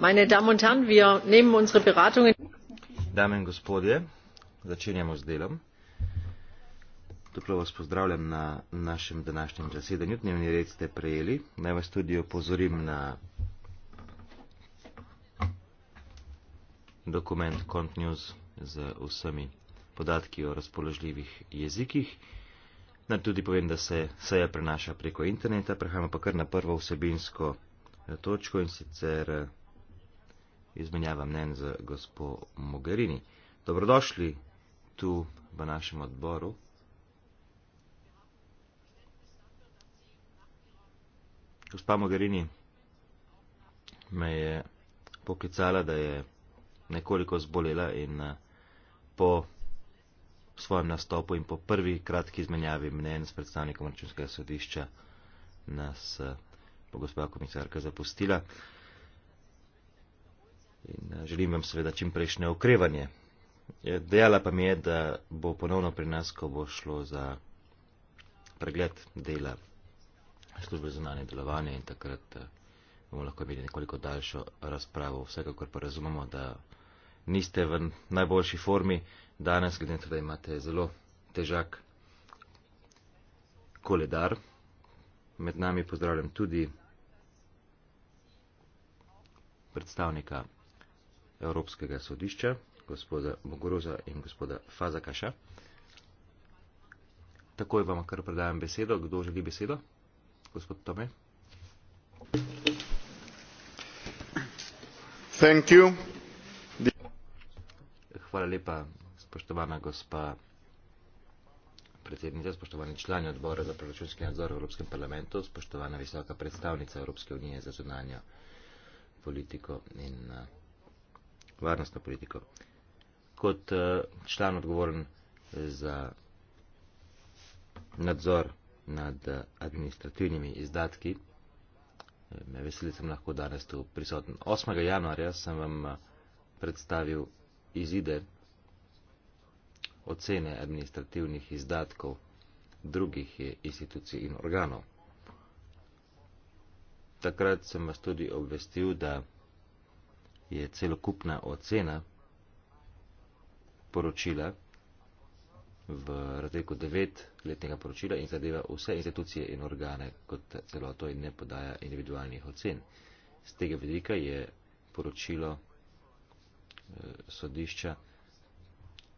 meine damen und herren wir nehmen unsere beratungen damen gospodje začenjamo z delom Toplo vas pozdravljam na našem današnjem zasedanju. Dnevni red ste prejeli. Naj vas tudi opozorim na dokument Cont News z vsemi podatki o razpoložljivih jezikih. Naj tudi povem, da se seja prenaša preko interneta. Prehajamo pa kar na prvo vsebinsko eh, točko in sicer izmenjava mnen z gospo Mogarini. Dobrodošli tu v našem odboru. Gospa Mogarini me je poklicala, da je nekoliko zbolela in eh, po svojem nastopu in po prvi kratki izmenjavi mnen s predstavnikom računskega sodišča nas eh, bo gospa komisarka zapustila. Uh, in eh, želim vam seveda čim prejšnje okrevanje. Dejala pa mi je, da bo ponovno pri nas, ko bo šlo za pregled dela službe za nane delovanje in takrat eh, bomo lahko imeli nekoliko daljšo razpravo. Vsekakor pa razumemo, da niste v najboljši formi danes, glede na to, da imate zelo težak koledar. Med nami pozdravljam tudi predstavnika Evropskega sodišča, gospoda Mogoroza in gospoda Fazakaša. Takoj vam kar predajam besedo. Kdo želi besedo? Gospod Tome. Thank you. Hvala lepa, spoštovana gospa predsednica, spoštovani člani odbora za proračunski nadzor v Evropskem parlamentu, spoštovana visoka predstavnica Evropske unije za zunanjo politiko in uh, varnostno politiko. Kot eh, član odgovoren eh, za nadzor nad eh, administrativnimi izdatki, me veseli, sem lahko danes tu prisoten. 8. januarja sem vam predstavil izide ocene administrativnih izdatkov drugih institucij in organov. Takrat sem vas tudi obvestil, da je celokupna ocena poročila v razdelku 9 letnega poročila in zadeva vse institucije in organe kot celoto in ne podaja individualnih ocen. Z tega vidika je poročilo eh, sodišča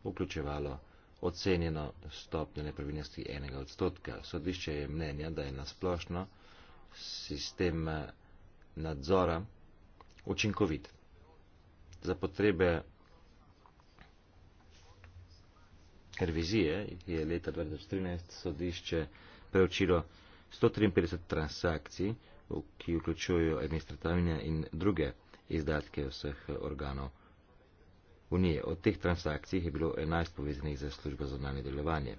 vključevalo ocenjeno stopnjo nepravilnosti enega odstotka. Sodišče je mnenja, da je nasplošno sistem eh, nadzora učinkovit za potrebe revizije je leta 2013 sodišče preučilo 153 transakcij, ki vključujejo administrativne in druge izdatke vseh organov Unije. Od teh transakcij je bilo 11 povezanih za službo za znanje delovanje.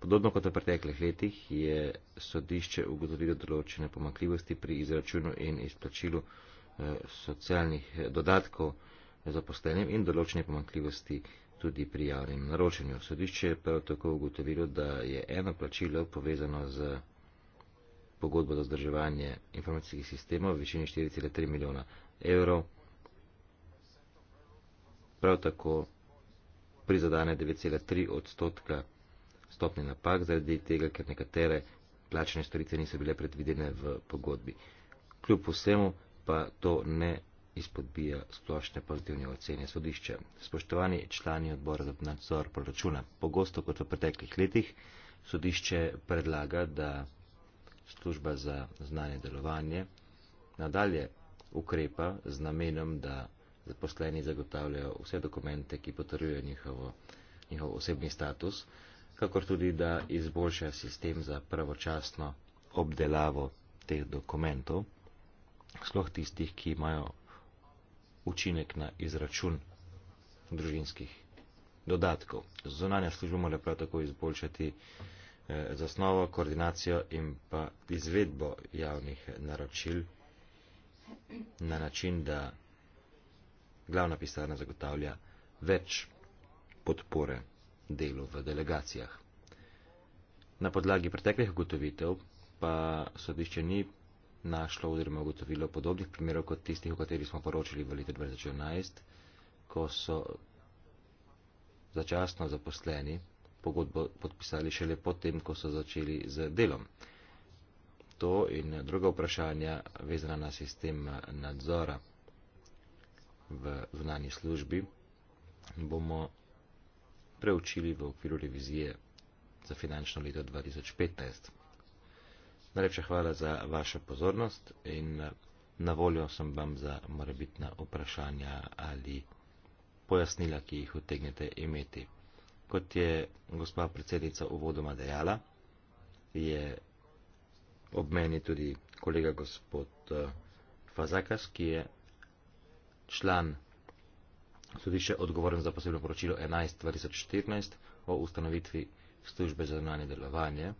Podobno kot v preteklih letih je sodišče ugotovilo določene pomakljivosti pri izračunu in izplačilu eh, socialnih eh, dodatkov zaposlenim in določene pomankljivosti tudi pri javnem naročanju. Sodišče je prav tako ugotovilo, da je eno plačilo povezano z pogodbo za zdrževanje informacijskih sistemov v višini 4,3 milijona evrov, prav tako prizadane 9,3 odstotka stopni napak zaradi tega, ker nekatere plačene storice niso bile predvidene v pogodbi. Kljub vsemu pa to ne izpodbija splošne pozitivne ocene sodišče. Spoštovani člani odbora za nadzor proračuna, pogosto kot v preteklih letih, sodišče predlaga, da služba za znanje delovanje nadalje ukrepa z namenom, da zaposleni zagotavljajo vse dokumente, ki potrjujejo njihov osebni status, kakor tudi, da izboljša sistem za pravočasno obdelavo teh dokumentov, sloh tistih, ki imajo učinek na izračun družinskih dodatkov. Zunanja služba mora prav tako izboljšati eh, zasnovo, koordinacijo in pa izvedbo javnih naročil na način, da glavna pisarna zagotavlja več podpore delu v delegacijah. Na podlagi preteklih ugotovitev pa sodišče ni našlo oziroma ugotovilo podobnih primerov kot tistih, o katerih smo poročili v letu 2011, ko so začasno zaposleni pogodbo podpisali šele potem, ko so začeli z delom. To in druga vprašanja vezana na sistem nadzora v zunanji službi bomo preučili v okviru revizije za finančno leto 2015. Najlepša hvala za vašo pozornost in eh, na voljo sem vam za morebitna vprašanja ali pojasnila, ki jih utegnete imeti. Kot je gospa predsednica uvodoma dejala, je ob meni tudi kolega gospod eh, Fazakas, ki je član sodišče odgovoren za posebno poročilo 11.2014 o ustanovitvi službe za zunanje delovanje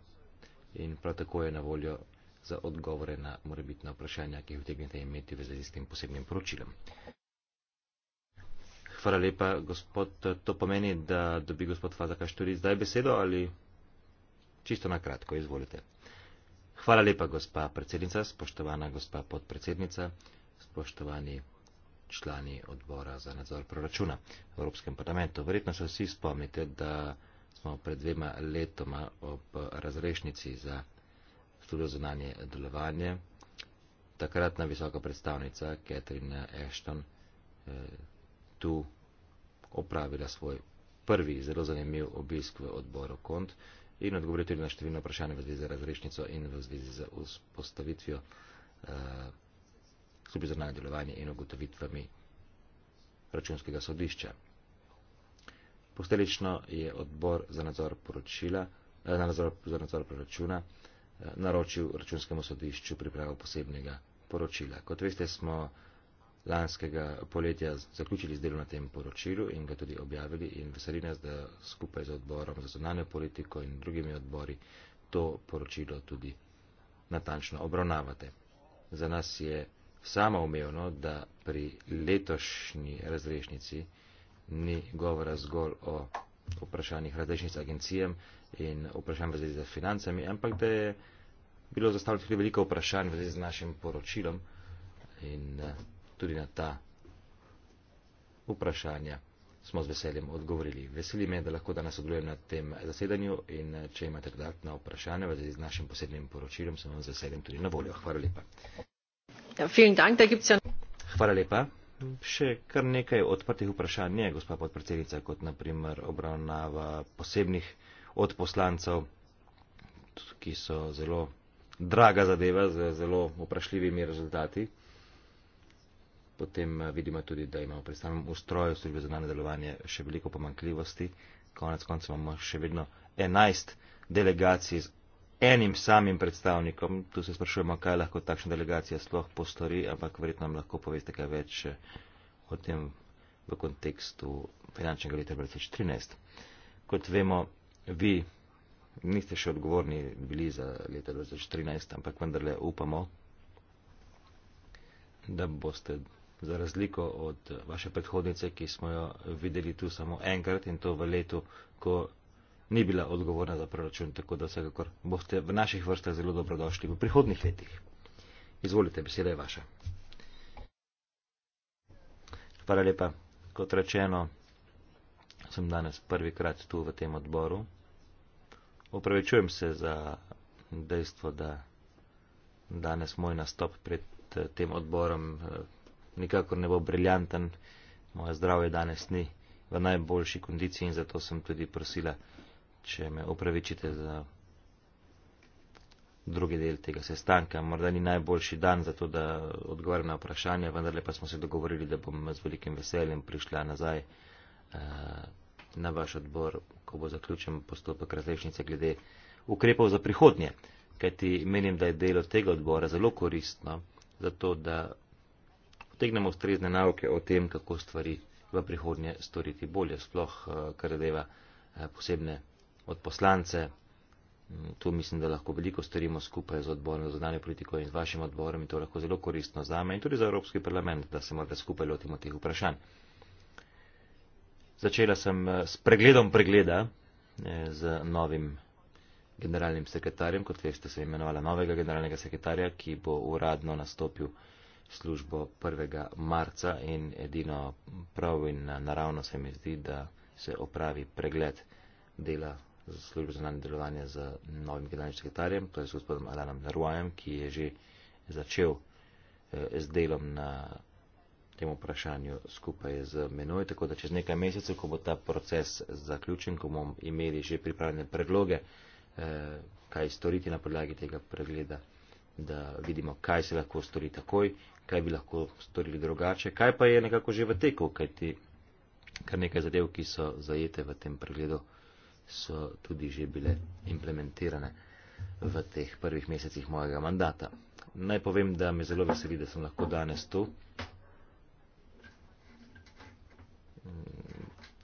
in prav tako je na voljo za odgovore na morebitna vprašanja, ki jih vtegnete imeti v zvezi s tem posebnim poročilom. Hvala lepa, gospod. To pomeni, da dobi gospod Fazakaš tudi zdaj besedo ali čisto na kratko, izvolite. Hvala lepa, gospa predsednica, spoštovana gospa podpredsednica, spoštovani člani odbora za nadzor proračuna v Evropskem parlamentu. Verjetno se vsi spomnite, da smo pred dvema letoma ob razrešnici za študijo zunanje delovanje. Takratna visoka predstavnica Catherine Ashton eh, tu opravila svoj prvi zelo zanimiv obisk v odboru KONT in odgovorila tudi na številne vprašanja v zvezi z razrešnico in v zvezi z vzpostavitvijo eh, službe za delovanje in ugotovitvami računskega sodišča. Posledično je odbor za nadzor, poročila, eh, na nadzor, za nadzor proračuna eh, naročil računskemu sodišču pripravo posebnega poročila. Kot veste, smo lanskega poletja zaključili z delom na tem poročilu in ga tudi objavili in veseli nas, da skupaj z odborom za zunanjo politiko in drugimi odbori to poročilo tudi natančno obravnavate. Za nas je samo umevno, da pri letošnji razrešnici ni govora zgolj o vprašanjih različnic agencijem in vprašanj v zvezi z financami, ampak da je bilo zastavljeno tudi veliko vprašanj v zvezi z našim poročilom in eh, tudi na ta vprašanja smo z veseljem odgovorili. Veseli me, da lahko danes sodelujem na tem zasedanju in eh, če imate dodatna vprašanja v zvezi z našim posebnim poročilom, sem vam z veseljem tudi na voljo. Hvala lepa. Ja, ja Hvala lepa še kar nekaj odprtih vprašanj je, gospa podpredsednica, kot naprimer obravnava posebnih od poslancev, ki so zelo draga zadeva z zelo vprašljivimi rezultati. Potem eh, vidimo tudi, da imamo pri samem ustroju službe za nane delovanje še veliko pomankljivosti. Konec konca imamo še vedno 11 delegacij enim samim predstavnikom. Tu se sprašujemo, kaj lahko takšna delegacija sploh postori, ampak verjetno nam lahko poveste kaj več eh, o tem v kontekstu finančnega leta 2013. Kot vemo, vi niste še odgovorni bili za leta 2013, ampak vendarle upamo, da boste za razliko od vaše predhodnice, ki smo jo videli tu samo enkrat in to v letu, ko ni bila odgovorna za proračun, tako da vsekakor boste v naših vrstah zelo dobrodošli v prihodnih letih. Izvolite, beseda je vaša. Hvala lepa. Kot rečeno, sem danes prvikrat tu v tem odboru. Upravičujem se za dejstvo, da danes moj nastop pred eh, tem odborom eh, nikakor ne bo briljanten. Moje zdravje danes ni v najboljši kondiciji in zato sem tudi prosila če me upravičite za drugi del tega sestanka. Morda ni najboljši dan za to, da odgovarjam na vprašanje, vendarle pa smo se dogovorili, da bom z velikim veseljem prišla nazaj eh, na vaš odbor, ko bo zaključen postopek različnice glede ukrepov za prihodnje. Kajti menim, da je delo tega odbora zelo koristno, zato da potegnemo ustrezne nauke o tem, kako stvari v prihodnje storiti bolje, sploh eh, kar zadeva eh, posebne od poslance. Mm, tu mislim, da lahko veliko storimo skupaj z odborom za zdanje politiko in z vašim odborom in to lahko zelo koristno za me in tudi za Evropski parlament, da se morda skupaj lotimo teh vprašanj. Začela sem eh, s pregledom pregleda eh, z novim generalnim sekretarjem, kot veste, se je imenovala novega generalnega sekretarja, ki bo uradno nastopil službo 1. marca in edino prav in eh, naravno se mi zdi, da se opravi pregled dela za službo za zunanje delovanje z novim generalnim sekretarjem, torej s gospodom Alanom Nerwajem, ki je že začel eh, z delom na tem vprašanju skupaj z menoj. Tako da čez nekaj mesecev, ko bo ta proces zaključen, ko bomo imeli že pripravljene predloge, eh, kaj storiti na podlagi tega pregleda, da vidimo, kaj se lahko stori takoj, kaj bi lahko storili drugače, kaj pa je nekako že v teku, kaj ti kar nekaj zadev, ki so zajete v tem pregledu so tudi že bile implementirane v teh prvih mesecih mojega mandata. Naj povem, da me zelo veseli, da sem lahko danes tu.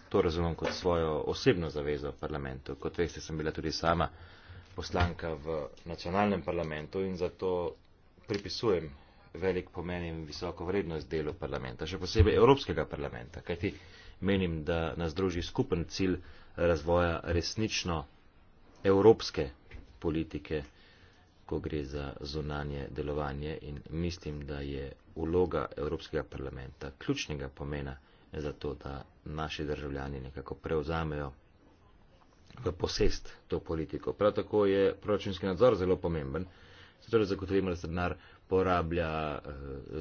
To razumem kot svojo osebno zavezo v parlamentu. Kot veste, sem bila tudi sama poslanka v nacionalnem parlamentu in zato pripisujem velik pomen in visoko vrednost delu parlamenta, še posebej Evropskega parlamenta, kajti menim, da nas druži skupen cilj razvoja resnično evropske politike, ko gre za zunanje delovanje in mislim, da je uloga Evropskega parlamenta ključnega pomena za to, da naši državljani nekako prevzamejo v posest to politiko. Prav tako je proračunski nadzor zelo pomemben, zato da zagotovimo, da se denar porablja e,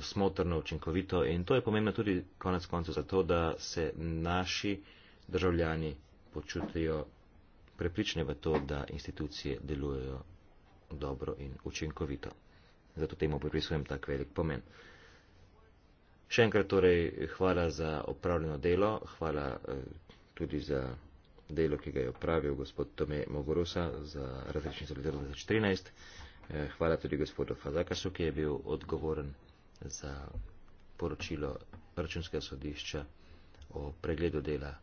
smotrno, učinkovito in to je pomembno tudi konec koncev zato, da se naši državljani počutijo preprične v to, da institucije delujejo dobro in učinkovito. Zato temu pripisujem tak velik pomen. Še enkrat torej hvala za opravljeno delo, hvala eh, tudi za delo, ki ga je opravil gospod Tome Mogorusa za različnico leta 2014. Hvala tudi gospodu Fazakasu, ki je bil odgovoren za poročilo računskega sodišča o pregledu dela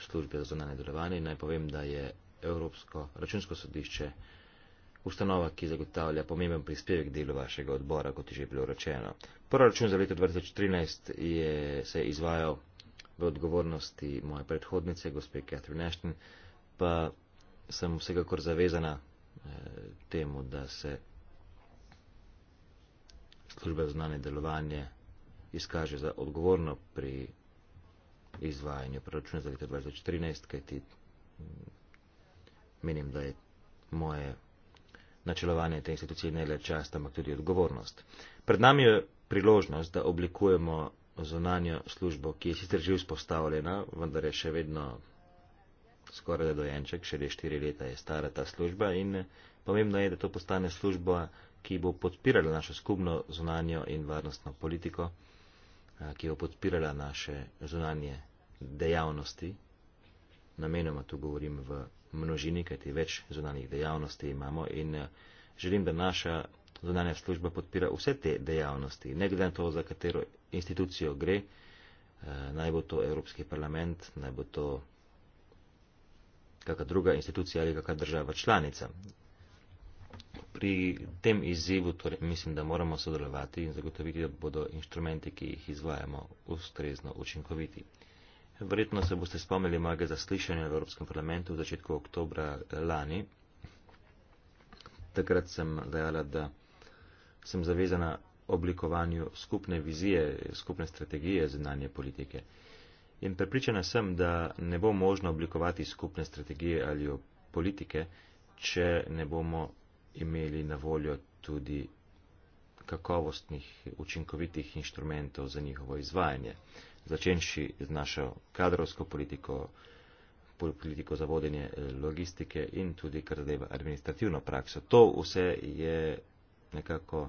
službe za zonalne delovanje. Naj povem, da je Evropsko računsko sodišče ustanova, ki zagotavlja pomemben prispevek delu vašega odbora, kot je že bilo rečeno. Proračun za leto 2013 je, se je izvajal v odgovornosti moje predhodnice, gospe Catherine Ashton, pa sem vsekakor zavezana eh, temu, da se služba za znanje delovanje izkaže za odgovorno pri izvajanju proračuna za leto 2014, kajti mm, menim, da je moje načelovanje te institucije ne le čast, ampak tudi odgovornost. Pred nami je priložnost, da oblikujemo zonanjo službo, ki je sicer že vzpostavljena, vendar je še vedno skoraj da dojenček, še le štiri leta je stara ta služba in pomembno je, da to postane služba, ki bo podpirala našo skupno zonanjo in varnostno politiko ki bo podpirala naše zunanje dejavnosti. Namenoma tu govorim v množini, kajti več zunanjih dejavnosti imamo in želim, da naša zunanja služba podpira vse te dejavnosti, ne glede na to, za katero institucijo gre, naj bo to Evropski parlament, naj bo to kakšna druga institucija ali kakšna država članica pri tem izzivu torej, mislim, da moramo sodelovati in zagotoviti, da bodo inštrumenti, ki jih izvajamo, ustrezno učinkoviti. Verjetno se boste spomnili mojega zaslišanja v Evropskem parlamentu v začetku oktobra eh, lani. Takrat sem dejala, da sem zavezana oblikovanju skupne vizije, skupne strategije zunanje politike. In prepričana sem, da ne bo možno oblikovati skupne strategije ali politike, če ne bomo imeli na voljo tudi kakovostnih, učinkovitih inštrumentov za njihovo izvajanje. Začenši z našo kadrovsko politiko, politiko za vodenje eh, logistike in tudi kar zadeva administrativno prakso. To vse je nekako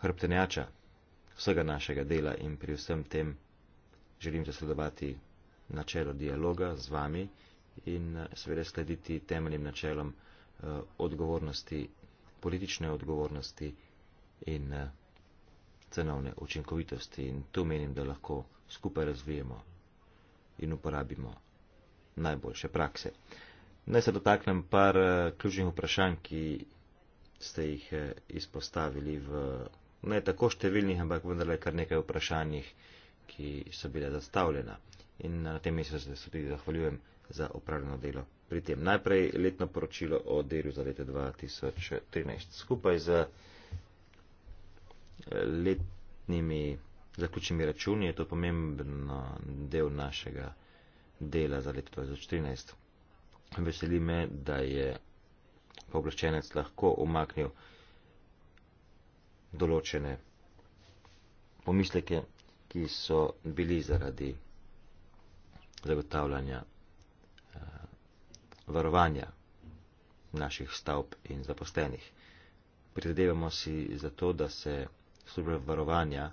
hrbtenjača vsega našega dela in pri vsem tem želim zasledovati načelo dialoga z vami in eh, seveda slediti temeljnim načelom Eh, odgovornosti, politične odgovornosti in eh, cenovne učinkovitosti. In tu menim, da lahko skupaj razvijemo in uporabimo najboljše prakse. Naj se dotaknem par eh, ključnih vprašanj, ki ste jih izpostavili v ne tako številnih, ampak vendarle kar nekaj vprašanjih, ki so bile zastavljena. In na tem mestu se tudi zahvaljujem za opravljeno delo pri tem najprej letno poročilo o delu za leto 2013 skupaj z eh, letnimi zaključnimi računi. Je to pomemben no, del našega dela za leto 2014. Veseli me, da je pooblaščenec lahko umaknil določene pomisleke, ki so bili zaradi zagotavljanja varovanja naših stavb in zaposlenih. Prizadevamo si za to, da se služba varovanja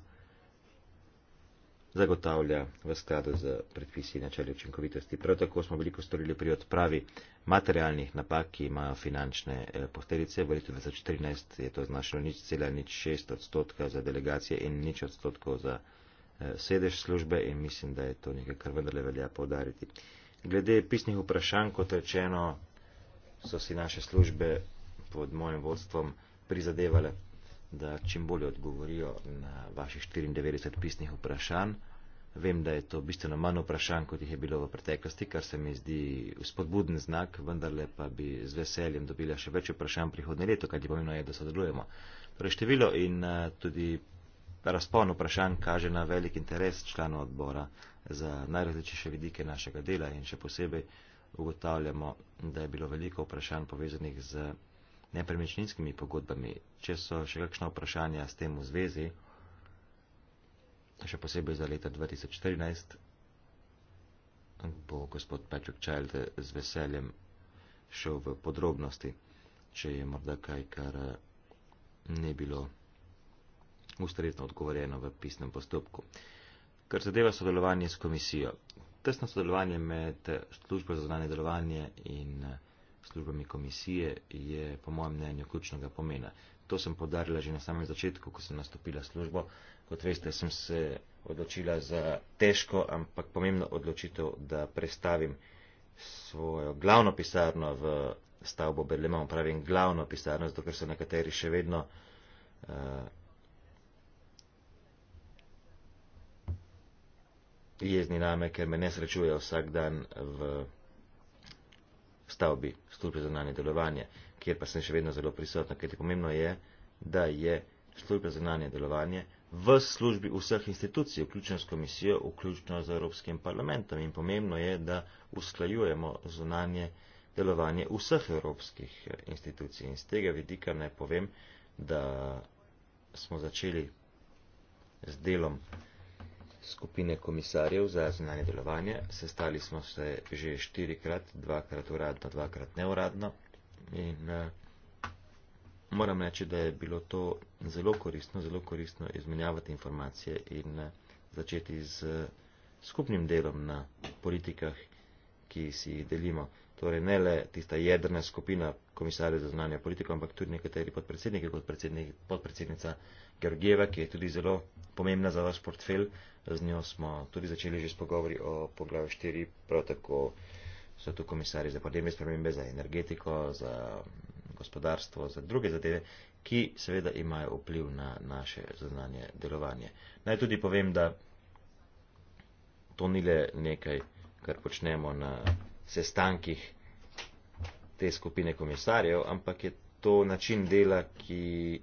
zagotavlja v skladu z predpisi načeli učinkovitosti. Prav tako smo veliko storili pri odpravi materialnih napak, ki imajo finančne eh, posledice. V letu 2014 je to znašalo nič cela, nič šest odstotka za delegacije in nič odstotkov za eh, sedež službe in mislim, da je to nekaj, kar vendarle velja poudariti. Glede pisnih vprašanj, kot rečeno, so si naše službe pod mojim vodstvom prizadevale, da čim bolje odgovorijo na vaših 94 pisnih vprašanj. Vem, da je to bistveno manj vprašanj, kot jih je bilo v preteklosti, kar se mi zdi spodbuden znak, vendarle pa bi z veseljem dobila še več vprašanj prihodne leto, kaj ti pomeni, da sodelujemo. Torej število in eh, tudi razpon vprašanj kaže na velik interes članov odbora za najrazličnejše vidike našega dela in še posebej ugotavljamo, da je bilo veliko vprašanj povezanih z nepremičninskimi pogodbami. Če so še kakšna vprašanja s tem v zvezi, še posebej za leta 2014, bo gospod Patrick Child z veseljem šel v podrobnosti, če je morda kaj, kar eh, ne bilo ustrezno odgovorjeno v pisnem postopku. Kar zadeva sodelovanje s komisijo, tesno sodelovanje med službo za zvanje delovanje in eh, službami komisije je po mojem mnenju ključnega pomena. To sem podarila že na samem začetku, ko sem nastopila službo. Kot veste, sem se odločila za težko, ampak pomembno odločitev, da prestavim svojo glavno pisarno v stavbo Berlema. Pravim glavno pisarno, zato ker so nekateri še vedno. Uh, jezni name, ker me ne srečujejo vsak dan v stavbi službe za znanje delovanje, kjer pa sem še vedno zelo prisotna, ker je pomembno je, da je službe za znanje delovanje v službi vseh institucij, vključno s komisijo, vključno z Evropskim parlamentom. In pomembno je, da usklajujemo zunanje delovanje vseh evropskih institucij. In z tega vidika naj povem, da smo začeli z delom skupine komisarjev za zunanje delovanje. Sestali smo se že štirikrat, dvakrat uradno, dvakrat neuradno. In uh, moram reči, da je bilo to zelo koristno, zelo koristno izmenjavati informacije in uh, začeti z uh, skupnim delom na politikah, ki si jih delimo. Torej ne le tista jedrna skupina komisarjev za zunanje politiko, ampak tudi nekateri podpredsedniki, kot podpredsednica Georgieva, ki je tudi zelo pomembna za vaš portfelj z njo smo tudi začeli že s pogovori o poglavju 4, prav tako so tu komisari za podnebne spremembe, za energetiko, za gospodarstvo, za druge zadeve, ki seveda imajo vpliv na naše zaznanje delovanje. Naj tudi povem, da to ni le nekaj, kar počnemo na sestankih te skupine komisarjev, ampak je to način dela, ki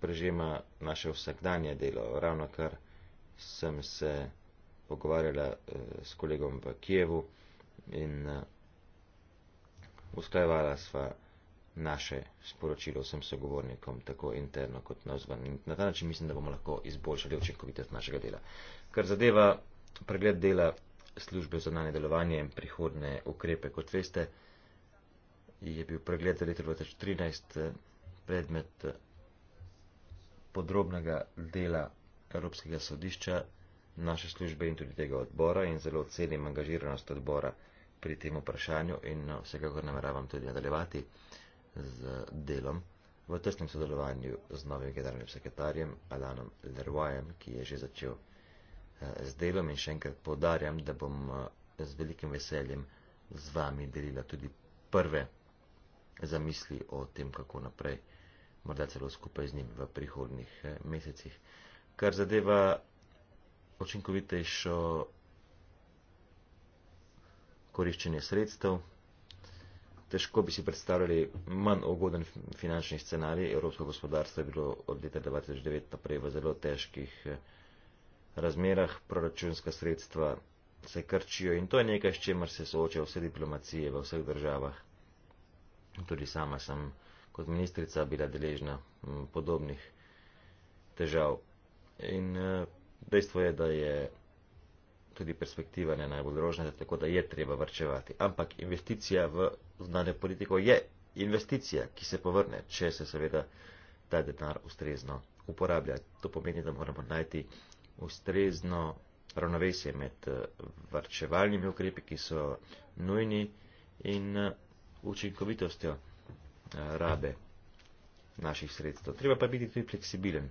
prežema naše vsakdanje delo. Ravno kar sem se pogovarjala eh, s kolegom v Kijevu in eh, usklajevala sva naše sporočilo vsem sogovornikom, tako interno kot na zven. In na ta način mislim, da bomo lahko izboljšali očinkovitost našega dela. Kar zadeva pregled dela službe za nane delovanje in prihodne ukrepe, kot veste, je bil pregled za leto 2013 eh, predmet podrobnega dela Evropskega sodišča, naše službe in tudi tega odbora in zelo cenim angažiranost odbora pri tem vprašanju in no, vsekakor nameravam tudi nadaljevati z delom v tesnem sodelovanju z novim generalnim sekretarjem Alanom Lerwajem, ki je že začel eh, z delom in še enkrat podarjam, da bom eh, z velikim veseljem z vami delila tudi prve zamisli o tem, kako naprej, morda celo skupaj z njim v prihodnih eh, mesecih kar zadeva učinkovitejšo koriščenje sredstev. Težko bi si predstavljali manj ugoden finančni scenarij. Evropsko gospodarstvo je bilo od leta 2009 naprej v zelo težkih eh, razmerah. Proračunska sredstva se krčijo in to je nekaj, s čemer se soočajo vse diplomacije v vseh državah. Tudi sama sem kot ministrica bila deležna hm, podobnih težav. In eh, dejstvo je, da je tudi perspektiva ne najbolj rožna, tako da je treba vrčevati. Ampak investicija v znanje politiko je investicija, ki se povrne, če se seveda ta denar ustrezno uporablja. To pomeni, da moramo najti ustrezno ravnovesje med eh, vrčevalnimi ukrepi, ki so nujni in eh, učinkovitostjo rabe naših sredstev. Treba pa biti tudi fleksibilen.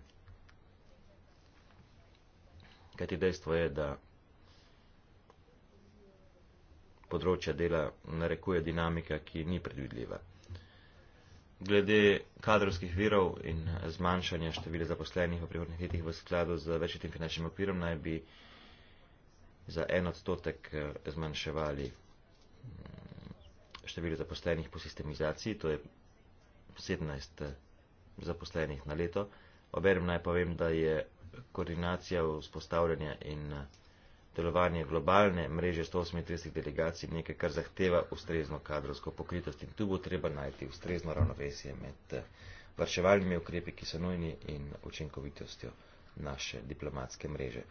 Kajti dejstvo je, da področja dela narekuje dinamika, ki ni predvidljiva. Glede kadrovskih virov in zmanjšanja števila zaposlenih v prihodnih letih v skladu z večjim finančnim okvirom naj bi za en odstotek eh, zmanjševali mm, število zaposlenih po sistemizaciji, to je 17 eh, zaposlenih na leto. Oberem naj povem, da je koordinacija vzpostavljanja in eh, delovanje globalne mreže 138 delegacij nekaj, kar zahteva ustrezno kadrovsko pokritost in tu bo treba najti ustrezno ravnovesje med eh, varševalnimi ukrepi, ki so nujni in učinkovitostjo naše diplomatske mreže.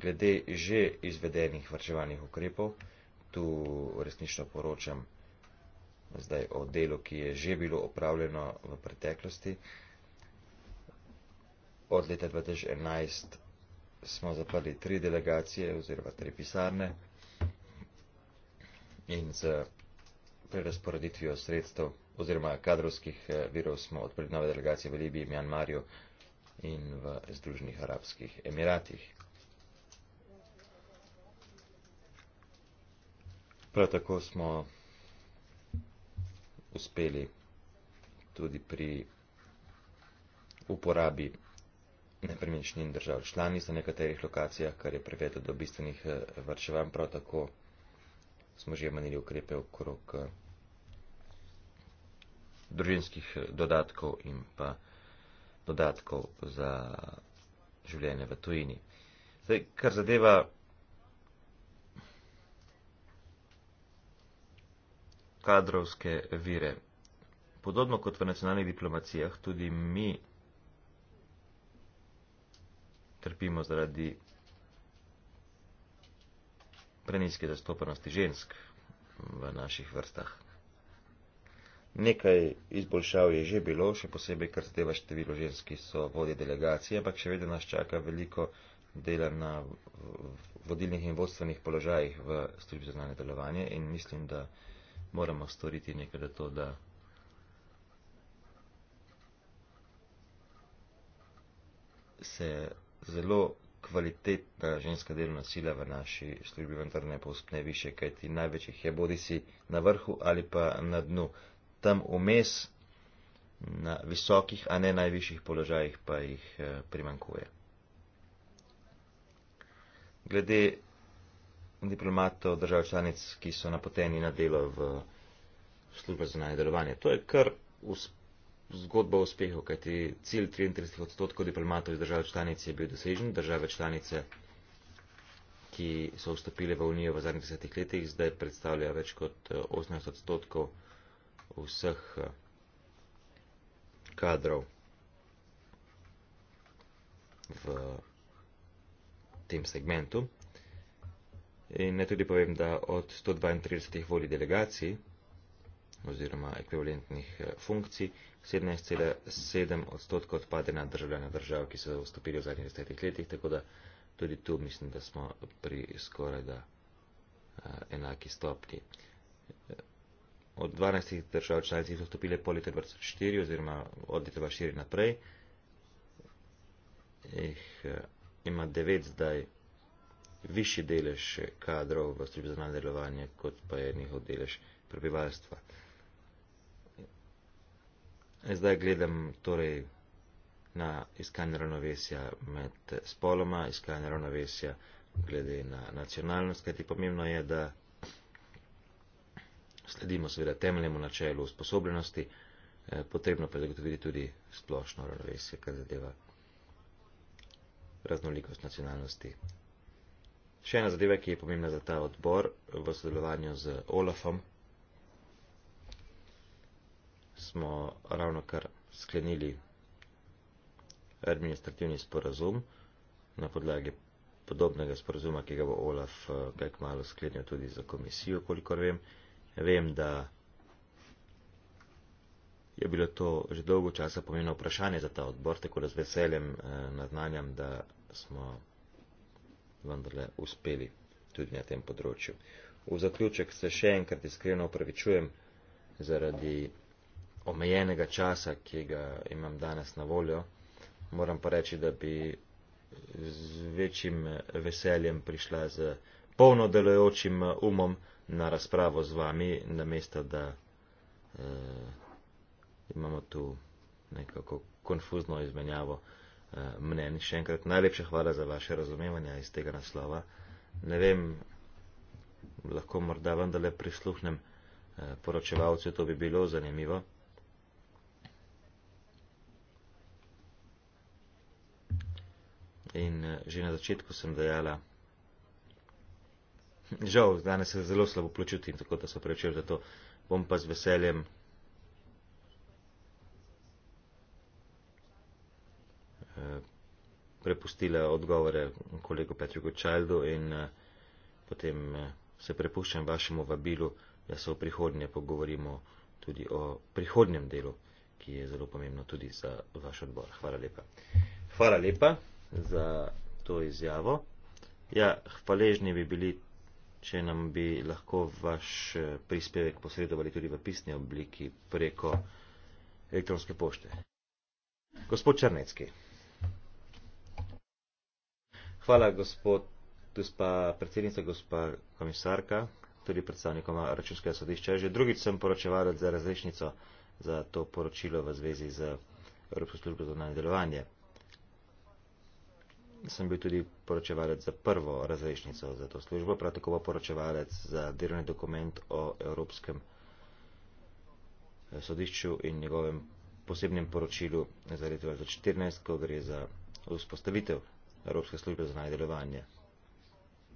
Glede že izvedenih varševalnih ukrepov, tu resnično poročam zdaj o delu, ki je že bilo opravljeno v preteklosti, od leta 2011 smo zaprli tri delegacije oziroma tri pisarne in z prerasporeditvijo sredstev oziroma kadrovskih eh, virov smo odprli nove delegacije v Libiji, Mjanmarju in v Združenih arabskih emiratih. Prav tako smo uspeli tudi pri uporabi nepremičnin držav članic na nekaterih lokacijah, kar je privedlo do bistvenih eh, vrčevanj. Prav tako smo že manili ukrepe okrog eh, družinskih eh, dodatkov in pa dodatkov za življenje v tujini. Zdaj, kar zadeva kadrovske vire. Podobno kot v nacionalnih diplomacijah, tudi mi trpimo zaradi preniske zastopanosti žensk v naših vrstah. Nekaj izboljšav je že bilo, še posebej, kar zadeva število žensk, ki so vodje delegacije, ampak še vedno nas čaka veliko dela na vodilnih in vodstvenih položajih v službi za znanje delovanje in mislim, da moramo storiti nekaj za to, da se zelo kvalitetna ženska delovna sila v naši službi, vendar ne povspne više, kajti največjih je bodi si na vrhu ali pa na dnu. Tam vmes na visokih, a ne najvišjih položajih pa jih eh, primankuje. Glede diplomatov držav članic, ki so napoteni na delo v službe za najdelovanje, to je kar uspešno zgodba o uspehu, kajti cilj 33 odstotkov diplomatov iz držav članic je bil dosežen. Države članice, ki so vstopile v Unijo v zadnjih desetih letih, zdaj predstavljajo več kot 18 eh, odstotkov vseh eh, kadrov v tem segmentu. In ne tudi povem, da od 132 vodij delegacij oziroma ekvivalentnih eh, funkcij, 17,7 odstotka odpade na državljane držav, ki so vstopili v zadnjih desetih letih, tako da tudi tu mislim, da smo pri skoraj da eh, enaki stopnji. Eh, od 12 držav članic, ki so vstopile po letu 2004 oziroma od leta 2004 naprej, jih ima 9 zdaj višji delež kadrov v službi za delovanje, kot pa je njihov delež prebivalstva. In zdaj gledam torej na iskanje ravnovesja med spoloma, iskanje ravnovesja glede na nacionalnost, kajti pomembno je, da sledimo seveda temeljemu načelu usposobljenosti, eh, potrebno pa je zagotoviti tudi splošno ravnovesje, kar zadeva raznolikost nacionalnosti. Še ena zadeva, ki je pomembna za ta odbor v sodelovanju z Olafom, smo ravno kar sklenili administrativni sporazum na podlagi podobnega sporazuma, ki ga bo Olaf kaj eh, kmalo sklenil tudi za komisijo, kolikor vem. Vem, da je bilo to že dolgo časa pomembno vprašanje za ta odbor, tako da z veseljem eh, naznanjam, da smo vendarle uspeli tudi na tem področju. V zaključek se še enkrat iskreno opravičujem zaradi omejenega časa, ki ga imam danes na voljo, moram pa reči, da bi z večjim veseljem prišla z polno delojočim umom na razpravo z vami, namesto da eh, imamo tu nekako konfuzno izmenjavo eh, mnen. Še enkrat najlepša hvala za vaše razumevanje iz tega naslova. Ne vem, lahko morda vendarle prisluhnem eh, poročevalcu, to bi bilo zanimivo. In eh, že na začetku sem dejala, žal, danes se zelo slabo počutim, tako da se prečel za to, bom pa z veseljem. Eh, prepustila odgovore kolegu Petriku Čajldu in eh, potem se prepuščam vašemu vabilu, da se v prihodnje pogovorimo tudi o prihodnjem delu, ki je zelo pomembno tudi za vaš odbor. Hvala lepa. Hvala lepa za to izjavo. Ja, hvaležni bi bili, če nam bi lahko vaš eh, prispevek posredovali tudi v pisni obliki preko elektronske pošte. Gospod Črnecki. Hvala, gospod, gospa predsednica, gospa komisarka, tudi predstavnikoma računskega sodišča. Že drugič sem poročevalec za različnico za to poročilo v zvezi z Evropsko službo za nadaljevanje sem bil tudi poročevalec za prvo razrešnico za to službo, prav tako pa poročevalec za delovni dokument o Evropskem eh, sodišču in njegovem posebnem poročilu za leto 2014, ko gre za vzpostavitev Evropske službe za najdelovanje.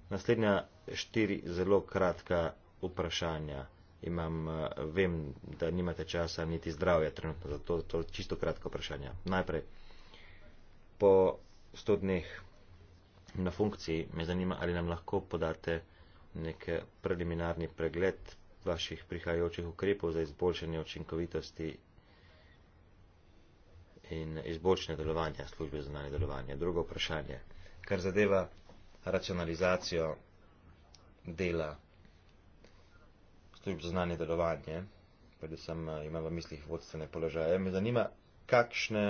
Naslednja štiri zelo kratka vprašanja imam, eh, vem, da nimate časa niti zdravja trenutno, zato to čisto kratko vprašanje. Najprej, po 100 dneh na funkciji, me zanima, ali nam lahko podate nek preliminarni pregled vaših prihajajočih ukrepov za izboljšanje očinkovitosti in izboljšanje delovanja službe za znanje delovanja. Drugo vprašanje, kar zadeva racionalizacijo dela službe za znanje delovanje, predvsem eh, imam v mislih vodstvene položaje, me zanima, kakšne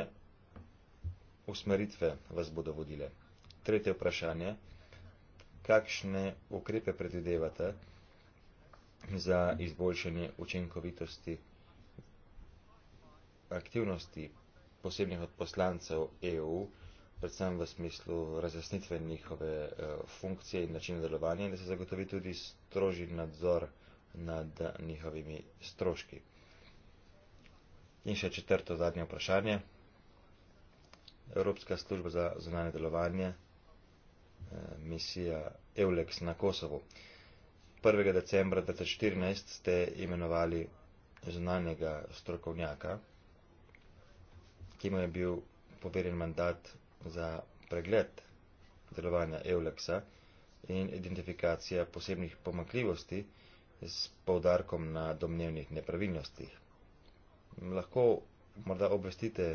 usmeritve vas bodo vodile. Tretje vprašanje. Kakšne ukrepe predvidevate za izboljšanje učinkovitosti aktivnosti posebnih odposlancev EU, predvsem v smislu razjasnitve njihove eh, funkcije in načina delovanja, in da se zagotovi tudi strožji nadzor nad njihovimi stroški? In še četrto zadnje vprašanje. Evropska služba za zunanje delovanje, eh, misija Eulex na Kosovo. 1. decembra 2014 ste imenovali zunanjega strokovnjaka, ki mu je bil poverjen mandat za pregled delovanja Eulexa in identifikacija posebnih pomakljivosti s poudarkom na domnevnih nepravilnostih. Lahko morda obvestite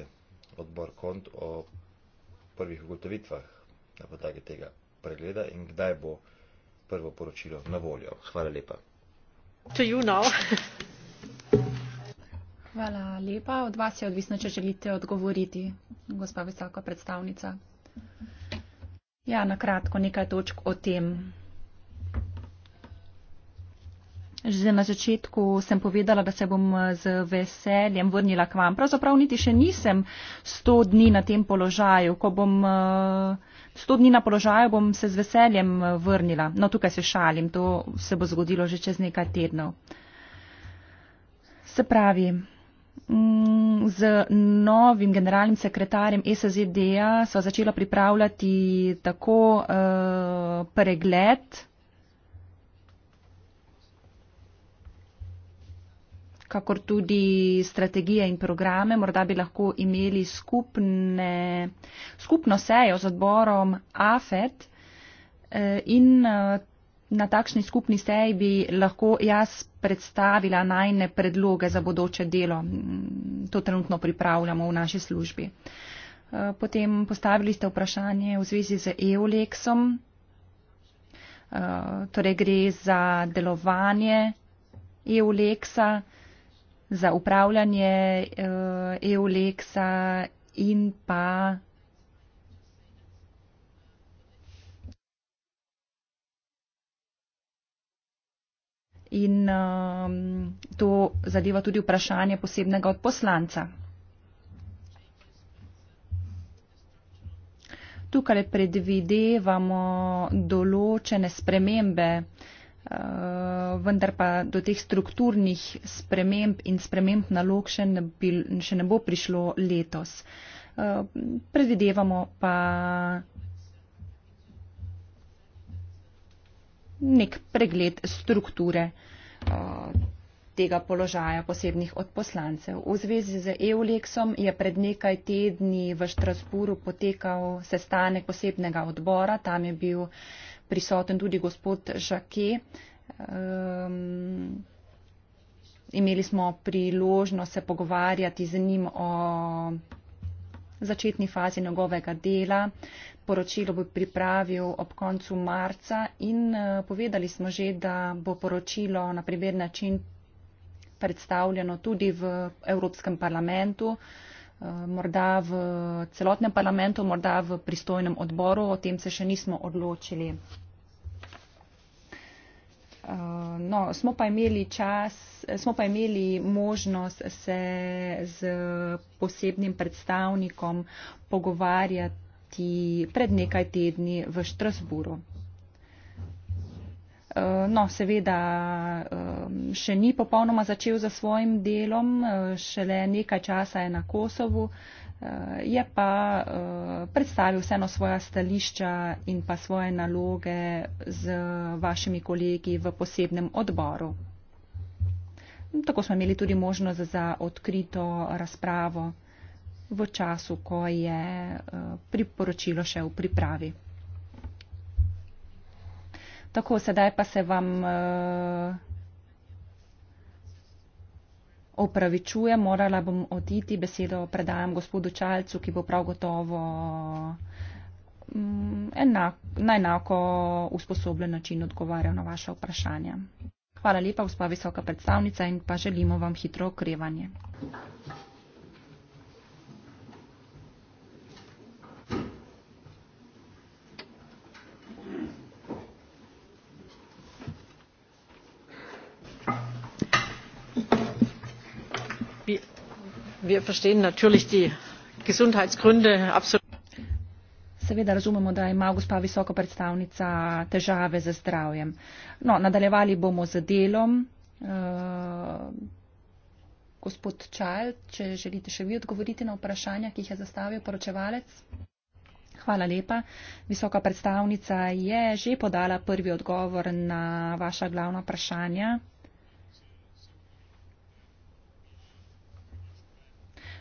odbor kont o prvih ugotovitvah na podlagi tega pregleda in kdaj bo prvo poročilo na voljo. Hvala lepa. Hvala lepa. Od vas je odvisno, če želite odgovoriti, gospa visoka predstavnica. Ja, na kratko nekaj točk o tem. Že na začetku sem povedala, da se bom z veseljem vrnila k vam. Pravzaprav niti še nisem 100 dni na tem položaju. Ko bom 100 eh, dni na položaju, bom se z veseljem eh, vrnila. No, tukaj se šalim, to se bo zgodilo že čez nekaj tednov. Se pravi, mm, z novim generalnim sekretarjem SZD-a so začela pripravljati tako eh, pregled kakor tudi strategije in programe. Morda bi lahko imeli skupne, skupno sejo z odborom AFET eh, in eh, na takšni skupni seji bi lahko jaz predstavila najne predloge za bodoče delo. Mm, to trenutno pripravljamo v naši službi. Eh, potem postavili ste vprašanje v zvezi z EOLEX-om. Torej gre za delovanje EOLEX-a za upravljanje eh, EULEXA in pa in um, to zadeva tudi vprašanje posebnega od poslanca. Tukaj predvidevamo določene spremembe, ki so Eh, vendar pa do teh strukturnih sprememb in sprememb nalog še ne, bi, še ne bo prišlo letos. Eh, predvidevamo pa nek pregled strukture eh, tega položaja posebnih odposlancev. V zvezi z EU-leksom je pred nekaj tedni v Štrasburu potekal sestanek posebnega odbora. Tam je bil prisoten tudi gospod Žake. Um, ehm, imeli smo priložnost se pogovarjati z njim o začetni fazi njegovega dela. Poročilo bo pripravil ob koncu marca in uh, povedali smo že, da bo poročilo na primer način predstavljeno tudi v Evropskem parlamentu. Uh, Eh, morda v celotnem parlamentu, morda v pristojnem odboru, o tem se še nismo odločili. Eh, no, smo, pa imeli čas, smo pa imeli možnost se z posebnim predstavnikom pogovarjati pred nekaj tedni v Štrasburu. Eh, no, seveda eh, še ni popolnoma začel za svojim delom, eh, šele nekaj časa je na Kosovu, je pa predstavil vseeno svoja stališča in pa svoje naloge z vašimi kolegi v posebnem odboru. Tako smo imeli tudi možnost za odkrito razpravo v času, ko je priporočilo še v pripravi. Tako, sedaj pa se vam uh, eh, opravičujem, morala bom oditi, besedo predajam gospodu Čalcu, ki bo prav gotovo um, enako usposobljen način odgovarjal na vaše vprašanja. Hvala lepa, gospa visoka predstavnica, in pa želimo vam hitro okrevanje. Thank you. wir verstehen natürlich die gesundheitsgründe Seveda razumemo, da ima gospa visoko predstavnica težave za zdravjem. No, nadaljevali bomo z delom. Uh, gospod Čajl, če želite še vi odgovoriti na vprašanja, ki jih je zastavil poročevalec. Hvala lepa. Visoka predstavnica je že podala prvi odgovor na vaša glavna vprašanja.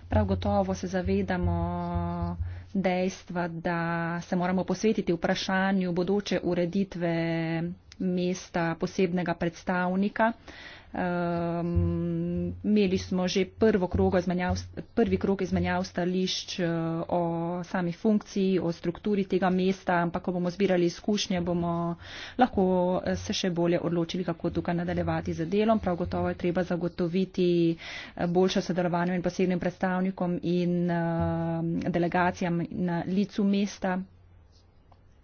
Prav gotovo se zavedamo dejstva, da se moramo posvetiti vprašanju bodoče ureditve mesta posebnega predstavnika. Uh, Um, imeli smo že izmenjav, prvi krok izmenjav stališč eh, o sami funkciji, o strukturi tega mesta, ampak ko bomo zbirali izkušnje, bomo lahko eh, se še bolje odločili, kako tukaj nadaljevati z delom. Prav gotovo je treba zagotoviti eh, boljše sodelovanje in posebnim predstavnikom in uh, delegacijam na licu mesta.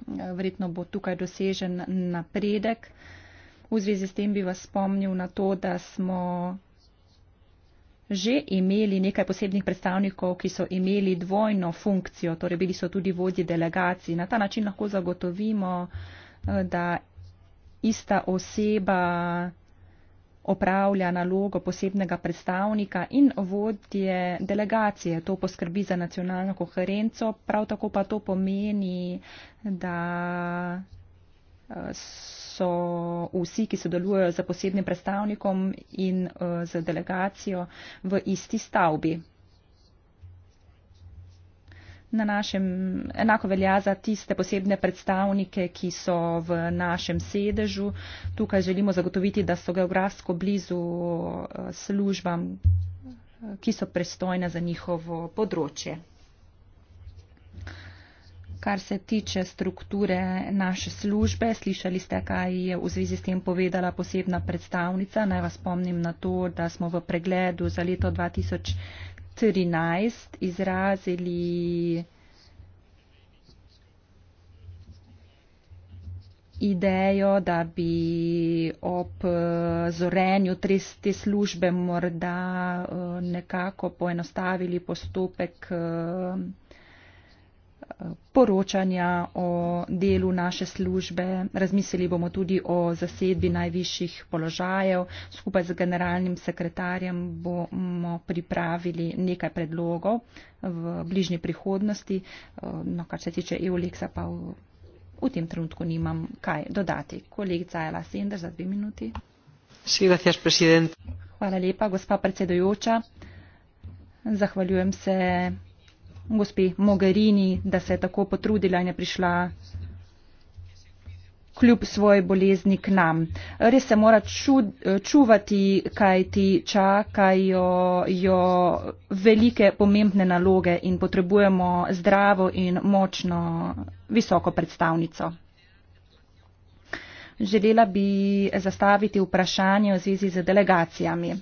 Verjetno bo tukaj dosežen napredek. Uh, V zvezi s tem bi vas spomnil na to, da smo že imeli nekaj posebnih predstavnikov, ki so imeli dvojno funkcijo, torej bili so tudi vodji delegacij. Na ta način lahko zagotovimo, eh, da ista oseba opravlja nalogo posebnega predstavnika in vodje delegacije. To poskrbi za nacionalno koherenco, prav tako pa to pomeni, da eh, so vsi, ki sodelujejo za posebnim predstavnikom in uh, eh, za delegacijo v isti stavbi. Na našem, enako velja za tiste posebne predstavnike, ki so v našem sedežu. Tukaj želimo zagotoviti, da so geografsko blizu eh, službam, eh, ki so prestojne za njihovo področje kar se tiče strukture naše službe. Slišali ste, kaj je v zvezi s tem povedala posebna predstavnica. Naj vas spomnim na to, da smo v pregledu za leto 2013 izrazili. Idejo, da bi ob zorenju te, te službe morda eh, nekako poenostavili postopek eh, poročanja o delu naše službe. Razmislili bomo tudi o zasedbi najvišjih položajev. Skupaj z generalnim sekretarjem bomo pripravili nekaj predlogov v bližnji prihodnosti. No, kar se tiče EU-leksa, pa v, v tem trenutku nimam kaj dodati. Kolegica Ela Sender za dve minuti. Hvala lepa, gospa predsedojoča. Zahvaljujem se gospe Mogherini, da se je tako potrudila in je prišla kljub svoji bolezni k nam. Res se mora ču, čuvati, kaj ti čakajo jo velike pomembne naloge in potrebujemo zdravo in močno visoko predstavnico. Želela bi zastaviti vprašanje v zvezi z delegacijami.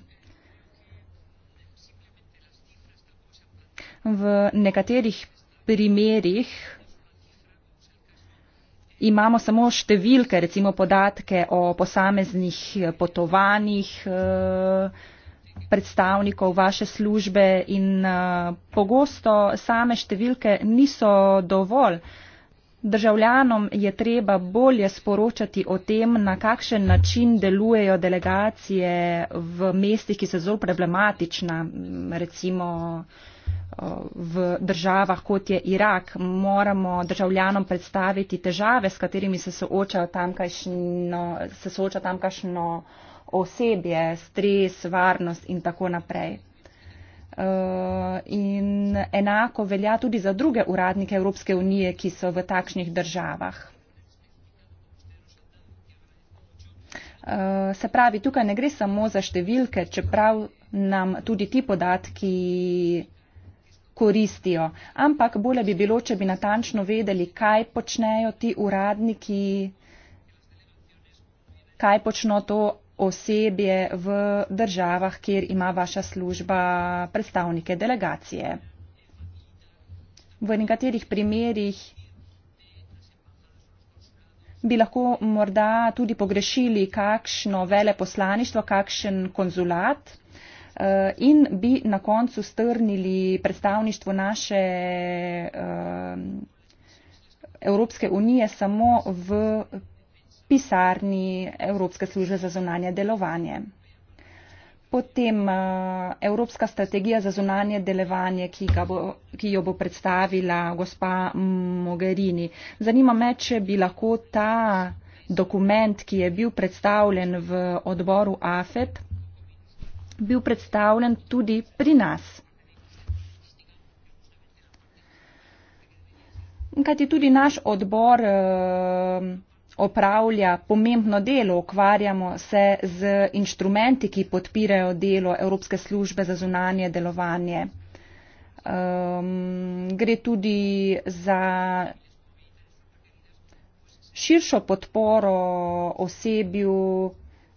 v nekaterih primerjih imamo samo številke, recimo podatke o posameznih potovanjih eh, predstavnikov vaše službe in eh, pogosto same številke niso dovolj. Državljanom je treba bolje sporočati o tem, na kakšen način delujejo delegacije v mestih, ki so zelo problematična, recimo Eh, v državah, kot je Irak, moramo državljanom predstaviti težave, s katerimi se sooča tamkajšno, tamkajšno osebje, stres, varnost in tako naprej. Eh, in enako velja tudi za druge uradnike Evropske unije, ki so v takšnih državah. Eh, se pravi, tukaj ne gre samo za številke, čeprav nam tudi ti podatki koristijo. Ampak bolje bi bilo, če bi natančno vedeli, kaj počnejo ti uradniki, kaj počno to osebje v državah, kjer ima vaša služba predstavnike delegacije. V nekaterih primerjih bi lahko morda tudi pogrešili kakšno veleposlaništvo, kakšen konzulat. Eh, in bi na koncu strnili predstavništvo naše eh, Evropske unije samo v pisarni Evropske službe za zunanje delovanje. Potem eh, Evropska strategija za zunanje delovanje, ki, bo, ki jo bo predstavila gospa Mogherini. Zanima me, če bi lahko ta dokument, ki je bil predstavljen v odboru AFET, bil predstavljen tudi pri nas. Kaj ti tudi naš odbor eh, opravlja pomembno delo, ukvarjamo se z inštrumenti, ki podpirajo delo Evropske službe za zunanje delovanje. Um, gre tudi za širšo podporo osebju,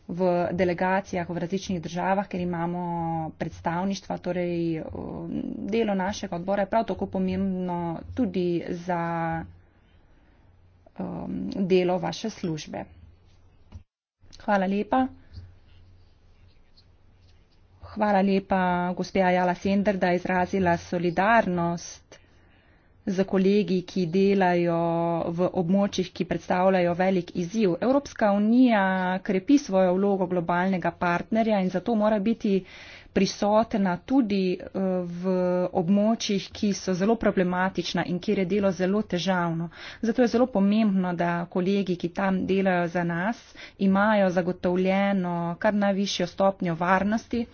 v delegacijah v različnih državah, ker imamo predstavništva, torej um, delo našega odbora je prav tako pomembno tudi za um, delo vaše službe. Hvala lepa. Hvala lepa gospe Ajala Sender, da je izrazila solidarnost za kolegi, ki delajo v območjih, ki predstavljajo velik izziv. Evropska unija krepi svojo vlogo globalnega partnerja in zato mora biti prisotna tudi eh, v območjih, ki so zelo problematična in kjer je delo zelo težavno. Zato je zelo pomembno, da kolegi, ki tam delajo za nas, imajo zagotovljeno kar najvišjo stopnjo varnosti,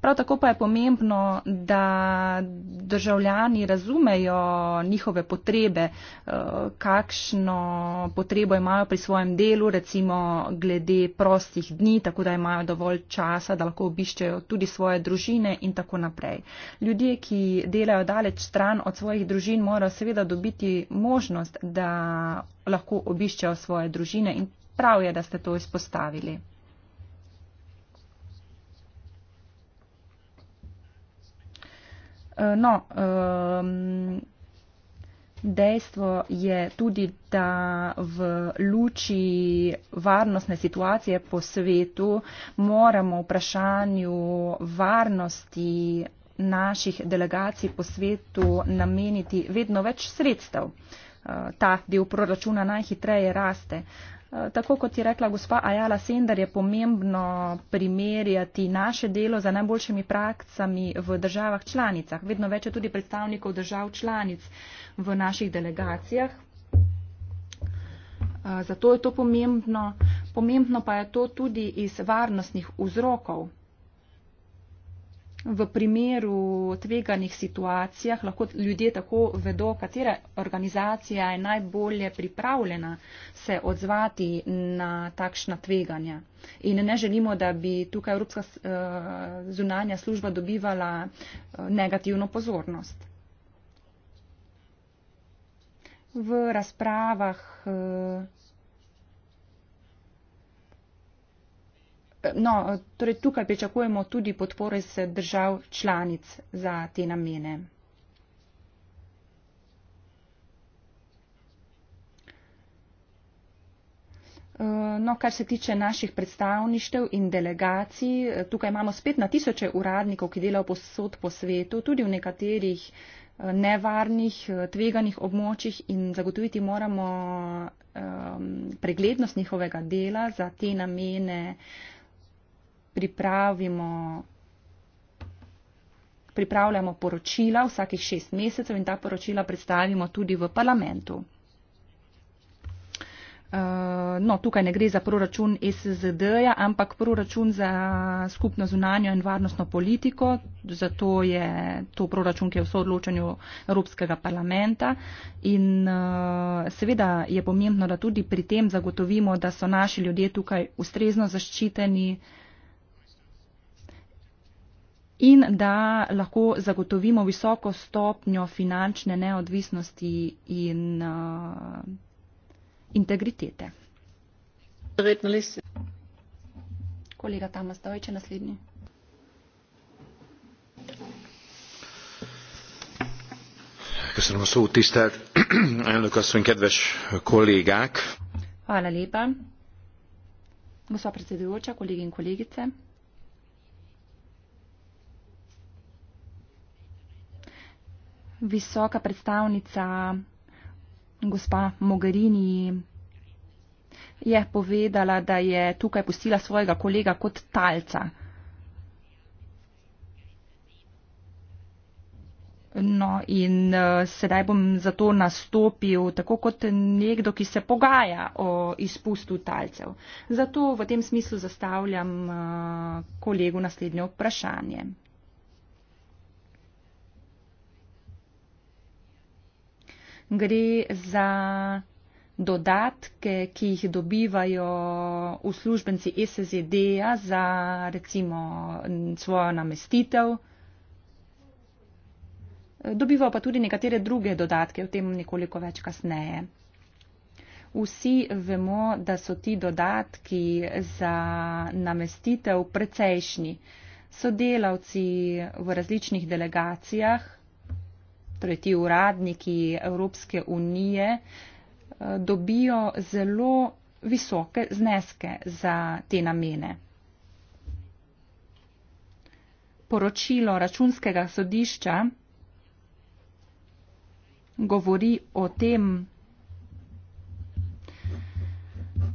Prav tako pa je pomembno, da državljani razumejo njihove potrebe, eh, kakšno potrebo imajo pri svojem delu, recimo glede prostih dni, tako da imajo dovolj časa, da lahko obiščejo tudi svoje družine in tako naprej. Ljudje, ki delajo daleč stran od svojih družin, morajo seveda dobiti možnost, da lahko obiščejo svoje družine in prav je, da ste to izpostavili. Uh, no, um, dejstvo je tudi, da v luči varnostne situacije po svetu moramo vprašanju varnosti naših delegacij po svetu nameniti vedno več sredstev. Uh, ta del proračuna najhitreje raste. Uh, Eh, tako kot je rekla gospa Ajala Sender, je pomembno primerjati naše delo za najboljšimi praksami v državah članicah. Vedno več je tudi predstavnikov držav članic v naših delegacijah. Eh, zato je to pomembno. Pomembno pa je to tudi iz varnostnih vzrokov v primeru tveganih situacijah lahko ljudje tako vedo, katera organizacija je najbolje pripravljena se odzvati na takšna tveganja. In ne želimo, da bi tukaj Evropska eh, zunanja služba dobivala eh, negativno pozornost. V razpravah eh, No, torej tukaj pričakujemo tudi podpore z držav članic za te namene. Eh, no, kar se tiče naših predstavništev in delegacij, eh, tukaj imamo spet na tisoče uradnikov, ki delajo posod po svetu, tudi v nekaterih eh, nevarnih, tveganih območjih in zagotoviti moramo um, preglednost njihovega dela za te namene. Um, pripravimo, pripravljamo poročila vsakih šest mesecev in ta poročila predstavimo tudi v parlamentu. Eh, no, tukaj ne gre za proračun SZD-ja, ampak proračun za skupno zunanjo in varnostno politiko, zato je to proračun, ki je v soodločanju Evropskega parlamenta. In eh, seveda je pomembno, da tudi pri tem zagotovimo, da so naši ljudje tukaj ustrezno zaščiteni, in da lahko zagotovimo visoko stopnjo finančne neodvisnosti in uh, integritete. Kolega Tamas, da je naslednji. Köszönöm a szó, tisztelt elnök asszony, kedves kollégák! Hála lépa! Mosza a procedúrcsa, kollégén kollégice! visoka predstavnica gospa Mogherini je povedala, da je tukaj pustila svojega kolega kot talca. No in uh, sedaj bom zato nastopil tako kot nekdo, ki se pogaja o izpustu talcev. Zato v tem smislu zastavljam uh, kolegu naslednje vprašanje. gre za dodatke, ki jih dobivajo uslužbenci SSD-ja e za recimo svojo namestitev. Dobivajo pa tudi nekatere druge dodatke, o tem nekoliko več kasneje. Vsi vemo, da so ti dodatki za namestitev precejšnji. Sodelavci v različnih delegacijah torej ti uradniki Evropske unije, eh, dobijo zelo visoke zneske za te namene. Poročilo računskega sodišča govori o tem,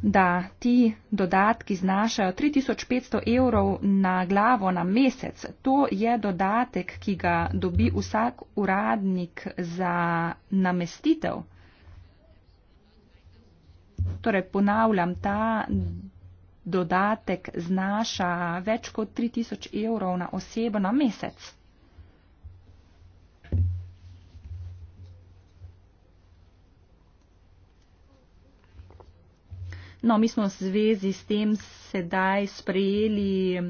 da ti dodatki znašajo 3500 evrov na glavo na mesec. To je dodatek, ki ga dobi vsak uradnik za namestitev. Torej, ponavljam, ta dodatek znaša več kot 3000 evrov na osebo na mesec. No, mi smo v zvezi s tem sedaj sprejeli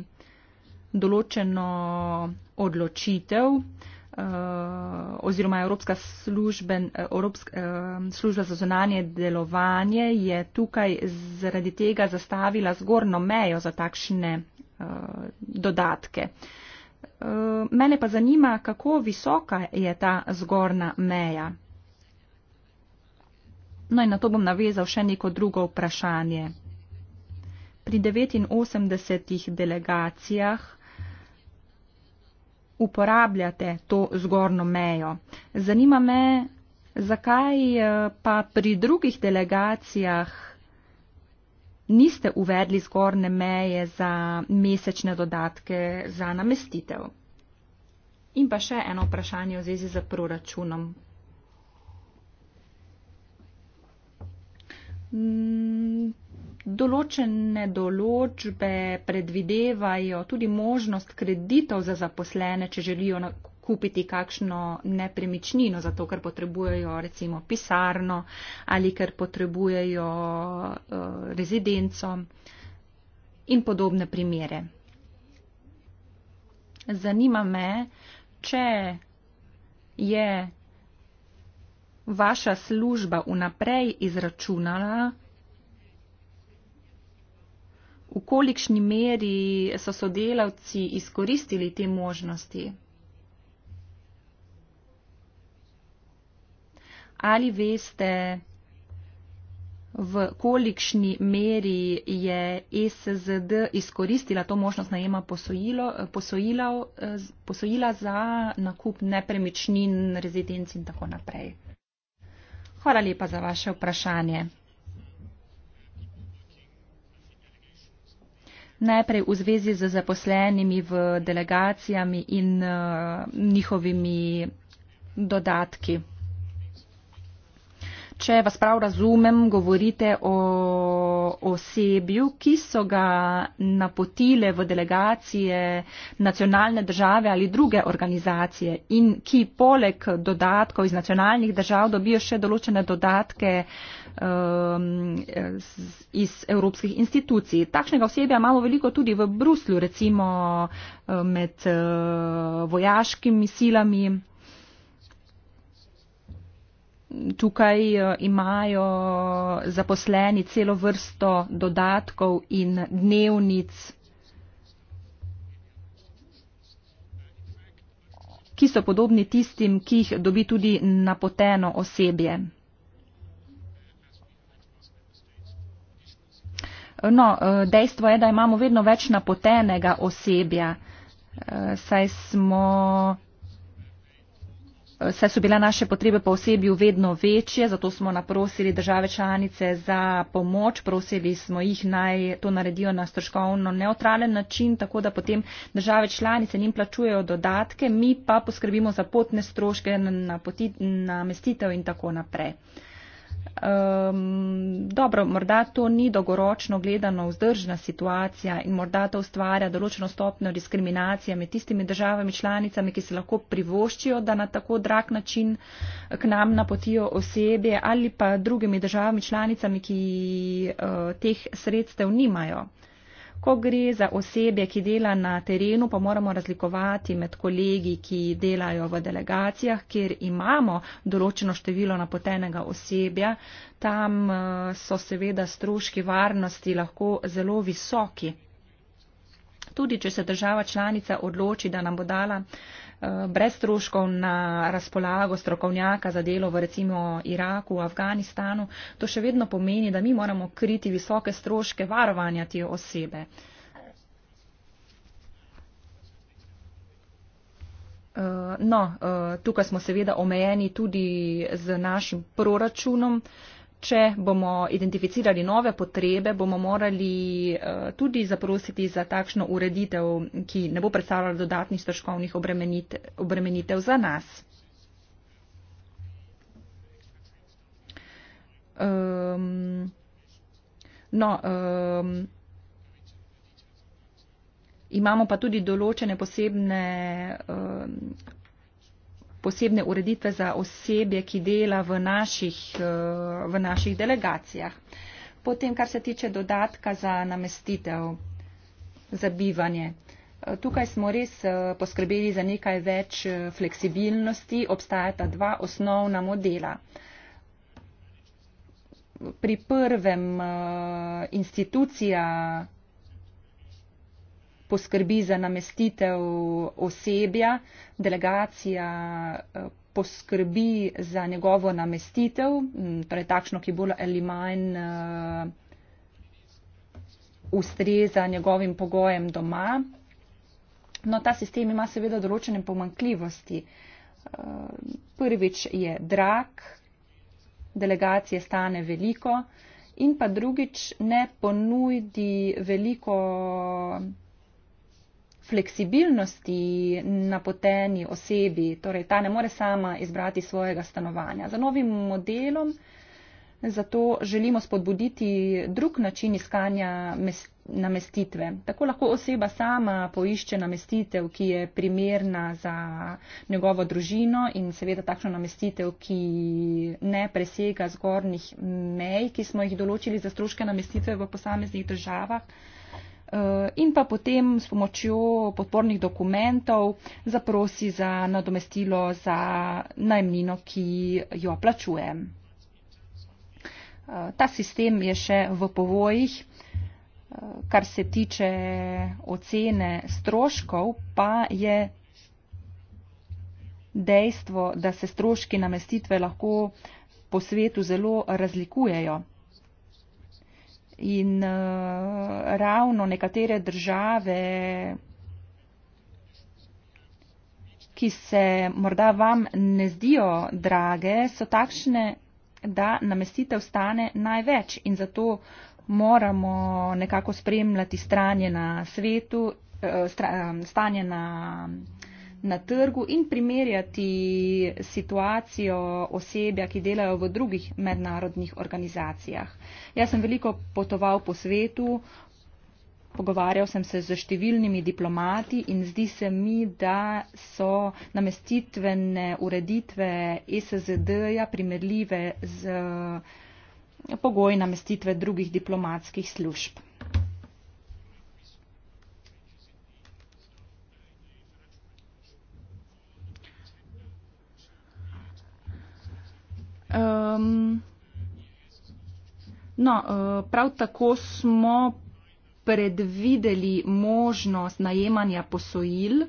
določeno odločitev eh, oziroma Evropska, služben, eh, Evropska eh, služba za zonanje delovanje je tukaj zaradi tega zastavila zgornjo mejo za takšne dodatke. Mene pa zanima, kako visoka je ta zgornja meja. No in na to bom navezal še neko drugo vprašanje. Pri 89 delegacijah uporabljate to zgornjo mejo. Zanima me, zakaj eh, pa pri drugih delegacijah niste uvedli zgornje meje za mesečne dodatke za namestitev. In pa še eno vprašanje v zvezi z proračunom. Mm, določene določbe predvidevajo tudi možnost kreditov za zaposlene, če želijo kupiti kakšno nepremičnino, zato ker potrebujejo recimo pisarno ali ker potrebujejo eh, rezidenco in podobne primere. Zanima me, če je vaša služba vnaprej izračunala, v kolikšni meri so sodelavci izkoristili te možnosti? Ali veste, v kolikšni meri je SZD izkoristila to možnost najema posojilo, posojila, eh, posojila za nakup nepremičnin, rezidenc in tako naprej? Hvala lepa za vaše vprašanje. Najprej v zvezi z zaposlenimi v delegacijami in uh, njihovimi dodatki. Če vas prav razumem, govorite o osebju, ki so ga napotile v delegacije nacionalne države ali druge organizacije in ki poleg dodatkov iz nacionalnih držav dobijo še določene dodatke um, iz evropskih institucij. Takšnega osebja imamo veliko tudi v Bruslju, recimo eh, med uh, vojaškimi silami. Tukaj eh, imajo zaposleni celo vrsto dodatkov in dnevnic, ki so podobni tistim, ki jih dobi tudi napoteno osebje. No, eh, dejstvo je, da imamo vedno več napotenega osebja, eh, saj smo Saj so bile naše potrebe po osebju vedno večje, zato smo naprosili države članice za pomoč, prosili smo jih naj to naredijo na stroškovno neutralen način, tako da potem države članice njim plačujejo dodatke, mi pa poskrbimo za potne stroške na, poti, na mestitev in tako naprej. Um, dobro, morda to ni dolgoročno gledano vzdržna situacija in morda to ustvarja določeno stopnjo diskriminacije med tistimi državami članicami, ki se lahko privoščijo, da na tako drag način k nam napotijo osebe ali pa drugimi državami članicami, ki uh, teh sredstev nimajo. Ko gre za osebe, ki dela na terenu, pa moramo razlikovati med kolegi, ki delajo v delegacijah, kjer imamo določeno število napotenega osebja. Tam eh, so seveda stroški varnosti lahko zelo visoki. Tudi, če se država članica odloči, da nam bo dala uh, Eh, brez stroškov na razpolago strokovnjaka za delo v recimo Iraku, Afganistanu, to še vedno pomeni, da mi moramo kriti visoke stroške varovanja te osebe. Eh, no, eh, tukaj smo seveda omejeni tudi z našim proračunom, če bomo identificirali nove potrebe, bomo morali eh, tudi zaprositi za takšno ureditev, ki ne bo predstavljala dodatnih stroškovnih obremenitev za nas. Um, no, um, imamo pa tudi določene posebne um, posebne ureditve za osebje, ki dela v naših, eh, v naših delegacijah. Potem, kar se tiče dodatka za namestitev, za bivanje. Eh, tukaj smo res eh, poskrbeli za nekaj več fleksibilnosti. Obstajata dva osnovna modela. Pri prvem institucija poskrbi za namestitev osebja, delegacija eh, poskrbi za njegovo namestitev, mm, torej takšno, ki bolj ali manj eh, ustreza njegovim pogojem doma. No, ta sistem ima seveda določene pomankljivosti. Eh, prvič je drag, delegacije stane veliko in pa drugič ne ponudi veliko fleksibilnosti napoteni osebi, torej ta ne more sama izbrati svojega stanovanja. Za novim modelom zato želimo spodbuditi drug način iskanja namestitve. Tako lahko oseba sama poišče namestitev, ki je primerna za njegovo družino in seveda takšno namestitev, ki ne presega zgornjih mej, ki smo jih določili za stroške namestitve v posameznih državah. Eh, in pa potem s pomočjo podpornih dokumentov zaprosi za nadomestilo za najmnino, ki jo plačuje. Eh, ta sistem je še v povojih. Eh, kar se tiče ocene stroškov, pa je dejstvo, da se stroški namestitve lahko po svetu zelo razlikujejo. In uh, ravno nekatere države, ki se morda vam ne zdijo drage, so takšne, da namestitev stane največ in zato moramo nekako spremljati stanje na svetu, eh, stranje na na trgu in primerjati situacijo osebja, ki delajo v drugih mednarodnih organizacijah. Jaz sem veliko potoval po svetu, pogovarjal sem se z številnimi diplomati in zdi se mi, da so namestitvene ureditve e SZD-ja primerljive z pogoji namestitve drugih diplomatskih služb. Um, no, uh, prav tako smo predvideli možnost najemanja posojil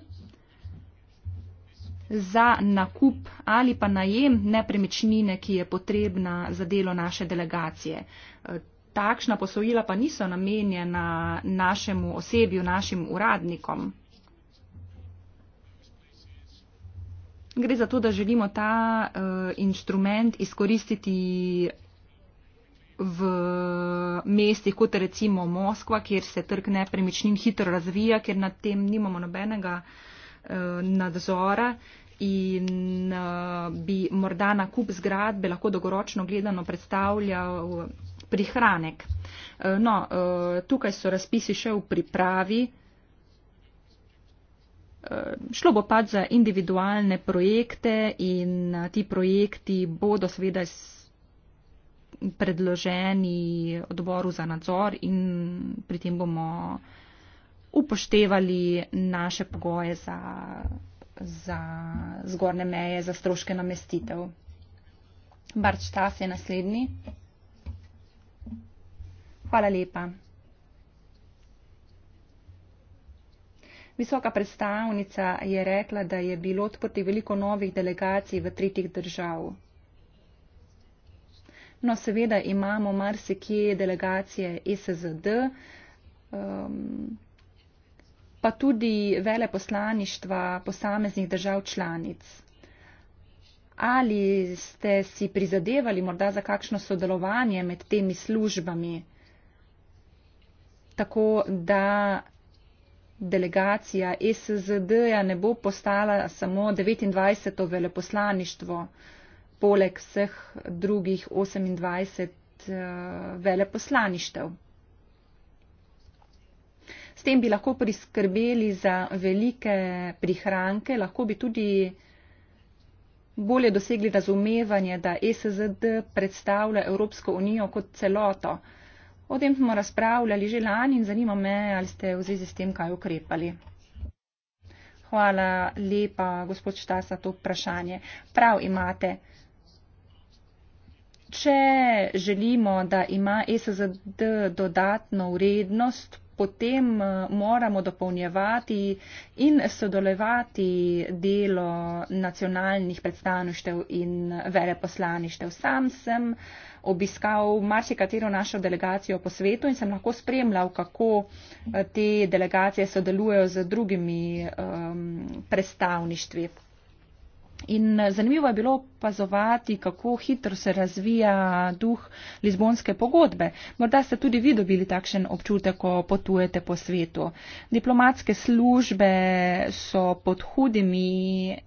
za nakup ali pa najem nepremičnine, ki je potrebna za delo naše delegacije. Eh, takšna posojila pa niso namenjena našemu osebju, našim uradnikom. gre za to, da želimo ta uh, inštrument izkoristiti v mestih, kot recimo Moskva, kjer se trg nepremičnin hitro razvija, ker nad tem nimamo nobenega uh, nadzora in uh, bi morda na kup zgradbe lahko dogoročno gledano predstavljal prihranek. Uh, no, uh, tukaj so razpisi še v pripravi. Uh, šlo bo pač za individualne projekte in ti projekti bodo seveda predloženi odboru za nadzor in pri tem bomo upoštevali naše pogoje za, za zgorne meje, za stroške namestitev. Barč Tas je naslednji. Hvala lepa. Visoka predstavnica je rekla, da je bilo odprti veliko novih delegacij v tretjih držav. No, seveda imamo marsikje delegacije SZD, um, pa tudi veleposlaništva posameznih držav članic. Ali ste si prizadevali morda za kakšno sodelovanje med temi službami, tako da delegacija SZD-ja ne bo postala samo 29. veleposlaništvo, poleg vseh drugih 28 eh, veleposlaništev. S tem bi lahko priskrbeli za velike prihranke, lahko bi tudi bolje dosegli razumevanje, da SZD predstavlja Evropsko unijo kot celoto. O tem smo razpravljali že lani in zanima me, ali ste v zvezi s tem kaj ukrepali. Hvala lepa, gospod Štasa, to vprašanje. Prav imate. Če želimo, da ima SZD dodatno urednost, potem eh, moramo dopolnjevati in sodelovati delo nacionalnih predstavništev in vereposlaništev. Sam sem uh, obiskal marsikatero našo delegacijo po svetu in sem lahko spremljal, kako eh, te delegacije sodelujejo z drugimi um, predstavništvi. In eh, zanimivo je bilo opazovati, kako hitro se razvija duh Lizbonske pogodbe. Morda ste tudi vi dobili takšen občutek, ko potujete po svetu. Diplomatske službe so pod hudimi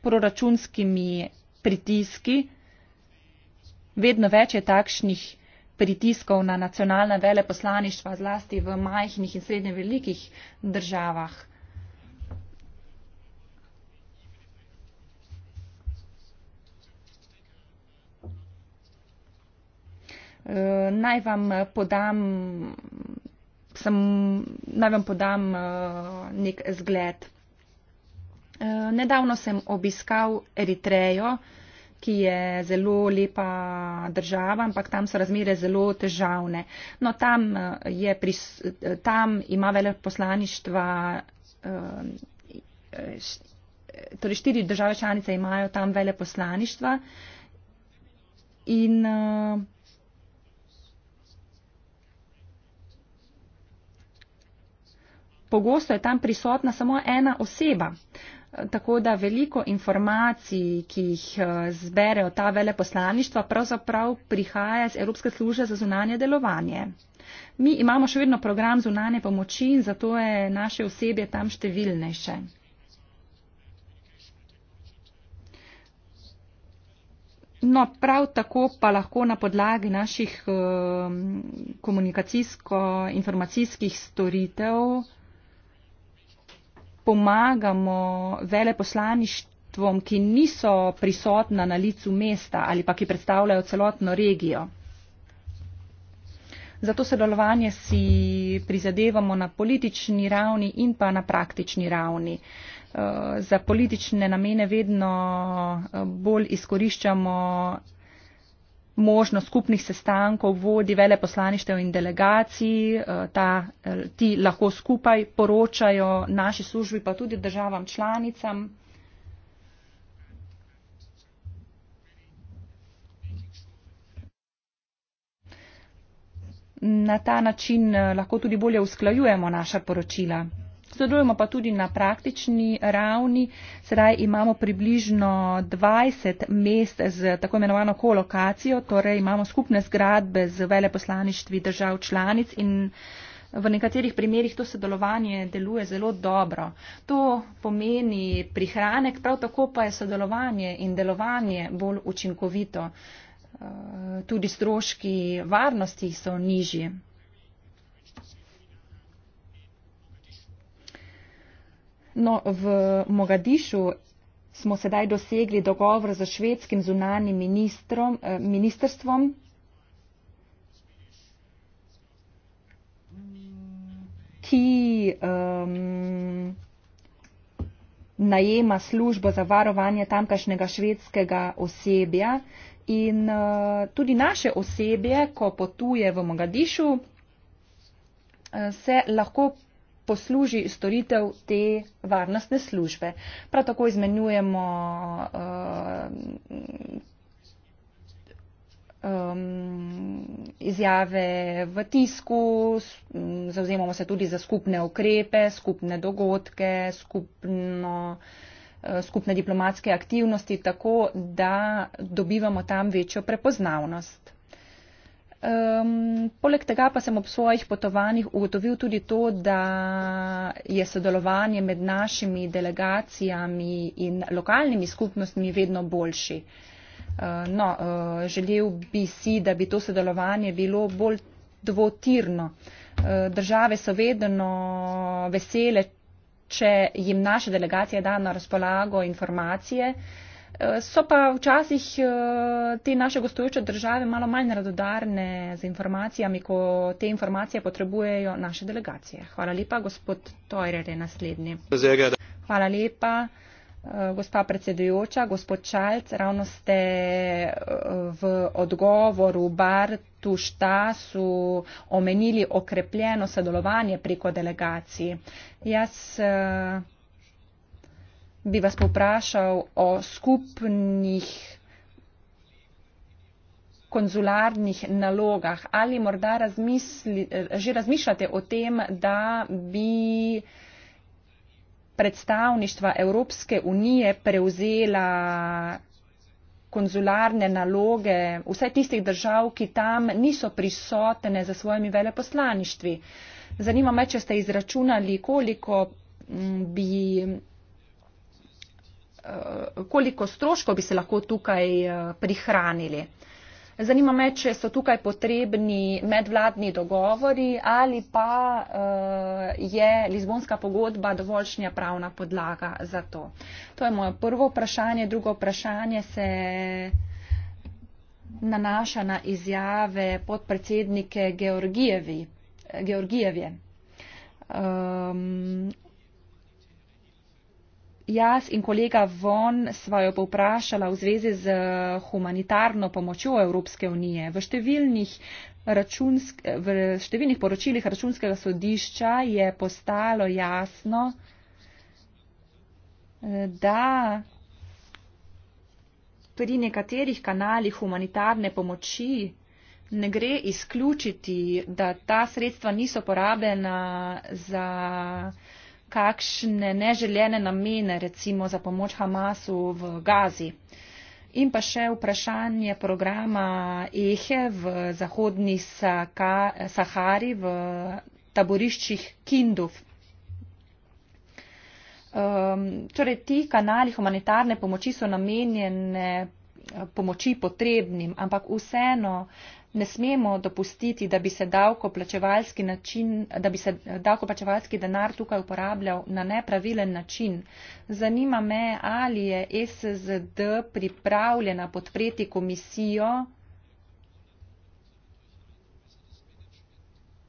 proračunskimi pritiski, vedno več je takšnih pritiskov na nacionalna veleposlaništva, zlasti v majhnih in srednje velikih državah. Eh, naj vam podam, sem, naj vam podam eh, nek zgled. Eh, nedavno sem obiskal Eritrejo, ki je zelo lepa država, ampak tam so razmere zelo težavne. No, tam, eh, je, eh, tam ima veleposlaništva. Eh, torej, štiri države članice imajo tam veleposlaništva in uh, pogosto je tam prisotna samo ena oseba. Uh, tako da veliko informacij, ki jih eh, zberejo ta veleposlaništva, pravzaprav prihaja iz Evropske službe za zunanje delovanje. Mi imamo še vedno program zunanje pomoči in zato je naše osebje tam številnejše. No, prav tako pa lahko na podlagi naših eh, komunikacijsko-informacijskih storitev pomagamo veleposlaništvom, ki niso prisotna na licu mesta ali pa ki predstavljajo celotno regijo. Zato sodelovanje si prizadevamo na politični ravni in pa na praktični ravni. Eh, za politične namene vedno eh, bolj izkoriščamo možnost skupnih sestankov vodi veleposlaništev in delegacij, eh, ta, eh, ti lahko skupaj poročajo naši službi pa tudi državam članicam. Na ta način eh, lahko tudi bolje usklajujemo naša poročila. Sodelujemo pa tudi na praktični ravni. Sedaj imamo približno 20 mest z tako imenovano kolokacijo, torej imamo skupne zgradbe z veleposlaništvi držav članic in v nekaterih primerjih to sodelovanje deluje zelo dobro. To pomeni prihranek, prav tako pa je sodelovanje in delovanje bolj učinkovito. Eh, tudi stroški varnosti so nižji. No, v Mogadišu smo sedaj dosegli dogovor za švedskim zunanim eh, ministrstvom. ki um, najema službo za varovanje tamkajšnjega švedskega osebja. In uh, tudi naše osebje, ko potuje v Mogadišu, uh, se lahko posluži storitev te varnostne službe. Prav tako izmenjujemo eh, um, izjave v tisku, zauzemamo se tudi za skupne ukrepe, skupne dogodke, skupno, eh, skupne diplomatske aktivnosti, tako da dobivamo tam večjo prepoznavnost. Um, poleg tega pa sem ob svojih potovanjih ugotovil tudi to, da je sodelovanje med našimi delegacijami in lokalnimi skupnostmi vedno boljši. Uh, no, uh, želel bi si, da bi to sodelovanje bilo bolj dvotirno. Uh, države so vedno vesele, če jim naša delegacija da na razpolago informacije. Uh, So pa včasih eh, te naše gostujoče države malo manj radodarne z informacijami, ko te informacije potrebujejo naše delegacije. Hvala lepa, gospod Tojrer je naslednji. Hvala lepa, eh, gospa predsedujoča, gospod Čalc, ravno ste eh, v odgovoru Bartu Štasu omenili okrepljeno sodelovanje preko delegacij. Jaz bi vas poprašal o skupnih konzularnih nalogah ali morda razmisli, že razmišljate o tem, da bi predstavništva Evropske unije prevzela konzularne naloge vsaj tistih držav, ki tam niso prisotne za svojimi veleposlaništvi. Zanima me, če ste izračunali, koliko bi Eh, koliko stroškov bi se lahko tukaj eh, prihranili. Zanima me, če so tukaj potrebni medvladni dogovori ali pa eh, je Lizbonska pogodba dovoljšnja pravna podlaga za to. To je moje prvo vprašanje. Drugo vprašanje se nanaša na izjave podpredsednike Georgijevi. Georgijevje. Um, ehm, Jaz in kolega Von sva jo povprašala v zvezi z eh, humanitarno pomočjo Evropske unije. V številnih, računsk, v številnih poročilih računskega sodišča je postalo jasno, eh, da pri nekaterih kanalih humanitarne pomoči ne gre izključiti, da ta sredstva niso porabljena za kakšne neželjene namene, recimo za pomoč Hamasu v Gazi. In pa še vprašanje programa Ehe v zahodni Sahari v taboriščih Kinduf. Um, ehm, torej, ti kanali humanitarne pomoči so namenjene eh, pomoči potrebnim, ampak vseeno uh, ne smemo dopustiti, da bi se davkoplačevalski, način, da bi se davkoplačevalski denar tukaj uporabljal na nepravilen način. Zanima me, ali je SZD pripravljena podpreti komisijo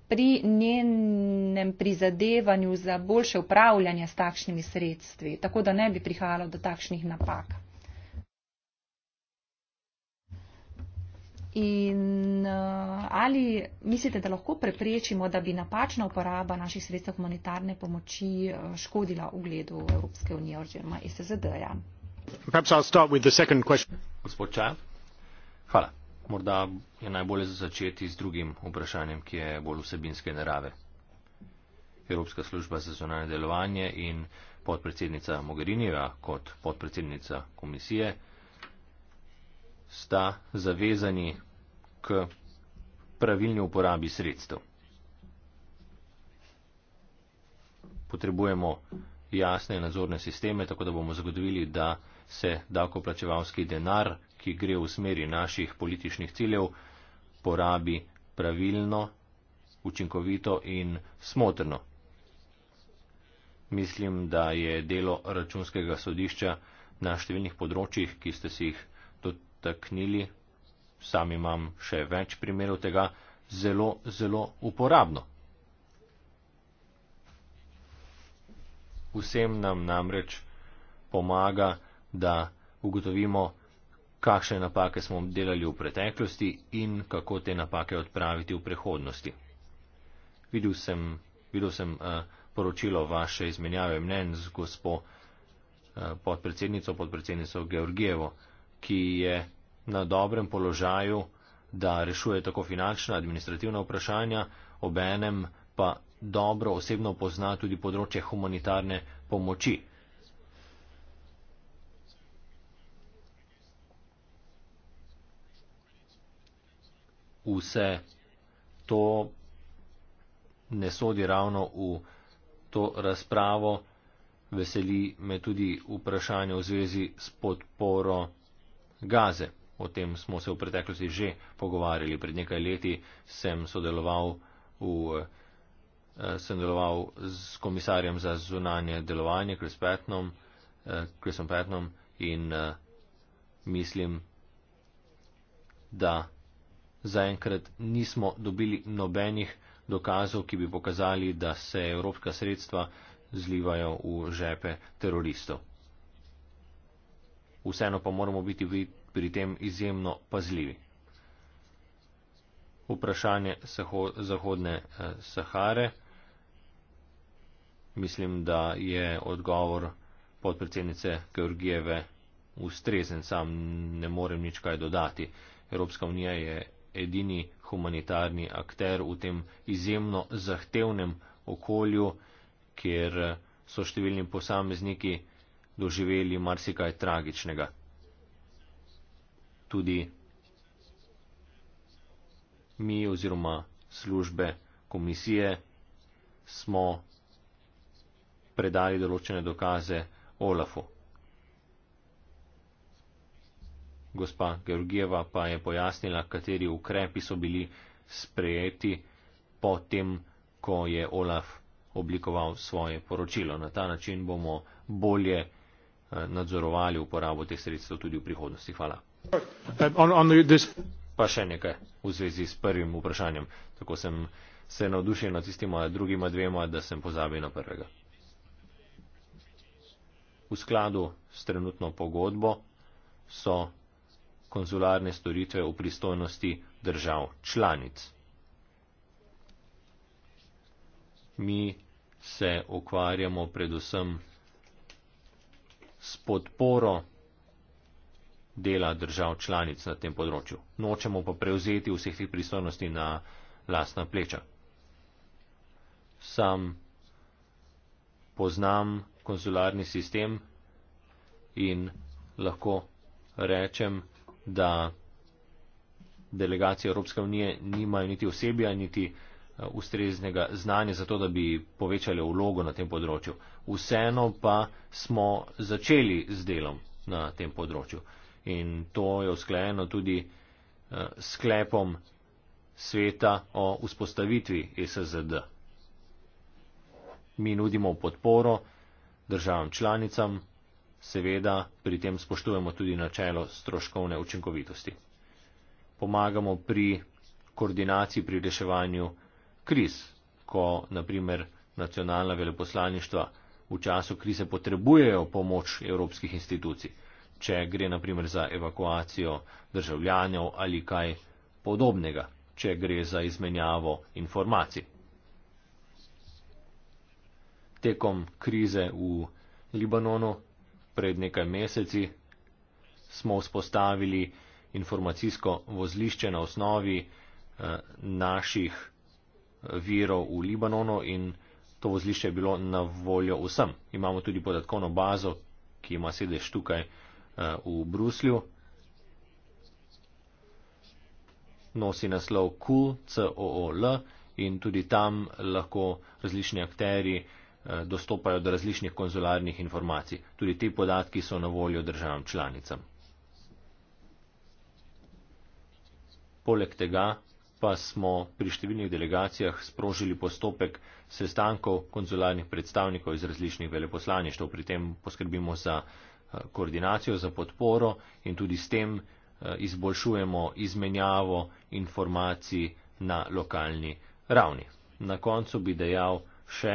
pri njenem prizadevanju za boljše upravljanje s takšnimi sredstvi, tako da ne bi prihajalo do takšnih napak. In eh, ali mislite, da lahko preprečimo, da bi napačna uporaba naših sredstev humanitarne pomoči eh, škodila v gledu Evropske unije oziroma ISSD-ja? Hvala. Morda je najbolje začeti z drugim vprašanjem, ki je bolj vsebinske narave. Evropska služba za zonalne delovanje in podpredsednica Mogherinija kot podpredsednica komisije sta zavezani k pravilni uporabi sredstev. Potrebujemo jasne nadzorne sisteme, tako da bomo zagotovili, da se davkoplačevalski denar, ki gre v smeri naših političnih ciljev, porabi pravilno, učinkovito in smotrno. Mislim, da je delo računskega sodišča na številnih področjih, ki ste si jih zataknili, sam imam še več primerov tega, zelo, zelo uporabno. Vsem nam namreč pomaga, da ugotovimo, kakšne napake smo delali v preteklosti in kako te napake odpraviti v prihodnosti. Videl sem, videl sem uh, poročilo vaše izmenjave mnen z gospo uh, podpredsednico, podpredsednico Georgijevo, ki je na dobrem položaju, da rešuje tako finančna, administrativna vprašanja, obenem pa dobro osebno pozna tudi področje humanitarne pomoči. Vse to ne sodi ravno v to razpravo, veseli me tudi vprašanje v zvezi s podporo gaze o tem smo se v preteklosti že pogovarjali, pred nekaj leti sem sodeloval, v, eh, sem sodeloval s komisarjem za zunanje delovanje, Krisom eh, Petnom, in eh, mislim, da zaenkrat nismo dobili nobenih dokazov, ki bi pokazali, da se evropska sredstva zlivajo v žepe teroristov. Vseeno pa moramo biti pri tem izjemno pazljivi. Vprašanje Zahodne eh, Sahare. Mislim, da je odgovor podpredsednice Georgijeve ustrezen, sam ne morem nič kaj dodati. Evropska unija je edini humanitarni akter v tem izjemno zahtevnem okolju, kjer so številni posamezniki doživeli marsikaj tragičnega tudi mi oziroma službe komisije smo predali določene dokaze Olafu. Gospa Georgijeva pa je pojasnila, kateri ukrepi so bili sprejeti po tem, ko je Olaf oblikoval svoje poročilo. Na ta način bomo bolje eh, nadzorovali uporabo teh sredstev tudi v prihodnosti. Hvala vprašanjega um, v zvezi s prvim vprašanjem. Tako sem se navdušil nad tistima drugima dvema, da sem pozabil na prvega. V skladu s trenutno pogodbo so konzularne storitve v pristojnosti držav članic. Mi se ukvarjamo predvsem s podporo dela držav članic na tem področju. Nočemo pa prevzeti vseh teh pristojnosti na lastna pleča. Sam poznam konzularni sistem in lahko rečem, da delegacije Evropske unije nimajo niti osebja, niti eh, ustreznega znanja za to, da bi povečali vlogo na tem področju. Vseeno pa smo začeli z delom na tem področju in to je usklajeno tudi eh, s sklepom sveta o vzpostavitvi e SZD. Mi nudimo podporo državam članicam, seveda pri tem spoštujemo tudi načelo stroškovne učinkovitosti. Pomagamo pri koordinaciji pri reševanju kriz, ko naprimer nacionalna veleposlaništva v času krize potrebujejo pomoč evropskih institucij če gre naprimer za evakuacijo državljanov ali kaj podobnega, če gre za izmenjavo informacij. Tekom krize v Libanonu pred nekaj meseci smo vzpostavili informacijsko vozlišče na osnovi eh, naših eh, virov v Libanonu in to vozlišče je bilo na voljo vsem. Imamo tudi podatkovno bazo, ki ima sedež tukaj Eh, v Bruslju. Nosi naslov COOL, COOL in tudi tam lahko različni akteri eh, dostopajo do različnih konzularnih informacij. Tudi te podatki so na voljo državam članicam. Poleg tega pa smo pri številnih delegacijah sprožili postopek sestankov konzularnih predstavnikov iz različnih veleposlaništv. Pri tem poskrbimo za Eh, koordinacijo za podporo in tudi s tem eh, izboljšujemo izmenjavo informacij na lokalni ravni. Na koncu bi dejal še,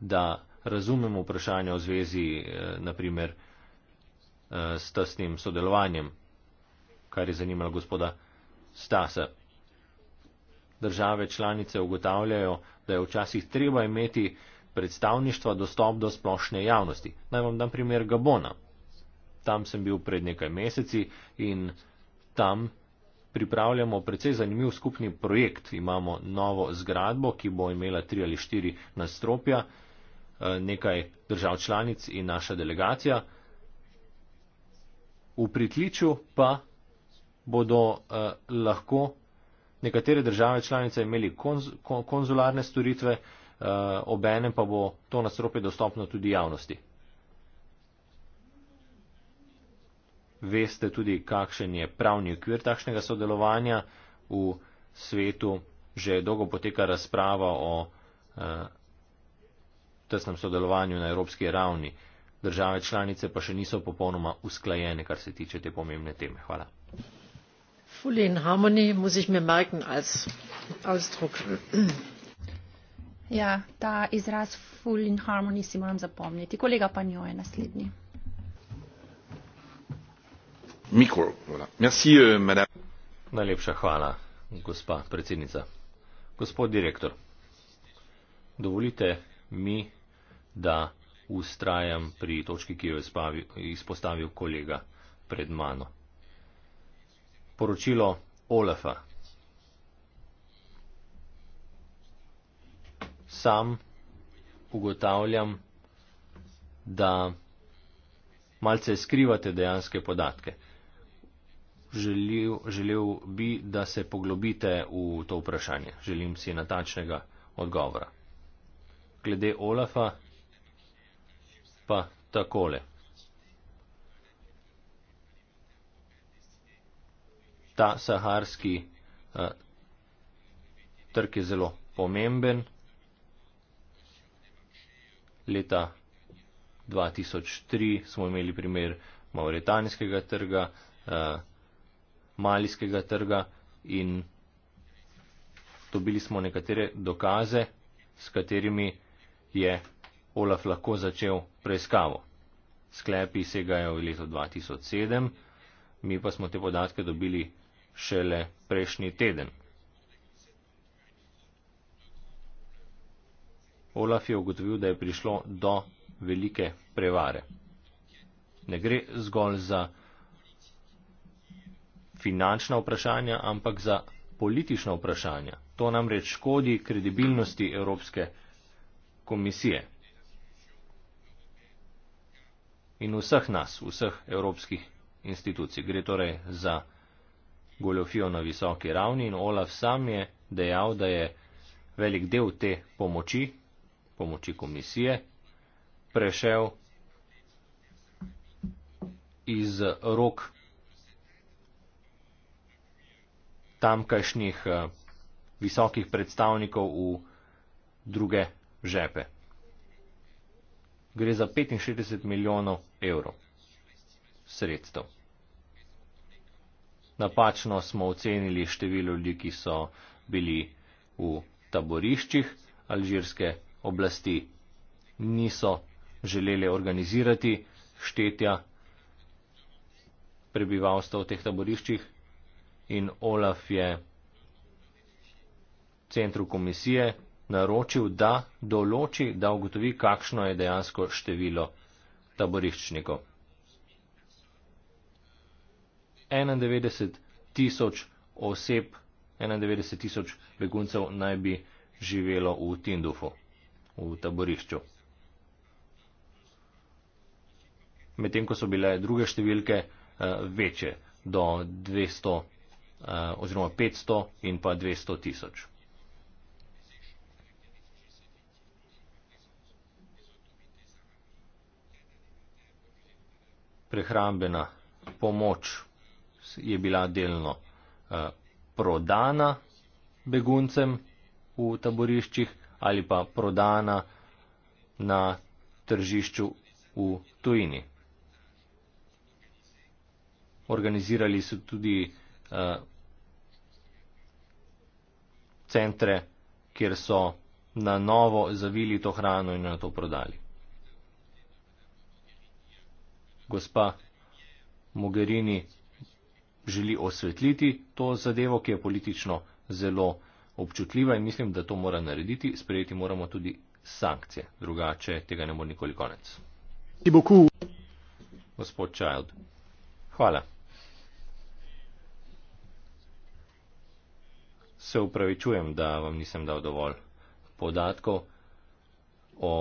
da razumemo vprašanje v zvezi eh, naprimer s tesnim sodelovanjem, kar je zanimalo gospoda Stasa. Države članice ugotavljajo, da je včasih treba imeti predstavništva dostop do splošne javnosti. Naj vam dam primer Gabona. Tam sem bil pred nekaj meseci in tam pripravljamo precej zanimiv skupni projekt. Imamo novo zgradbo, ki bo imela tri ali štiri nastropja, eh, nekaj držav članic in naša delegacija. V pritličju pa bodo eh, lahko nekatere države članice imeli konz konzularne storitve, eh, obenem pa bo to nastropje dostopno tudi javnosti. veste tudi, kakšen je pravni okvir takšnega sodelovanja v svetu. Že dolgo poteka razprava o eh, tesnem sodelovanju na evropski ravni. Države članice pa še niso popolnoma usklajene, kar se tiče te pomembne teme. Hvala. Ja, ta izraz full in harmony si moram zapomniti. Kolega pa njo je naslednji. Mm. Euh, najlepša hvala gospa predsednica. gospod direktor dovolite mi da vztrajam pri točki ki jo je izpostavil kolega pred mano. poročilo olafa sam ugotavljam da malce skrivate dejanske podatke želel, želel bi, da se poglobite v to vprašanje. Želim si natačnega odgovora. Glede Olafa pa takole. Ta saharski uh, trg je zelo pomemben. Leta 2003 smo imeli primer Mauritanskega trga. Uh, malijskega trga in dobili smo nekatere dokaze, s katerimi je Olaf lahko začel preiskavo. Sklepi segajo v leto 2007, mi pa smo te podatke dobili šele prejšnji teden. Olaf je ugotovil, da je prišlo do velike prevare. Ne gre zgolj za finančna vprašanja, ampak za politična vprašanja. To namreč škodi kredibilnosti Evropske komisije in vseh nas, vseh evropskih institucij. Gre torej za goljofijo na visoki ravni in Olaf sam je dejal, da je velik del te pomoči, pomoči komisije, prešel iz rok tamkajšnjih eh, visokih predstavnikov v druge žepe. Gre za 65 milijonov evrov sredstev. Napačno smo ocenili število ljudi, ki so bili v taboriščih. Alžirske oblasti niso želeli organizirati štetja prebivalstva v teh taboriščih, in Olaf je centru komisije naročil, da določi, da ugotovi, kakšno je dejansko število taboriščnikov. 91 tisoč oseb, 91 tisoč beguncev naj bi živelo v Tindufu, v taborišču. Medtem ko so bile druge številke eh, večje, do 200 Eh, oziroma 500 in pa 200 tisoč. Prehrambena pomoč je bila delno eh, prodana beguncem v taboriščih ali pa prodana na tržišču v tujini. Organizirali so tudi eh, centre, kjer so na novo zavili to hrano in na to prodali. Gospa Mogherini želi osvetliti to zadevo, ki je politično zelo občutljiva in mislim, da to mora narediti. Sprejeti moramo tudi sankcije, drugače tega ne bo nikoli konec. Gospod Child, hvala. se upravičujem, da vam nisem dal dovolj podatkov. O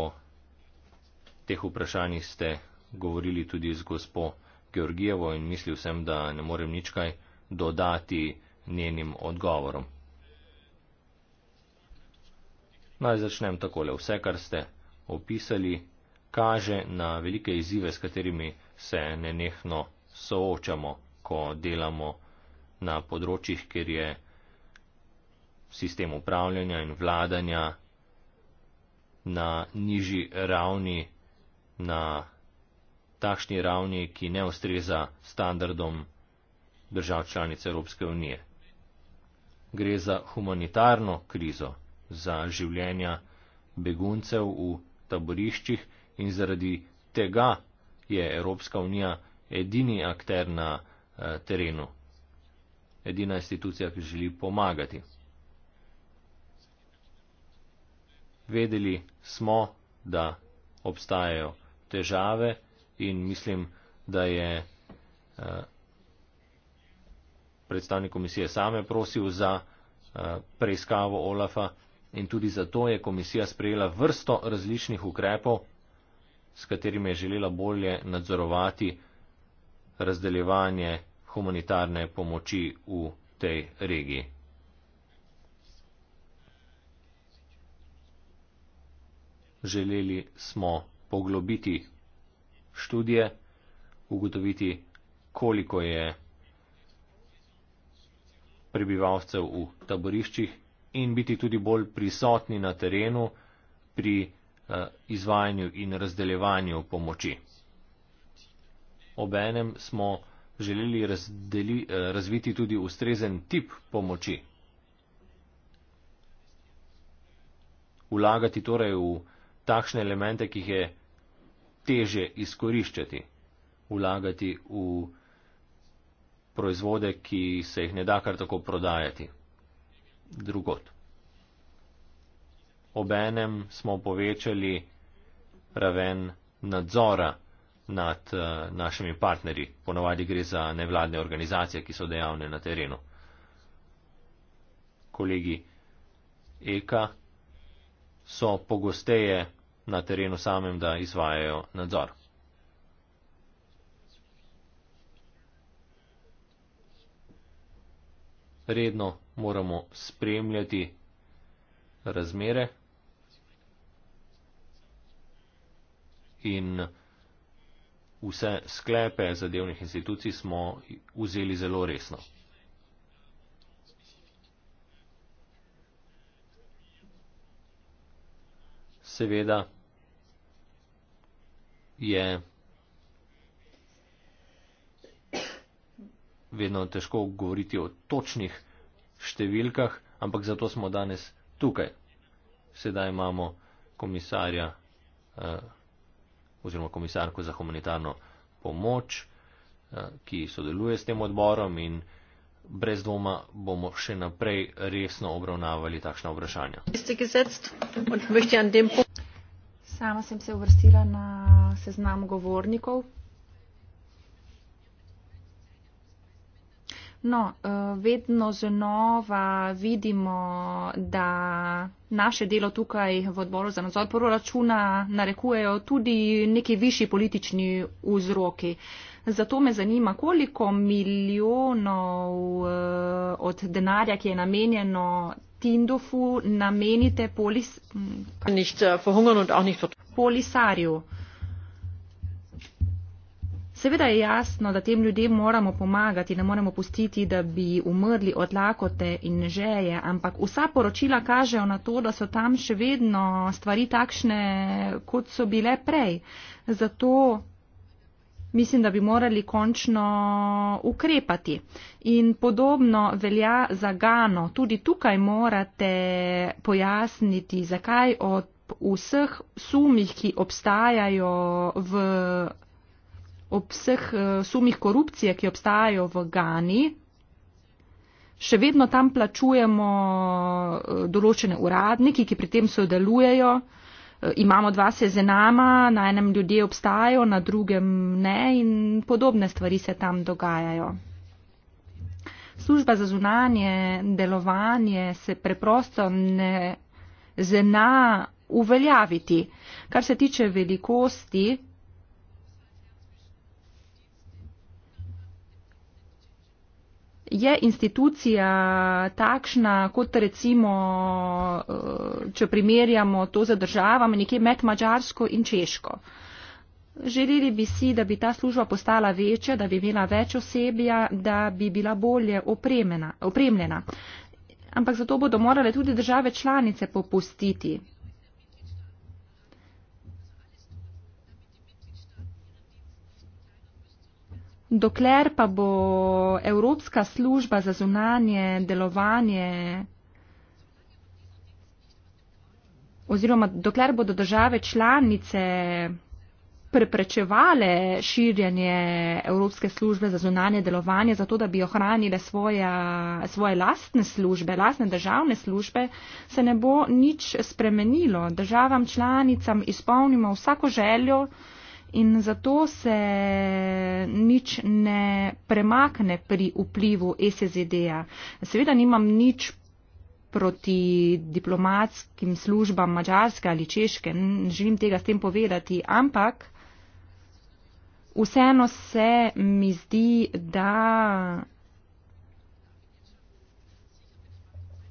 teh vprašanjih ste govorili tudi z gospo Georgijevo in mislil sem, da ne morem nič kaj dodati njenim odgovorom. Naj začnem takole. Vse, kar ste opisali, kaže na velike izzive, s katerimi se nenehno soočamo, ko delamo na področjih, kjer je sistem upravljanja in vladanja na nižji ravni, na takšni ravni, ki ne ustreza standardom držav članic Evropske unije. Gre za humanitarno krizo, za življenja beguncev v taboriščih in zaradi tega je Evropska unija edini akter na eh, terenu, edina institucija, ki želi pomagati. vedeli smo, da obstajajo težave in mislim, da je eh, predstavnik komisije same prosil za eh, preiskavo Olafa in tudi zato je komisija sprejela vrsto različnih ukrepov, s katerimi je želela bolje nadzorovati razdeljevanje humanitarne pomoči v tej regiji. želeli smo poglobiti študije, ugotoviti, koliko je prebivalcev v taboriščih in biti tudi bolj prisotni na terenu pri eh, izvajanju in razdeljevanju pomoči. Obenem smo želeli razdeli, eh, razviti tudi ustrezen tip pomoči. Vlagati torej v takšne elemente, ki jih je teže izkoriščati, vlagati v proizvode, ki se jih ne da kar tako prodajati drugot. Obenem smo povečali raven nadzora nad uh, našimi partnerji, ponovadi gre za nevladne organizacije, ki so dejavne na terenu. Kolegi Eka so pogosteje na terenu samem, da izvajajo nadzor. Redno moramo spremljati razmere in vse sklepe zadevnih institucij smo vzeli zelo resno. seveda je vedno težko govoriti o točnih številkah, ampak zato smo danes tukaj. Sedaj imamo komisarja eh, oziroma komisarko za humanitarno pomoč, eh, ki sodeluje s tem odborom in brez dvoma bomo še naprej resno obravnavali takšna vprašanja. Ste gesetzt in möchte an dem Punkt sama sem se uvrstila na seznam govornikov. No, eh, vedno znova vidimo, da naše delo tukaj v odboru za nadzor proračuna narekujejo tudi neki višji politični vzroki. Zato me zanima, koliko milijonov eh, od denarja, ki je namenjeno Tindufu namenite Polis mm, nicht äh, verhungern und auch nicht Polisario. Seveda je jasno, da tem ljudem moramo pomagati, ne moremo pustiti, da bi umrli od lakote in žeje, ampak vsa poročila kažejo na to, da so tam še vedno stvari takšne, kot so bile prej. Zato mislim, da bi morali končno ukrepati. In podobno velja za Gano. Tudi tukaj morate pojasniti, zakaj od vseh sumih, ki obstajajo v ob vseh eh, sumih korupcije, ki obstajajo v Gani, še vedno tam plačujemo eh, določene uradniki, ki pri tem sodelujejo. Eh, imamo dva seznama, na enem ljudje obstajajo, na drugem ne in podobne stvari se tam dogajajo. Služba za zunanje delovanje se preprosto ne zna uveljaviti. Kar se tiče velikosti, je institucija takšna, kot recimo, eh, če primerjamo to za državami, nekje med Mačarsko in Češko. Želeli bi si, da bi ta služba postala večja, da bi imela več osebja, da bi bila bolje opremljena. Ampak zato bodo morale tudi države članice popustiti. dokler pa bo Evropska služba za zunanje delovanje oziroma dokler bodo države članice preprečevale širjanje Evropske službe za zunanje delovanje, zato da bi ohranile svoja, svoje lastne službe, lastne državne službe, se ne bo nič spremenilo. Državam članicam izpolnimo vsako željo, in zato se nič ne premakne pri vplivu SSD-ja. Seveda nimam nič proti diplomatskim službam Mačarske ali Češke, želim tega s tem povedati, ampak vseeno se mi zdi, da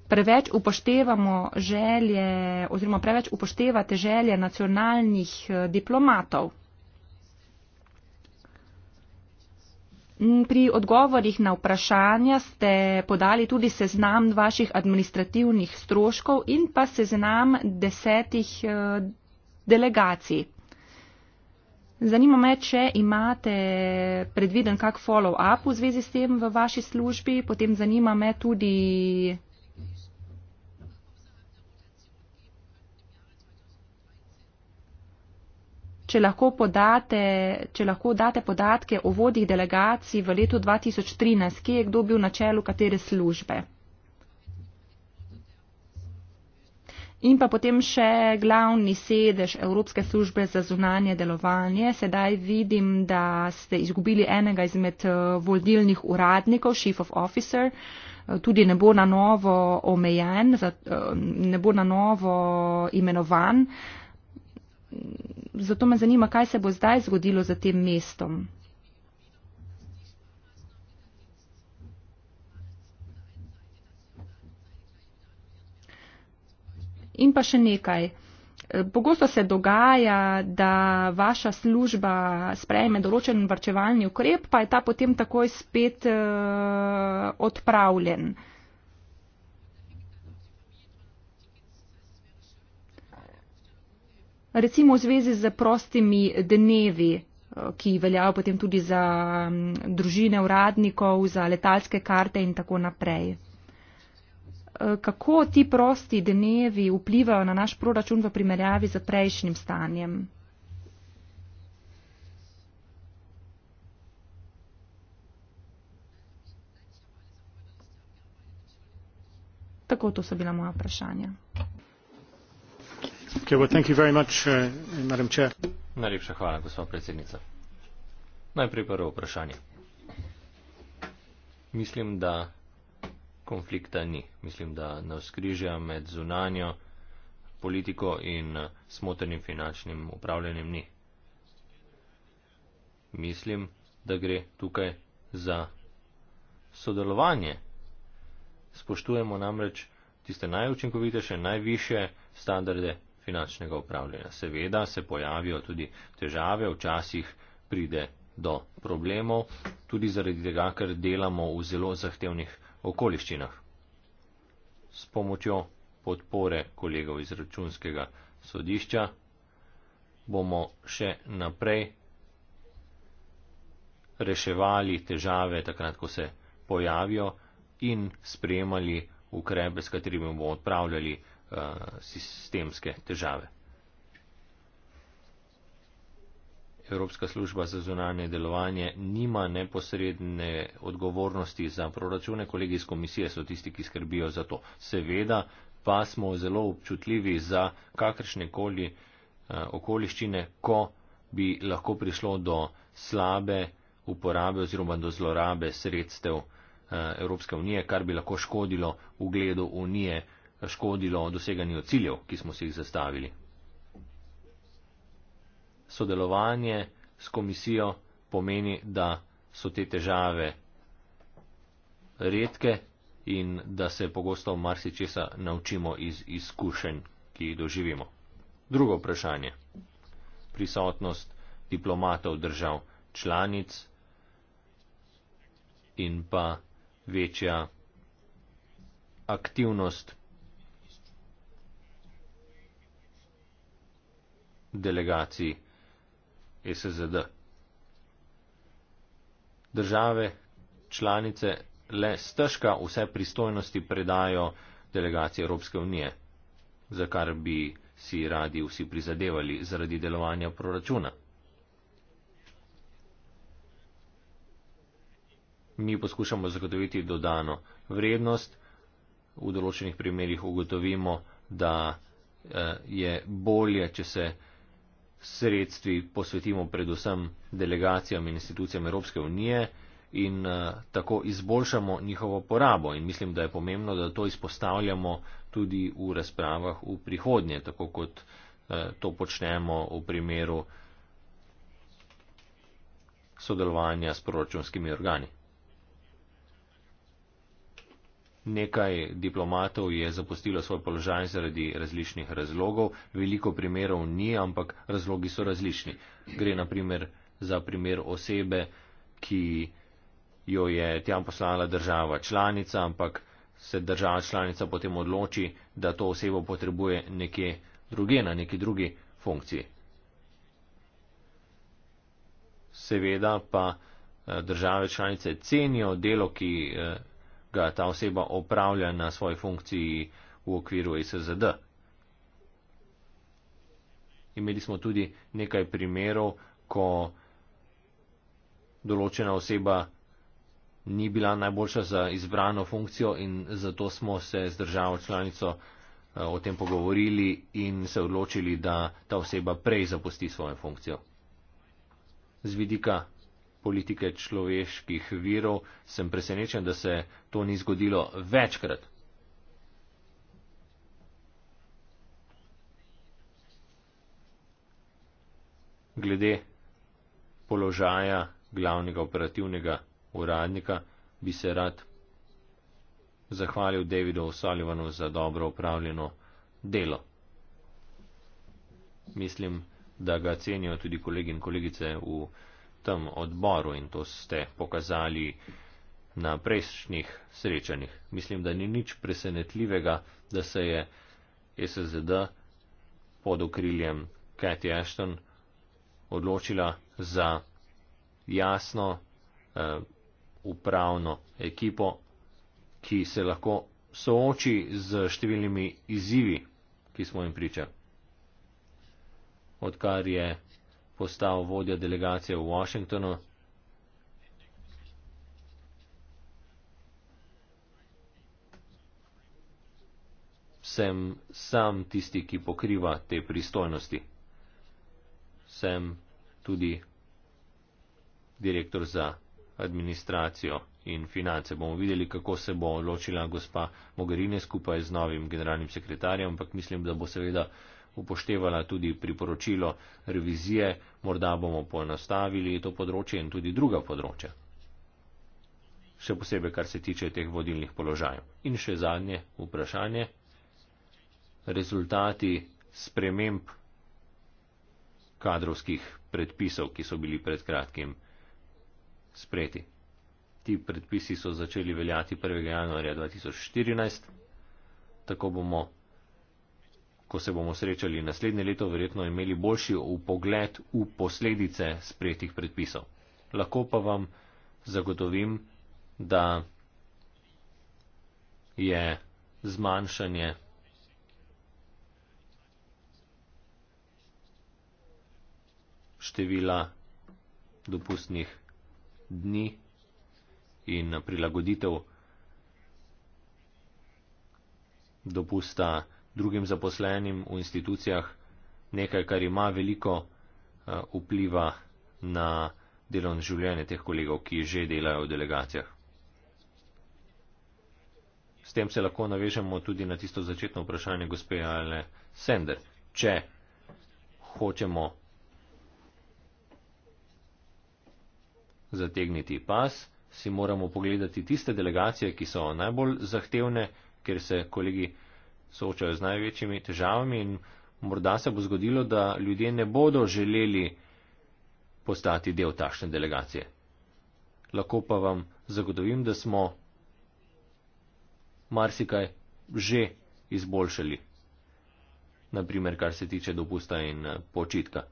preveč upoštevamo želje oziroma preveč upoštevate želje nacionalnih eh, diplomatov. Mm, pri odgovorih na vprašanja ste podali tudi seznam vaših administrativnih stroškov in pa seznam desetih eh, delegacij. Zanima me, če imate predviden kak follow-up v zvezi s tem v vaši službi, potem zanima me tudi če lahko, podate, če lahko date podatke o vodih delegacij v letu 2013, kje je kdo bil na čelu katere službe. In pa potem še glavni sedež Evropske službe za zunanje delovanje. Sedaj vidim, da ste izgubili enega izmed eh, vodilnih uradnikov, chief of officer. Eh, tudi ne bo na novo omejen, eh, ne bo na novo imenovan zato me zanima, kaj se bo zdaj zgodilo za tem mestom. In pa še nekaj. Eh, pogosto se dogaja, da vaša služba sprejme določen varčevalni ukrep, pa je ta potem takoj spet uh, odpravljen. Uh, recimo v zvezi z prostimi dnevi, eh, ki veljajo potem tudi za mm, družine uradnikov, za letalske karte in tako naprej. Eh, kako ti prosti dnevi vplivajo na naš proračun v primerjavi z prejšnjim stanjem? Tako to so bila moja vprašanja. Uh, najlepša hvala gospa predsednica najprej prvo vprašanje mislim da konflikta ni mislim da navskrižja med zunanjo politiko in smotrnim finančnim upravljanjem ni mislim da gre tukaj za sodelovanje spoštujemo namreč tiste najučinkovitejše najvišje standarde finančnega upravljanja. Seveda se pojavijo tudi težave, včasih pride do problemov, tudi zaradi tega, ker delamo v zelo zahtevnih okoliščinah. S pomočjo podpore kolegov iz računskega sodišča bomo še naprej reševali težave takrat, ko se pojavijo in sprejemali ukrepe, s katerimi bomo odpravljali uh, sistemske težave. Evropska služba za zunanje delovanje nima neposredne odgovornosti za proračune, kolegi iz komisije so tisti, ki skrbijo za to. Seveda pa smo zelo občutljivi za kakršne koli eh, okoliščine, ko bi lahko prišlo do slabe uporabe oziroma do zlorabe sredstev eh, Evropske unije, kar bi lahko škodilo ugledu unije škodilo doseganju ciljev, ki smo si jih zastavili. Sodelovanje s komisijo pomeni, da so te težave redke in da se pogosto marsičesa naučimo iz izkušenj, ki jih doživimo. Drugo vprašanje. Prisotnost diplomatov držav članic in pa večja aktivnost delegaciji SZD. Države članice le stežka vse pristojnosti predajo delegaciji Evropske unije, za kar bi si radi vsi prizadevali zaradi delovanja proračuna. Mi poskušamo zagotoviti dodano vrednost, v določenih primerjih ugotovimo, da eh, je bolje, če se sredstvi posvetimo predvsem delegacijam in institucijam Evropske unije in eh, tako izboljšamo njihovo porabo. In mislim, da je pomembno, da to izpostavljamo tudi v razpravah v prihodnje, tako kot eh, to počnemo v primeru sodelovanja s proračunskimi organi. Nekaj diplomatov je zapustilo svoj položaj zaradi različnih razlogov, veliko primerov ni, ampak razlogi so različni. Gre naprimer za primer osebe, ki jo je tam poslala država članica, ampak se država članica potem odloči, da to osebo potrebuje nekje druge na neki drugi funkciji. Seveda pa eh, države članice cenijo delo, ki eh, ga ta oseba opravlja na svoji funkciji v okviru SZD. Imeli smo tudi nekaj primerov, ko določena oseba ni bila najboljša za izbrano funkcijo in zato smo se z državo članico eh, o tem pogovorili in se odločili, da ta oseba prej zapusti svojo funkcijo. Z vidika politike človeških virov, sem presenečen, da se to ni zgodilo večkrat. Glede položaja glavnega operativnega uradnika bi se rad zahvalil Davidu Osalivanu za dobro upravljeno delo. Mislim, da ga cenijo tudi kolegi in kolegice v tem odboru in to ste pokazali na prejšnjih srečanjih. Mislim, da ni nič presenetljivega, da se je SSD pod okriljem Cathy Ashton odločila za jasno eh, upravno ekipo, ki se lahko sooči z številnimi izzivi, ki smo jim priča. Odkar je postal vodja delegacije v Washingtonu. Sem sam tisti, ki pokriva te pristojnosti. Sem tudi direktor za administracijo in finance. Bomo videli, kako se bo ločila gospa Mogherini skupaj z novim generalnim sekretarjem, ampak mislim, da bo seveda upoštevala tudi priporočilo revizije, morda bomo poenostavili to področje in tudi druga področja. Še posebej, kar se tiče teh vodilnih položajev. In še zadnje vprašanje. Rezultati sprememb kadrovskih predpisov, ki so bili pred kratkim sprejeti. Ti predpisi so začeli veljati 1. januarja 2014. Tako bomo ko se bomo srečali naslednje leto, verjetno imeli boljši upogled v posledice sprejetih predpisov. Lahko pa vam zagotovim, da je zmanjšanje števila dopustnih dni in prilagoditev dopusta drugim zaposlenim v institucijah, nekaj, kar ima veliko eh, vpliva na delovno življenje teh kolegov, ki že delajo v delegacijah. S tem se lahko navežemo tudi na tisto začetno vprašanje gospe Alne Sender. Če hočemo zategniti pas, si moramo pogledati tiste delegacije, ki so najbolj zahtevne, ker se kolegi soočajo z največjimi težavami in morda se bo zgodilo, da ljudje ne bodo želeli postati del takšne delegacije. Lahko pa vam zagotovim, da smo marsikaj že izboljšali, naprimer, kar se tiče dopusta in eh, počitka.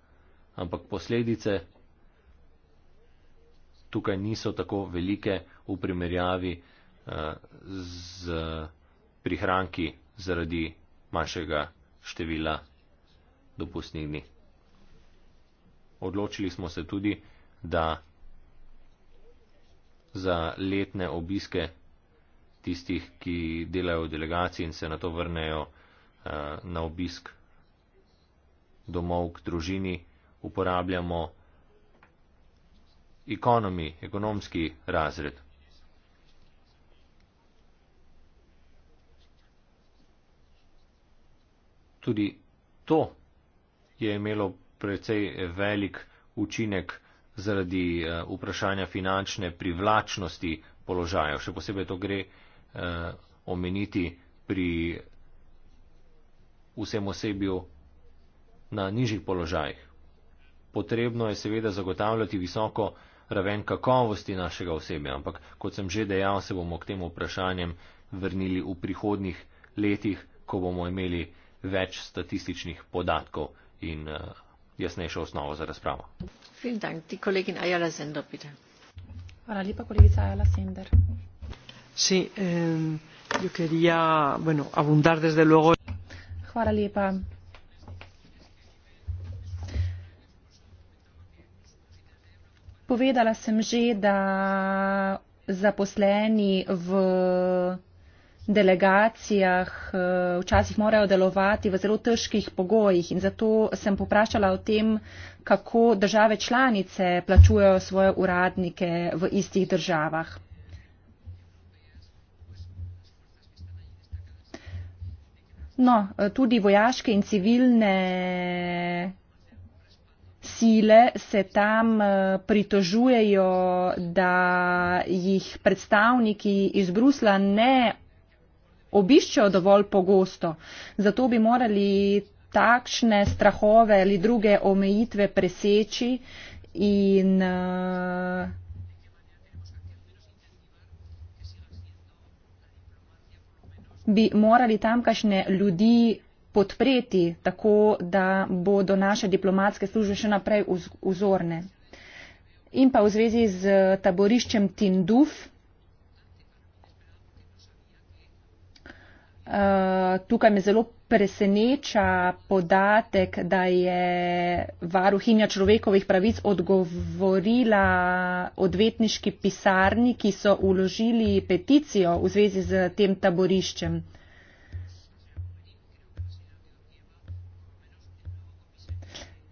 Ampak posledice tukaj niso tako velike v primerjavi eh, z prihranki zaradi manjšega števila dopustnih dni. Odločili smo se tudi, da za letne obiske tistih, ki delajo v delegaciji in se na to vrnejo eh, na obisk domov k družini, uporabljamo ekonomski razred, tudi to je imelo precej velik učinek zaradi eh, vprašanja finančne privlačnosti položajev. Še posebej to gre eh, omeniti pri vsem osebju na nižjih položajih. Potrebno je seveda zagotavljati visoko raven kakovosti našega osebja, ampak kot sem že dejal, se bomo k tem vprašanjem vrnili v prihodnih letih, ko bomo imeli več statističnih podatkov in uh, jasnejšo osnovo za razpravo. Hvala lepa, kolegica Ajala Sender. Sí, eh, yo quería, bueno, abundar desde luego. Hvala lepa. Povedala sem že, da zaposleni v delegacijah eh, včasih morajo delovati v zelo težkih pogojih in zato sem poprašala o tem, kako države članice plačujejo svoje uradnike v istih državah. No, eh, tudi vojaške in civilne sile se tam eh, pritožujejo, da jih predstavniki iz Brusla ne obiščejo dovolj pogosto. Zato bi morali takšne strahove ali druge omejitve preseči in uh, bi morali tamkajšnje ljudi podpreti, tako da bodo naše diplomatske službe še naprej vzorne. In pa v zvezi z taboriščem Tinduf, Eh, tukaj me zelo preseneča podatek, da je varuhinja človekovih pravic odgovorila odvetniški pisarni, ki so uložili peticijo v zvezi z tem taboriščem.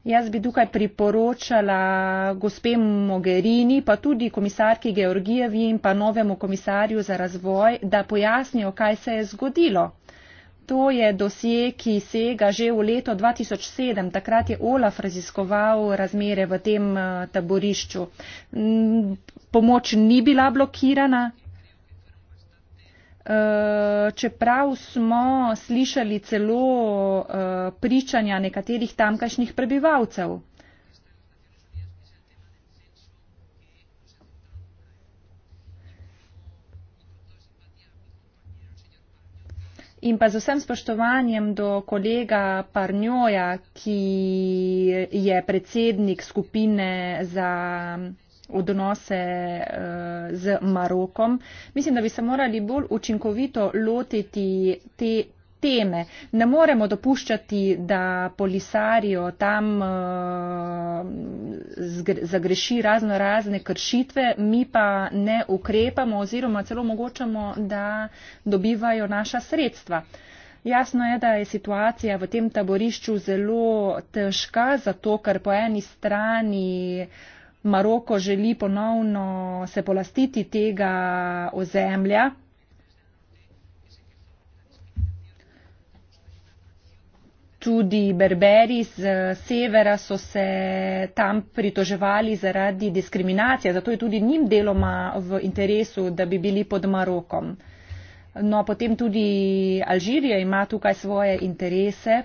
Jaz bi tukaj priporočala gospe Mogherini, pa tudi komisarki Georgijevi in pa novemu komisarju za razvoj, da pojasnijo, kaj se je zgodilo. To je dosje, ki sega že v leto 2007. Takrat je Olaf raziskoval razmere v tem eh, taborišču. Pomoč ni bila blokirana, Eh, čeprav smo slišali celo eh, pričanja nekaterih tamkajšnjih prebivalcev. In pa z vsem spoštovanjem do kolega Parnjoja, ki je predsednik skupine za odnose eh, z Marokom. Mislim, da bi se morali bolj učinkovito lotiti te teme. Ne moremo dopuščati, da polisarijo tam eh, zagreši razno razne kršitve, mi pa ne ukrepamo oziroma celo omogočamo, da dobivajo naša sredstva. Jasno je, da je situacija v tem taborišču zelo težka, zato ker po eni strani uh, Maroko želi ponovno se polastiti tega ozemlja. Tudi berberi z severa so se tam pritoževali zaradi diskriminacije, zato je tudi njim deloma v interesu, da bi bili pod Marokom. No, potem tudi Alžirija ima tukaj svoje interese.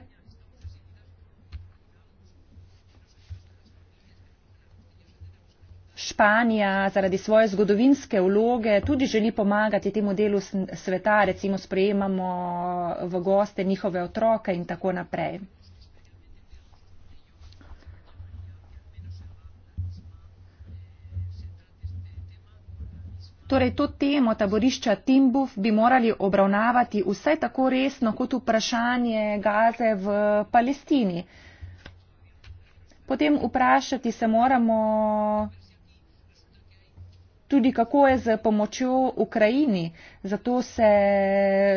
Španija zaradi svoje zgodovinske vloge tudi želi pomagati temu delu sveta, recimo sprejemamo v goste njihove otroke in tako naprej. Torej to temo taborišča Timbuf bi morali obravnavati vsaj tako resno kot vprašanje gaze v Palestini. Potem vprašati se moramo, tudi kako je z pomočjo Ukrajini. Zato se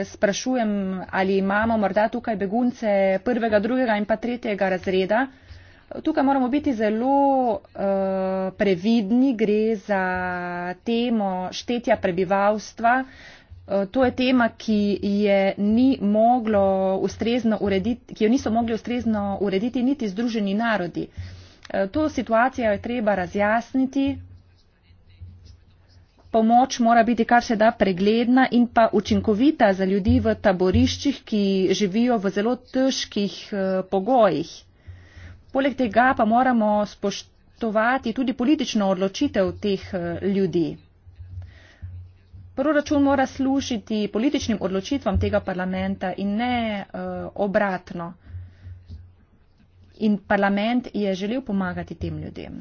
sprašujem, ali imamo morda tukaj begunce prvega, drugega in pa tretjega razreda. Tukaj moramo biti zelo uh, previdni, gre za temo štetja prebivalstva. Eh, to je tema, ki, je ni urediti, ki jo niso mogli ustrezno urediti niti Združeni narodi. Eh, to situacijo je treba razjasniti, pomoč mora biti kar se da pregledna in pa učinkovita za ljudi v taboriščih, ki živijo v zelo težkih eh, pogojih. Poleg tega pa moramo spoštovati tudi politično odločitev teh eh, ljudi. Proračun mora služiti političnim odločitvam tega parlamenta in ne uh, obratno. In parlament je želel pomagati tem ljudem.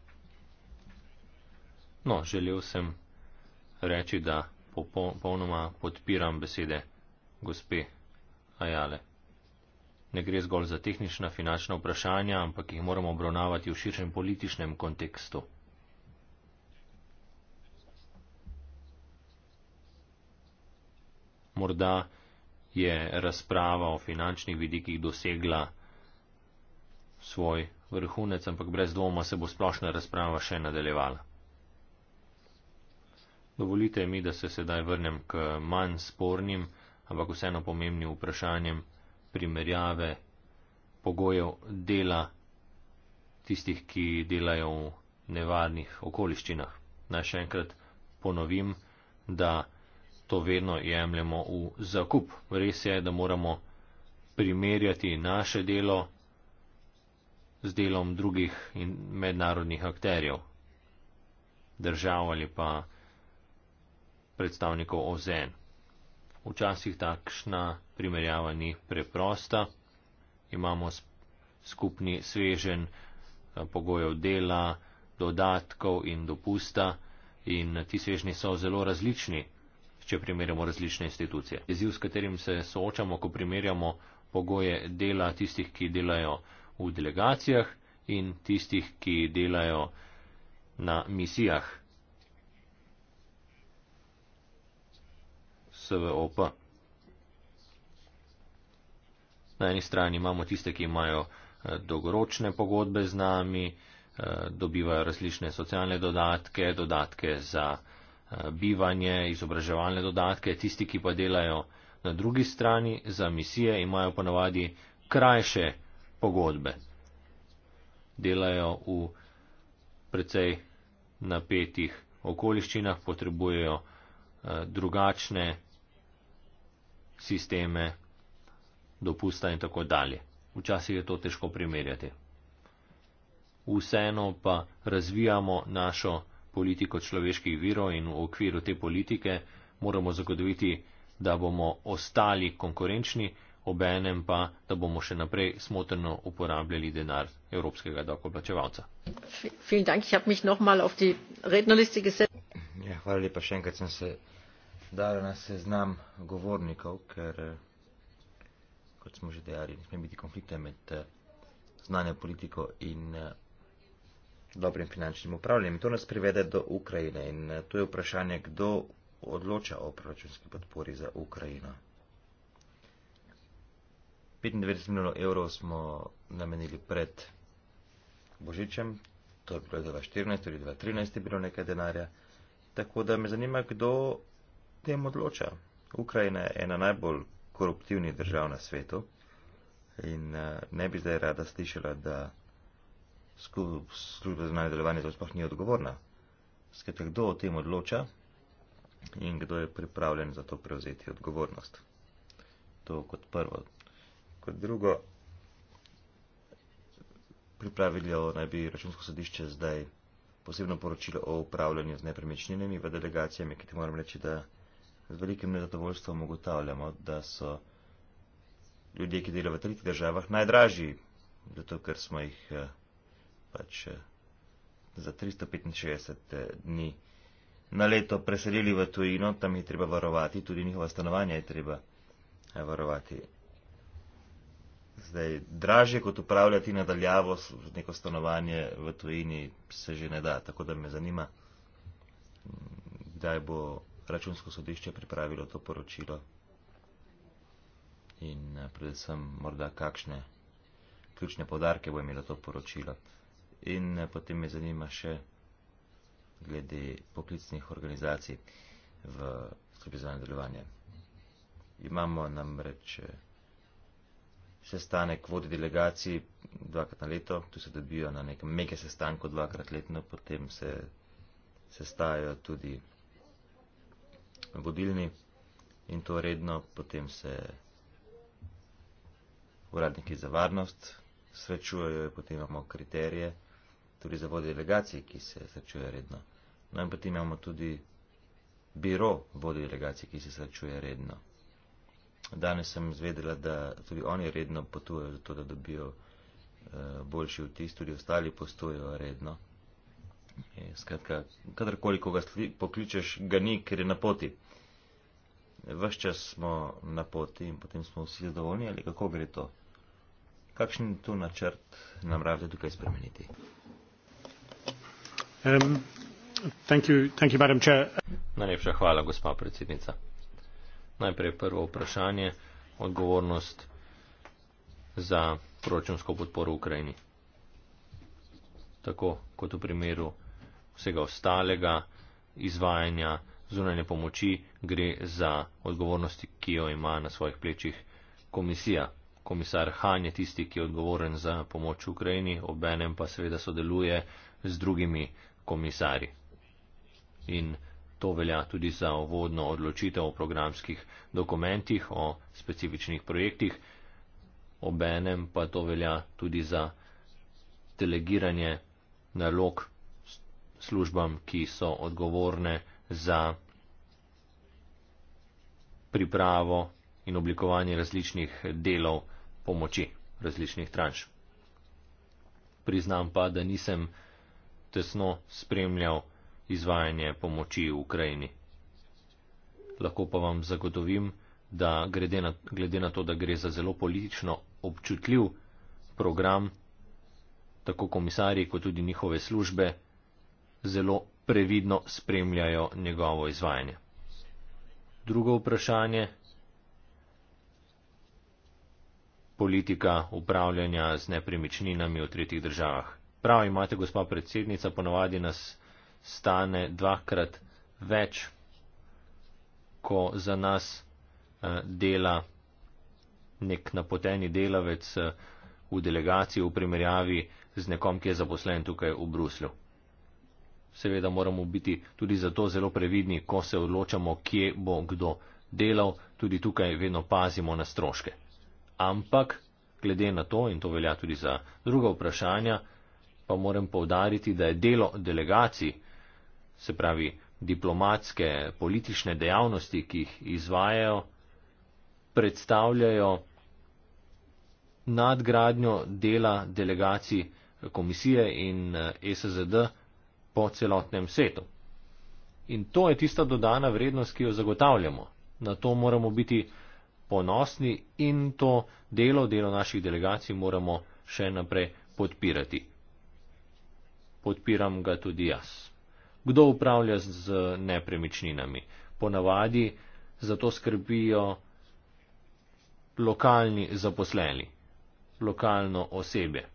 No, želel sem reči, da popolnoma podpiram besede gospe Ajale. Ne gre zgolj za tehnična finančna vprašanja, ampak jih moramo obravnavati v širšem političnem kontekstu. Morda je razprava o finančnih vidikih dosegla svoj vrhunec, ampak brez dvoma se bo splošna razprava še nadaljevala. Dovolite mi, da se sedaj vrnem k manj spornim, ampak vseeno pomembnim vprašanjem primerjave pogojev dela tistih, ki delajo v nevarnih okoliščinah. Naj še enkrat ponovim, da to vedno jemljemo v zakup. Res je, da moramo primerjati naše delo z delom drugih mednarodnih akterjev, držav ali pa predstavnikov OZN. Včasih takšna primerjava ni preprosta. Imamo skupni svežen eh, pogojev dela, dodatkov in dopusta in ti svežni so zelo različni, če primerjamo različne institucije. Jeziv, s katerim se soočamo, ko primerjamo pogoje dela tistih, ki delajo v delegacijah in tistih, ki delajo na misijah. SVOP. Na eni strani imamo tiste, ki imajo eh, dolgoročne pogodbe z nami, eh, dobivajo različne socialne dodatke, dodatke za eh, bivanje, izobraževalne dodatke, tisti, ki pa delajo na drugi strani za misije, imajo ponavadi krajše pogodbe. Delajo v precej napetih okoliščinah, potrebujejo drugačne sisteme dopusta in tako dalje. Včasih je to težko primerjati. Vseeno pa razvijamo našo politiko človeških virov in v okviru te politike moramo zagotoviti, da bomo ostali konkurenčni, obenem pa, da bomo še naprej smotrno uporabljali denar evropskega davkoplačevalca. Ja, hvala lepa, še enkrat sem se dali na seznam govornikov, ker, eh, kot smo že dejali, ne sme biti konflikte med eh, znanjem politiko in eh, dobrim finančnim upravljanjem. To nas privede do Ukrajine in to je vprašanje, kdo odloča o proračunski podpori za Ukrajino. 95 milijonov evrov smo namenili pred Božičem, to je bilo 2014, tudi 2013 je bilo nekaj denarja. Tako da me zanima, kdo tem odloča. Ukrajina je ena najbolj koruptivnih držav na svetu in eh, ne bi zdaj rada slišala, da služba za nadaljevanje to sploh ni odgovorna. Skratka, kdo o tem odloča in kdo je pripravljen za to prevzeti odgovornost. To kot prvo. Kot drugo, pripravili jo naj bi računsko sodišče zdaj posebno poročilo o upravljanju z nepremičninami v delegacijami, ki ti moram reči, da z velikim nezadovoljstvom ugotavljamo, da so ljudje, ki delajo v tretjih državah, najdražji, zato ker smo jih eh, pač eh, za 365 eh, dni na leto preselili v tujino, tam je treba varovati, tudi njihova stanovanja je treba varovati. Zdaj, dražje kot upravljati nadaljavo z neko stanovanje v tujini se že ne da, tako da me zanima, kdaj bo računsko sodišče pripravilo to poročilo in eh, predvsem morda kakšne ključne podarke bo imelo to poročilo. In eh, potem me zanima še glede poklicnih organizacij v strupizovanju delovanja. Imamo namreč eh, sestanek vodi delegaciji dvakrat na leto, tu se dobijo na nekem mega sestanku dvakrat letno, potem se sestajajo tudi vodilni in to redno, potem se uradniki za varnost srečujejo, potem imamo kriterije, tudi za vodje delegacij, ki se srečuje redno. No in potem imamo tudi biro vodje delegacij, ki se srečuje redno. Danes sem izvedela, da tudi oni redno potujejo, zato da dobijo eh, boljši vtis, tudi ostali postujejo redno. Skratka, kadarkoli, ko ga pokličeš, ga ni, ker je na poti. Ves čas smo na poti in potem smo vsi zadovoljni, ali kako gre to? Kakšen je tu načrt, nam ravde tukaj spremeniti? Um, thank you, thank you, Najlepša hvala, gospa predsednica. Najprej prvo vprašanje, odgovornost za proračunsko podporo Ukrajini. Tako kot v primeru vsega ostalega izvajanja zunanje pomoči gre za odgovornosti, ki jo ima na svojih plečih komisija. Komisar Han je tisti, ki je odgovoren za pomoč Ukrajini, obenem pa seveda sodeluje z drugimi komisari. In to velja tudi za uvodno odločitev o programskih dokumentih, o specifičnih projektih, obenem pa to velja tudi za delegiranje nalog službam, ki so odgovorne za pripravo in oblikovanje različnih delov pomoči različnih tranš. Priznam pa, da nisem tesno spremljal izvajanje pomoči v Ukrajini. Lahko pa vam zagotovim, da glede na, glede na to, da gre za zelo politično občutljiv program, tako komisarji kot tudi njihove službe, zelo previdno spremljajo njegovo izvajanje. Drugo vprašanje. Politika upravljanja z nepremičninami v tretjih državah. Prav imate, gospa predsednica, ponovadi nas stane dvakrat več, ko za nas eh, dela nek napoteni delavec eh, v delegaciji v primerjavi z nekom, ki je zaposlen tukaj v Bruslju seveda moramo biti tudi zato zelo previdni, ko se odločamo, kje bo kdo delal, tudi tukaj vedno pazimo na stroške. Ampak, glede na to, in to velja tudi za druga vprašanja, pa moram povdariti, da je delo delegacij, se pravi diplomatske, politične dejavnosti, ki jih izvajajo, predstavljajo nadgradnjo dela delegacij komisije in eh, SZD, po celotnem svetu. In to je tista dodana vrednost, ki jo zagotavljamo. Na to moramo biti ponosni in to delo, delo naših delegacij moramo še naprej podpirati. Podpiram ga tudi jaz. Kdo upravlja z nepremičninami? Ponavadi za to skrbijo lokalni zaposleni, lokalno osebe.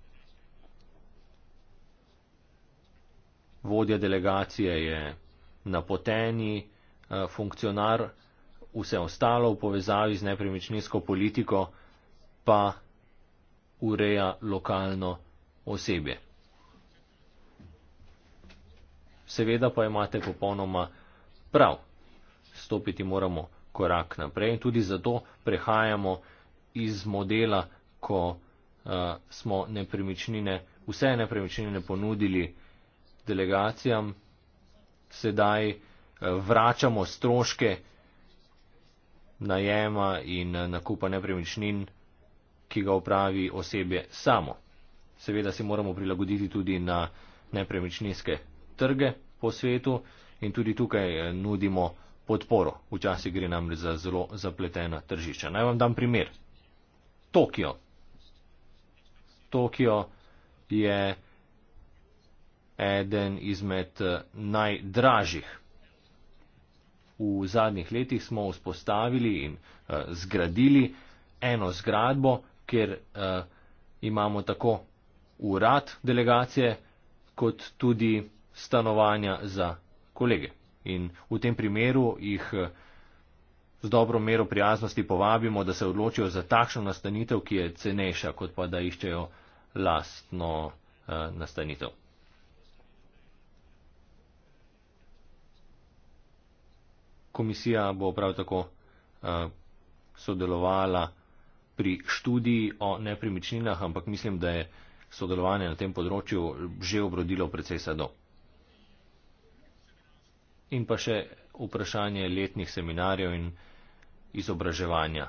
vodja delegacije je napoteni, eh, funkcionar, vse ostalo v povezavi z nepremičninsko politiko pa ureja lokalno osebje. Seveda pa imate popolnoma prav. Stopiti moramo korak naprej in tudi zato prehajamo iz modela, ko uh, smo nepremičnine, vse nepremičnine ponudili uh, delegacijam, sedaj eh, vračamo stroške najema in eh, nakupa nepremičnin, ki ga upravi osebje samo. Seveda se moramo prilagoditi tudi na nepremičninske trge po svetu in tudi tukaj eh, nudimo podporo. Včasih gre nam za zelo zapletena tržišča. Naj vam dam primer. Tokio. Tokio je eden izmed eh, najdražjih. V zadnjih letih smo vzpostavili in uh, zgradili eno zgradbo, kjer uh, imamo tako urad delegacije, kot tudi stanovanja za kolege. In v tem primeru jih z dobro mero prijaznosti povabimo, da se odločijo za takšno nastanitev, ki je cenejša, kot pa da iščejo lastno uh, nastanitev. komisija bo prav tako uh, sodelovala pri študiji o nepremičninah, ampak mislim, da je sodelovanje na tem področju že obrodilo precej sadov. In pa še vprašanje letnih seminarjev in izobraževanja.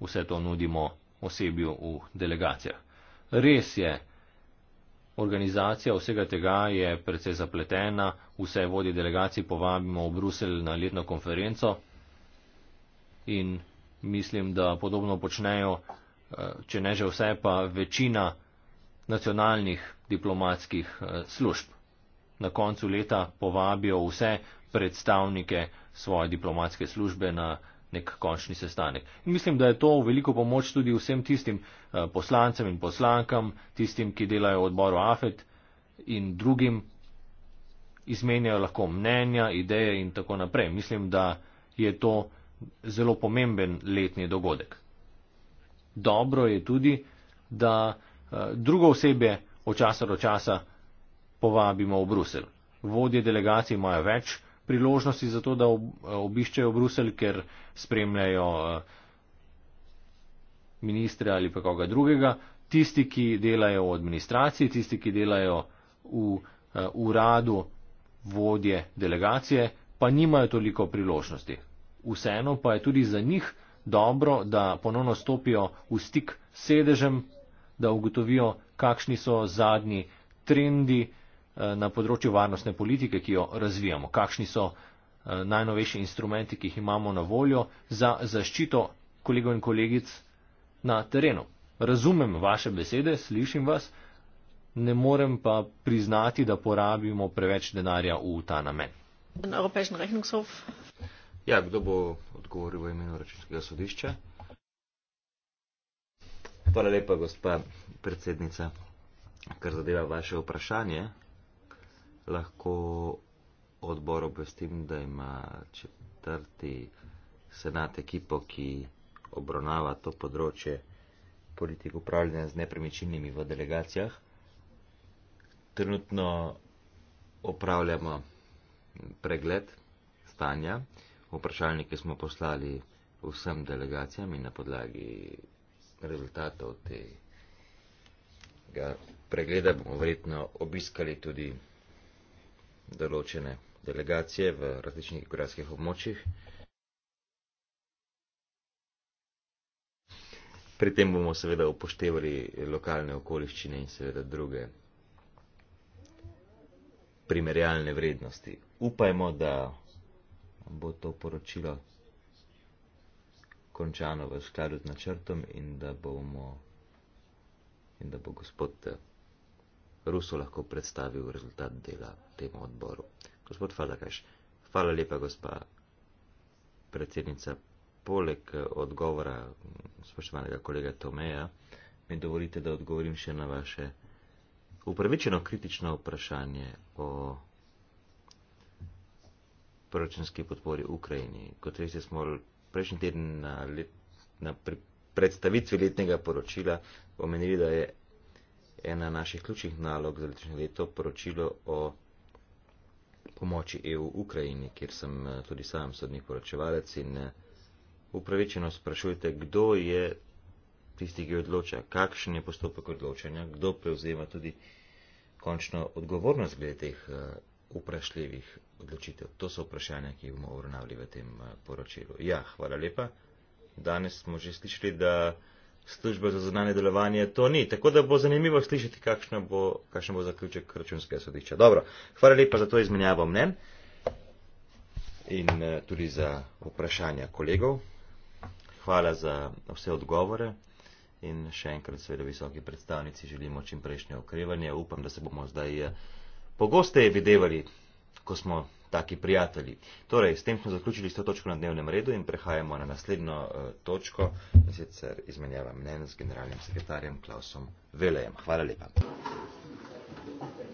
Vse to nudimo osebju v delegacijah. Res je, Organizacija vsega tega je precej zapletena, vse vodje delegacij povabimo v Bruselj na letno konferenco in mislim, da podobno počnejo, eh, če ne že vse, pa večina nacionalnih diplomatskih eh, služb. Na koncu leta povabijo vse predstavnike svoje diplomatske službe na konferenco nek končni sestanek. In mislim, da je to veliko pomoč tudi vsem tistim eh, poslancem in poslankam, tistim, ki delajo v odboru AFET in drugim, izmenjajo lahko mnenja, ideje in tako naprej. Mislim, da je to zelo pomemben letni dogodek. Dobro je tudi, da eh, drugo osebje od časa do časa povabimo v Brusel. Vodje delegacij imajo več priložnosti za to, da obiščejo Bruselj, ker spremljajo eh, ministre ali pa koga drugega. Tisti, ki delajo v administraciji, tisti, ki delajo v eh, uradu vodje delegacije, pa nimajo toliko priložnosti. Vseeno pa je tudi za njih dobro, da ponovno stopijo v stik s sedežem, da ugotovijo, kakšni so zadnji trendi, Eh, na področju varnostne politike, ki jo razvijamo. Kakšni so eh, najnovejši instrumenti, ki jih imamo na voljo za zaščito kolegov in kolegic na terenu. Razumem vaše besede, slišim vas, ne morem pa priznati, da porabimo preveč denarja v ta namen. Ja, kdo bo odgovoril v imenu računskega sodišča? Hvala lepa, gospa predsednica, kar zadeva vaše vprašanje lahko odbor obvestim, da ima četrti senat ekipo, ki obravnava to področje politik upravljanja z nepremičinimi v delegacijah. Trenutno opravljamo pregled stanja. Vprašalnike smo poslali vsem delegacijam in na podlagi rezultatov tega pregleda bomo verjetno obiskali tudi določene delegacije v različnih geografskih območjih. Pri tem bomo seveda upoštevali lokalne okoliščine in seveda druge primerjalne vrednosti. Upajmo, da bo to poročilo končano v skladu z načrtom in da bomo in da bo gospod Rusu lahko predstavil rezultat dela temu odboru. Gospod Fadakaš, hvala lepa, gospa predsednica. Poleg eh, odgovora spoštovanega kolega Tomeja, mi dovolite, da odgovorim še na vaše upravičeno kritično vprašanje o proračunski podpori Ukrajini. Kot veste, smo prejšnji teden na, let, na pri, predstavitvi letnega poročila omenili, da je ena naših ključnih nalog za letošnje leto poročilo o pomoči EU Ukrajini, kjer sem eh, tudi sam sodni poročevalec in eh, upravičeno sprašujete, kdo je tisti, ki odloča, kakšen je postopek odločanja, kdo prevzema tudi končno odgovornost glede teh eh, vprašljivih odločitev. To so vprašanja, ki bomo obravnavali v tem poročilu. Ja, hvala lepa. Danes smo že slišali, da službe za zunanje delovanje to ni. Tako da bo zanimivo slišati, kakšen bo, bo zaključek računskega sodišča. Dobro, hvala lepa za to izmenjavo mnen in eh, tudi za vprašanja kolegov. Hvala za vse odgovore in še enkrat seveda visoki predstavnici želimo čim prejšnje okrevanje. Upam, da se bomo zdaj eh, pogosteje videvali, ko smo taki prijatelji. Torej, s tem smo zaključili s to točko na dnevnem redu in prehajamo na naslednjo uh, točko in sicer izmenjava mnen z generalnim sekretarjem Klausom Velejem. Hvala lepa. Thank you.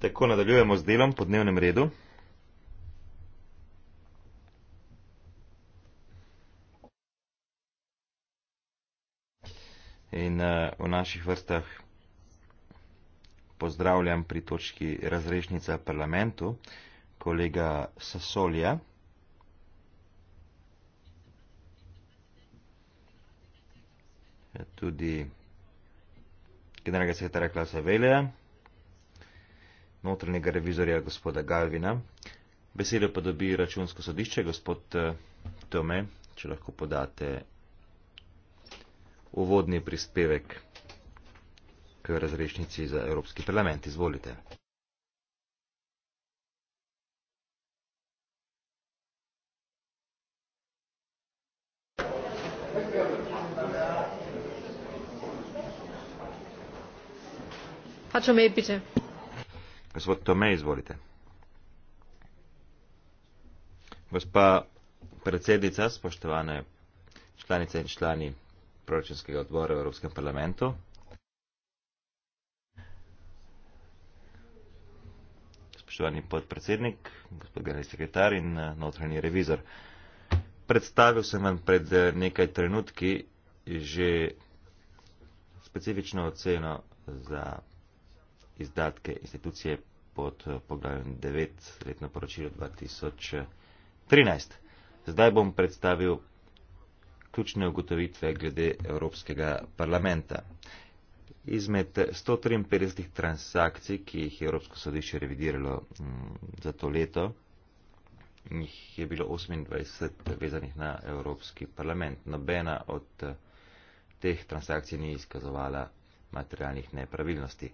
Tako nadaljujemo z delom po dnevnem redu. In uh, v naših vrstah pozdravljam pri točki razrešnica parlamentu kolega Sasolja. Tudi generalnega sekretarja Klasa Veleja, notranjega revizorja gospoda Galvina. Besedo pa dobi računsko sodišče, gospod eh, Tome, če lahko podate uvodni prispevek k razrešnici za Evropski parlament. Izvolite. gospod Tomej, izvolite. Gospa predsednica, spoštovane članice in člani proračunskega odbora v Evropskem parlamentu. Spoštovani podpredsednik, gospod generalni sekretar in eh, notranji revizor. Predstavil sem vam pred eh, nekaj trenutki že specifično oceno za izdatke institucije pod eh, poglavjem 9, letno poročilo 2013. Zdaj bom predstavil ključne ugotovitve glede Evropskega parlamenta. Izmed 153 transakcij, ki jih je Evropsko sodišče revidiralo mm, za to leto, jih je bilo 28 vezanih na Evropski parlament. Nobena od eh, teh transakcij ni izkazovala materialnih nepravilnosti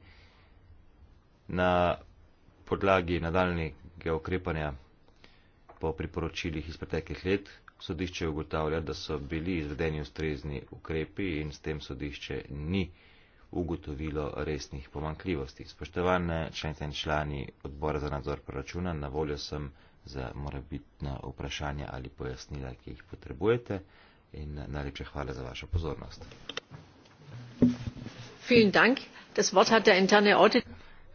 na podlagi nadaljnjega okrepanja po priporočilih iz preteklih let. Sodišče ugotavlja, da so bili izvedeni ustrezni ukrepi in s tem sodišče ni ugotovilo resnih pomankljivosti. Spoštovane članice in člani odbora za nadzor proračuna, na voljo sem za morebitna vprašanja ali pojasnila, ki jih potrebujete in najlepše hvala za vašo pozornost. Vielen Dank. Das Wort hat der interne Audit.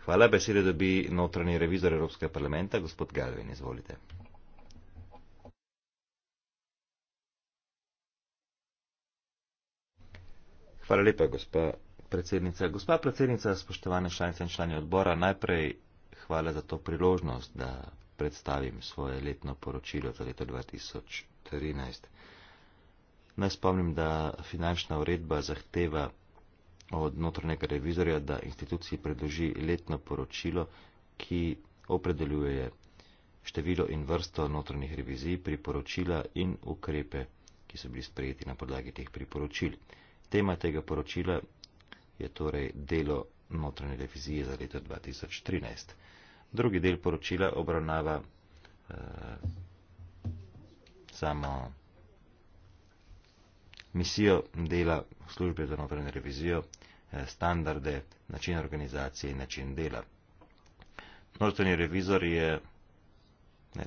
Hvala, besede dobi notranji revizor Evropskega parlamenta, gospod Galvin, izvolite. Hvala lepa, gospa predsednica. Gospa predsednica, spoštovane članice in člani odbora, najprej hvala za to priložnost, da predstavim svoje letno poročilo za leto 2013. Naj spomnim, da finančna uredba zahteva od notranjega revizorja, da instituciji predloži letno poročilo, ki opredeljuje število in vrsto notranjih revizij, priporočila in ukrepe, ki so bili sprejeti na podlagi teh priporočil. Tema tega poročila je torej delo notranje revizije za leto 2013. Drugi del poročila obravnava eh, samo misijo dela službe za notranje revizijo, eh, standarde, način organizacije in način dela. Notranji revizor je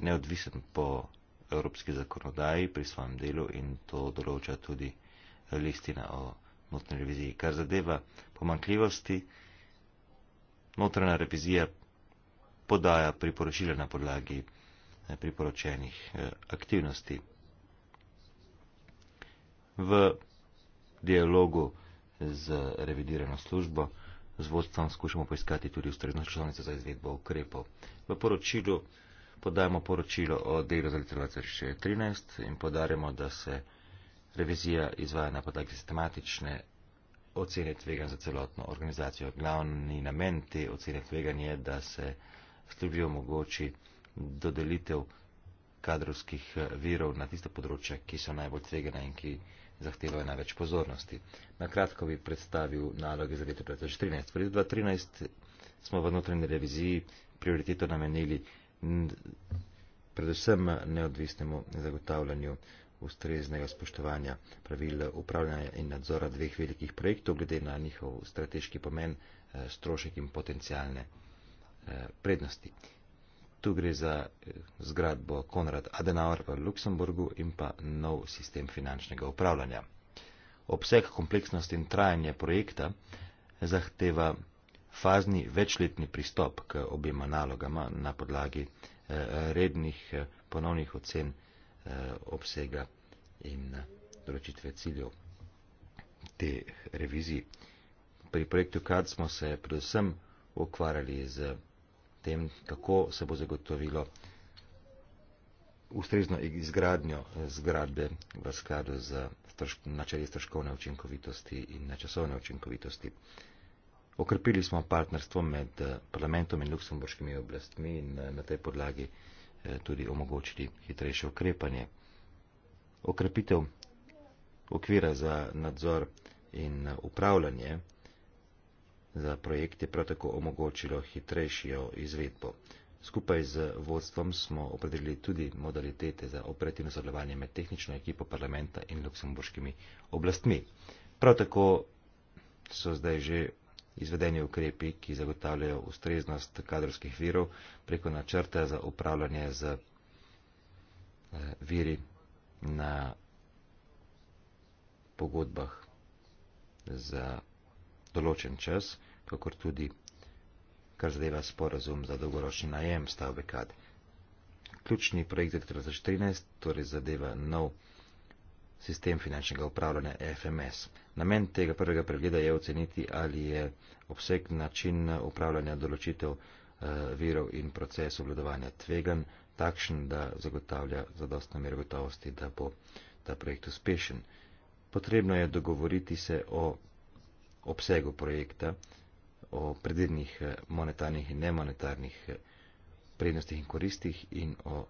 neodvisen po evropski zakonodaji pri svojem delu in to določa tudi listina o notranji reviziji. Kar zadeva pomankljivosti, notranja revizija podaja priporočila na podlagi eh, priporočenih eh, aktivnosti v dialogu z revidirano službo, z vodstvom skušamo poiskati tudi ustrezno časovnico za izvedbo ukrepov. V poročilu podajamo poročilo o delu za leto 2013 in podarjamo, da se revizija izvaja na podlagi sistematične ocene tvegan za celotno organizacijo. Glavni namen te ocene tvegan je, da se službi omogoči dodelitev kadrovskih virov na tiste področja, ki so najbolj tvegane in ki zahtevajo največ pozornosti. Na kratko bi predstavil naloge za leto 2013. V letu 2013 smo v notranji reviziji prioriteto namenili predvsem neodvisnemu zagotavljanju ustreznega spoštovanja pravil upravljanja in nadzora dveh velikih projektov glede na njihov strateški pomen, eh, strošek in potencijalne eh, prednosti. Tu gre za eh, zgradbo Konrad Adenauer v Luksemburgu in pa nov sistem finančnega upravljanja. Obseg kompleksnosti in trajanje projekta zahteva fazni večletni pristop k obema nalogama na podlagi eh, rednih eh, ponovnih ocen obsega in določitve ciljev te revizije. Pri projektu KAD smo se predvsem ukvarjali z tem, kako se bo zagotovilo ustrezno izgradnjo zgradbe v skladu z strš načeli strškovne učinkovitosti in načasovne učinkovitosti. Okrepili smo partnerstvo med eh, parlamentom in luksemburškimi oblastmi in eh, na tej podlagi eh, tudi omogočili hitrejše ukrepanje. Okrepitev okvira za nadzor in upravljanje Za projekt je prav tako omogočilo hitrejšjo izvedbo. Skupaj z vodstvom smo opredelili tudi modalitete za operativno sodelovanje med tehnično ekipo parlamenta in luksemburškimi oblastmi. Prav tako so zdaj že izvedeni ukrepi, ki zagotavljajo ustreznost kadrovskih virov preko načrta za upravljanje z eh, viri na pogodbah za določen čas, kakor tudi, kar zadeva sporazum za dolgoročni najem stavbe KAD. Ključni projekt za 2014 torej zadeva nov sistem finančnega upravljanja FMS. Namen tega prvega pregleda je oceniti, ali je obseg način upravljanja določitev uh, virov in proces obladovanja tvegan takšen, da zagotavlja zadostno mero gotovosti, da bo ta projekt uspešen. Potrebno je dogovoriti se o obsegu projekta, o predvidnih eh, monetarnih in nemonetarnih eh, prednostih in koristih in o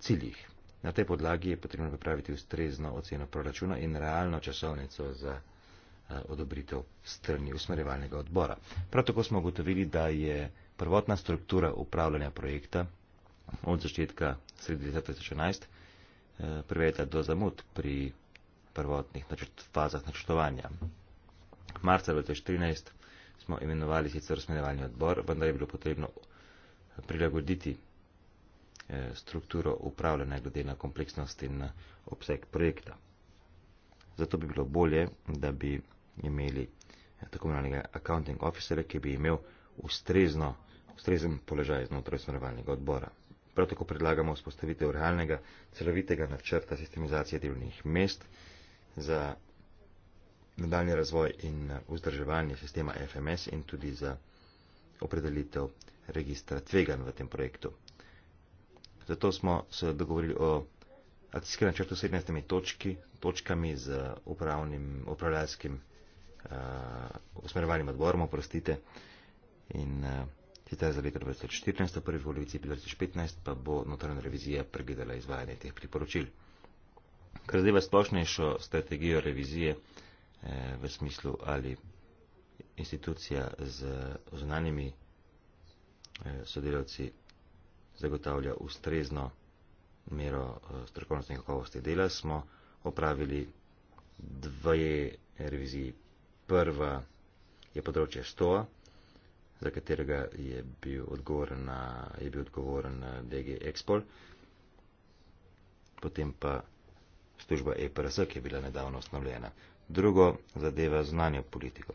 ciljih. Na tej podlagi je potrebno pripraviti ustrezno oceno proračuna in realno časovnico za eh, odobritev strani usmerjevalnega odbora. Prav tako smo ugotovili, da je prvotna struktura upravljanja projekta od začetka sredi 2011 privedla do zamud pri prvotnih načrt, fazah načrtovanja marca 2013 smo imenovali sicer usmerjevalni odbor, vendar je bilo potrebno prilagoditi eh, strukturo upravljanja glede na kompleksnost in obseg projekta. Zato bi bilo bolje, da bi imeli eh, tako imenovanega accounting officera, ki bi imel ustrezno, ustrezen položaj znotraj usmerjevalnega odbora. Prav tako predlagamo vzpostavitev realnega, celovitega načrta sistemizacije delovnih mest za nadaljni razvoj in eh, vzdrževanje sistema FMS in tudi za opredelitev registra tvegan v tem projektu. Zato smo se dogovorili o akcijskem načrtu s 17 točki, točkami z upravnim, upravljalskim uh, eh, usmerovanjem odborom, oprostite, in uh, sicer za leto 2014, v prvi polovici 2015, pa bo notranja revizija pregledala izvajanje teh priporočil. Kar zdaj v splošnejšo strategijo revizije, uh, eh, v smislu ali institucija z oznanimi eh, sodelavci zagotavlja ustrezno mero eh, strokovnosti in kakovosti dela, smo opravili dve reviziji. Prva je področje STOA, za katerega je bil odgovoren, na, je bil odgovoren na DG Expol, potem pa služba EPRS, ki je bila nedavno ustanovljena drugo zadeva znanje politiko.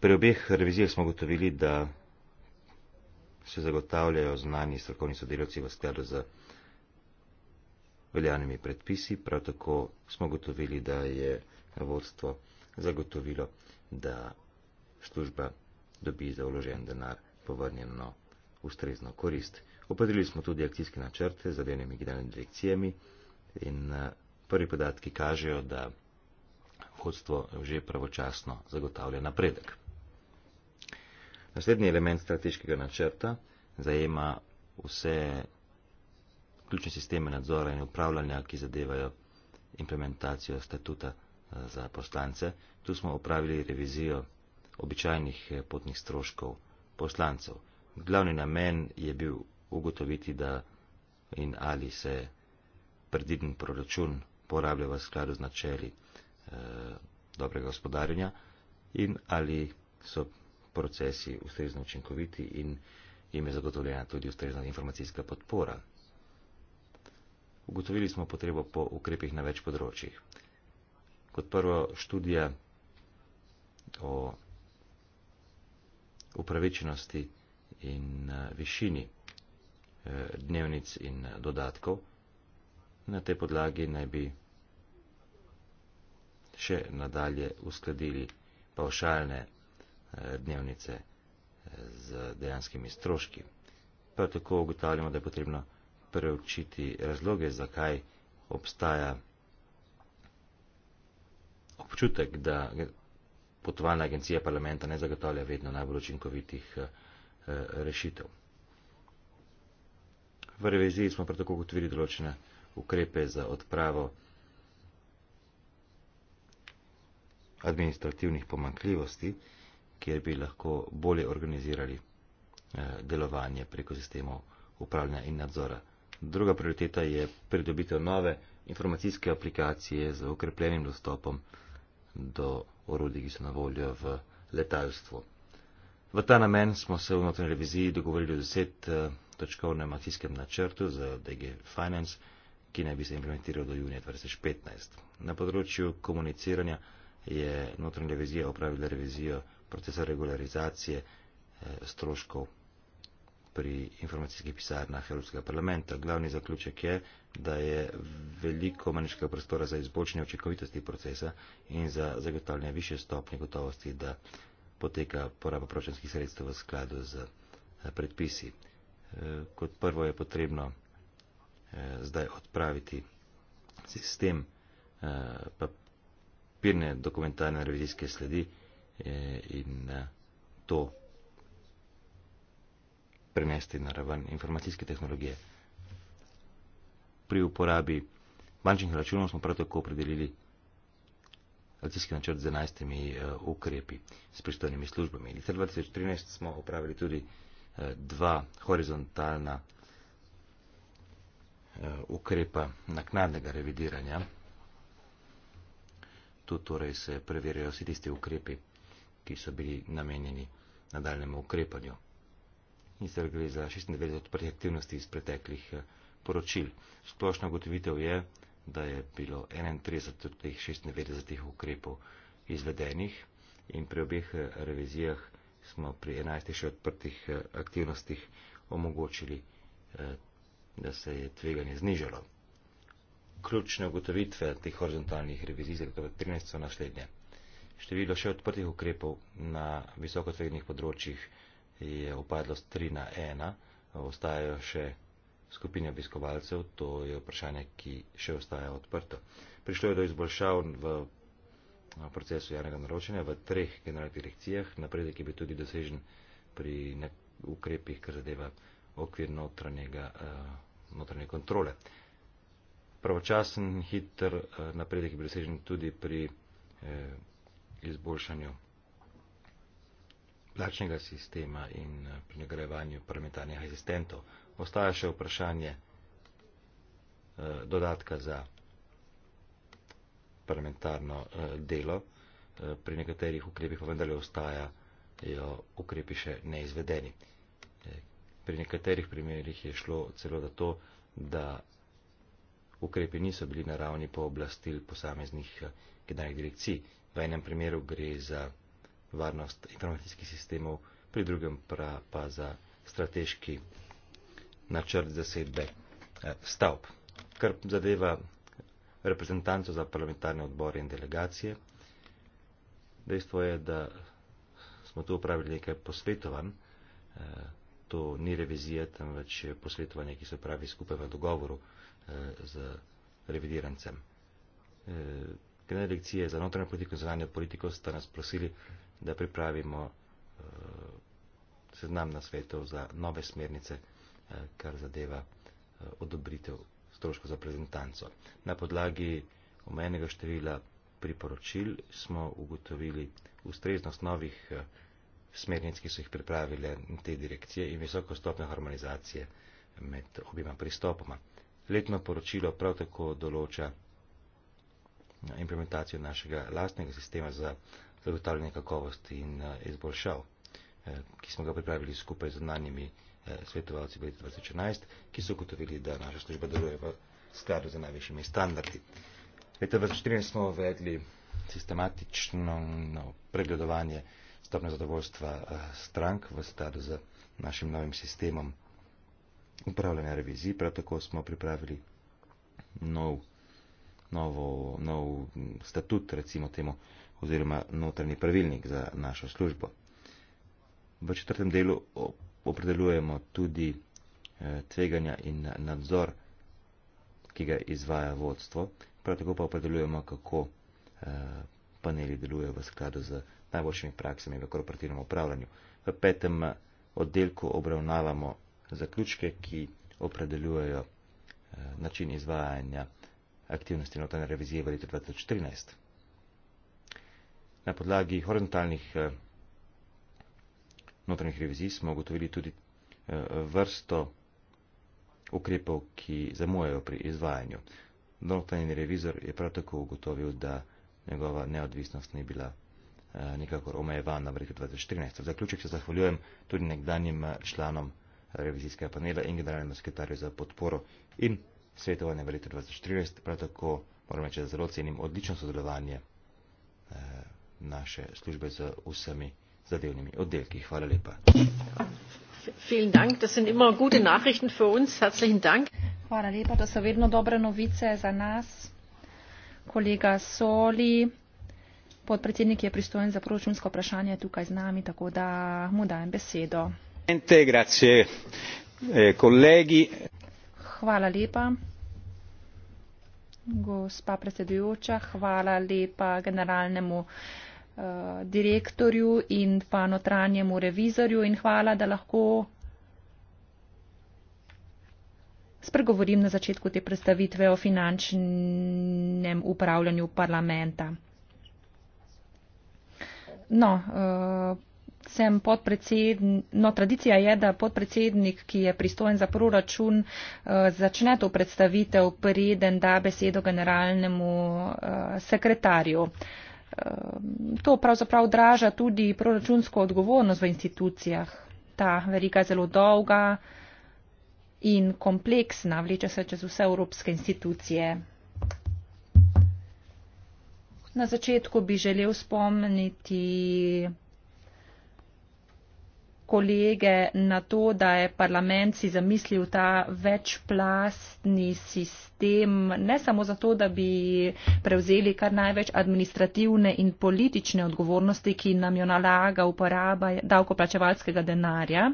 Pri obeh revizijah smo gotovili, da se zagotavljajo znani strokovni sodelavci v skladu z veljanimi predpisi, prav tako smo gotovili, da je vodstvo zagotovilo, da služba dobi za uložen denar povrnjeno ustrezno korist. Opredelili smo tudi akcijske načrte z zadevnimi generalnimi direkcijami in eh, prvi podatki kažejo, da vodstvo že pravočasno zagotavlja napredek. Naslednji element strateškega načrta zajema vse ključne sisteme nadzora in upravljanja, ki zadevajo implementacijo statuta eh, za poslance. Tu smo opravili revizijo običajnih eh, potnih stroškov poslancev. Glavni namen je bil ugotoviti, da in ali se predviden proračun porablja v skladu z načeli Eh, dobrega gospodarjenja in ali so procesi ustrezno učinkoviti in jim je zagotovljena tudi ustrezna informacijska podpora. Ugotovili smo potrebo po ukrepih na več področjih. Kot prvo, študija o upravičenosti in eh, višini eh, dnevnic in dodatkov. Na tej podlagi naj bi še nadalje uskladili pavšalne eh, dnevnice eh, z dejanskimi stroški. Prav tako ugotavljamo, da je potrebno preučiti razloge, zakaj obstaja občutek, da potovalna agencija parlamenta ne zagotavlja vedno najbolj učinkovitih eh, rešitev. V reviziji smo prav tako ugotovili določene ukrepe za odpravo administrativnih pomankljivosti, kjer bi lahko bolje organizirali eh, delovanje preko sistemov upravljanja in nadzora. Druga prioriteta je pridobitev nove informacijske aplikacije z okrepljenim dostopom do orodij, ki so na voljo v letalstvu. V ta namen smo se v notranji reviziji dogovorili o desettočkovnem eh, akcijskem načrtu za DG Finance, ki naj bi se implementiral do junija 2015. Na področju komuniciranja je notranja revizija opravila revizijo procesa regularizacije eh, stroškov pri informacijskih pisarnah Evropskega parlamenta. Glavni zaključek je, da je veliko manjškega prostora za izboljšanje očekovitosti procesa in za zagotavljanje više stopnje gotovosti, da poteka poraba pročanskih sredstev v skladu z eh, predpisi. Eh, kot prvo je potrebno zdaj odpraviti sistem pirne dokumentarne revizijske sledi eh, in eh, to prenesti na raven informacijske tehnologije. Pri uporabi bančnih računov smo prav tako opredelili akcijski načrt z enajstimi eh, ukrepi s pristojnimi službami. Leta 2013 smo opravili tudi dva horizontalna ukrepa naknadnega revidiranja. Tu torej se preverjajo vsi tisti ukrepi, ki so bili namenjeni nadaljemu ukrepanju. In se gre za 96 odprtih aktivnosti iz preteklih eh, poročil. Splošna ugotovitev je, da je bilo 31 od teh 96 ukrepov izvedenih in pri obeh eh, revizijah smo pri 11 še odprtih eh, aktivnostih omogočili, da se je tveganje znižalo ključne ugotovitve teh horizontalnih revizij, zato v 13 so naslednje. Število še odprtih ukrepov na visokotvegnih področjih je upadlo z 3 na 1, ostajajo še skupine obiskovalcev, to je vprašanje, ki še ostaja odprto. Prišlo je do izboljšav v procesu javnega naročanja v treh generalnih direkcijah, napredek je bil tudi dosežen pri ukrepih, kar zadeva okvir notranjega, eh, notranje kontrole pravočasen, hiter eh, napredek je presežen tudi pri eh, izboljšanju plačnega sistema in eh, pri nagrajevanju parlamentarnih asistentov. Ostaja še vprašanje dodatka za parlamentarno delo. Pri nekaterih ukrepih pa vendarle ostajajo ukrepi še neizvedeni. Pri nekaterih primerjih je šlo celo za to, da ukrepi niso bili na ravni pooblastil posameznih eh, generalnih direkcij. V enem primeru gre za varnost informacijskih sistemov, pri drugem pra, pa za strateški načrt zasedbe eh, stavb. Kar zadeva reprezentanco za parlamentarne odbore in delegacije, dejstvo je, da smo tu upravili nekaj posvetovanj, eh, to ni revizija, temveč posvetovanje, ki se pravi skupaj v dogovoru z revidirancem. E, generalne lekcije za notranjo politiko in zunanjo politiko sta nas prosili, da pripravimo e, seznam na svetu za nove smernice, e, kar zadeva odobritev stroško za prezentanco. Na podlagi omenjenega števila priporočil smo ugotovili ustreznost novih smernic, ki so jih pripravile te direkcije in visoko stopnjo harmonizacije med obima pristopoma letno poročilo prav tako določa eh, implementacijo našega lastnega sistema za zagotavljanje kakovosti in eh, izboljšav, eh, ki smo ga pripravili skupaj z znanimi svetovalci v letu 2011, ki so ugotovili, da naša služba deluje v skladu z najvišjimi standardi. Leta 2014 smo uvedli sistematično no, pregledovanje stopne zadovoljstva strank v skladu z našim novim sistemom upravljanja revizij, prav tako smo pripravili nov, novo, nov statut, recimo temu, oziroma notranji pravilnik za našo službo. V četrtem delu opredeljujemo tudi eh, tveganja in nadzor, ki ga izvaja vodstvo, prav tako pa opredeljujemo, kako eh, paneli delujejo v skladu z najboljšimi praksami v korporativnem upravljanju. V petem oddelku obravnavamo zaključke, ki opredeljujejo eh, način izvajanja aktivnosti notranje revizije v letu 2014. Na podlagi horizontalnih eh, notranjih revizij smo ugotovili tudi eh, vrsto ukrepov, ki zamujajo pri izvajanju. Notranji revizor je prav tako ugotovil, da njegova neodvisnost ni bila nekako omejevana v letu 2014. V zaključek se zahvaljujem tudi nekdanjim članom revizijskega panela in generalnemu sekretarju za podporo in svetovanje v letu 2014. Prav tako moram reči, da zelo cenim odlično sodelovanje eh, naše službe z vsemi zadevnimi oddelki. Hvala lepa. Hvala lepa, to so vedno dobre novice za nas. Kolega Soli, podpredsednik je pristojen za proračunsko vprašanje, je tukaj z nami, tako da mu dajem besedo. Eh, hvala lepa gospa predsedujoča hvala lepa generalnemu eh, direktorju in pa notranjemu revizorju in hvala da lahko spregovorim na začetku te predstavitve o finančnem upravljanju parlamenta. No, eh, sem podpredsednik, no tradicija je, da podpredsednik, ki je pristojen za proračun, eh, začne to predstavitev, preden da besedo generalnemu eh, sekretarju. Eh, to pravzaprav odraža tudi proračunsko odgovornost v institucijah. Ta verika je zelo dolga in kompleksna, vleče se čez vse evropske institucije. Na začetku bi želel spomniti kolege na to, da je parlament si zamislil ta večplastni sistem, ne samo zato, da bi prevzeli kar največ administrativne in politične odgovornosti, ki nam jo nalaga uporaba davkoplačevalskega denarja,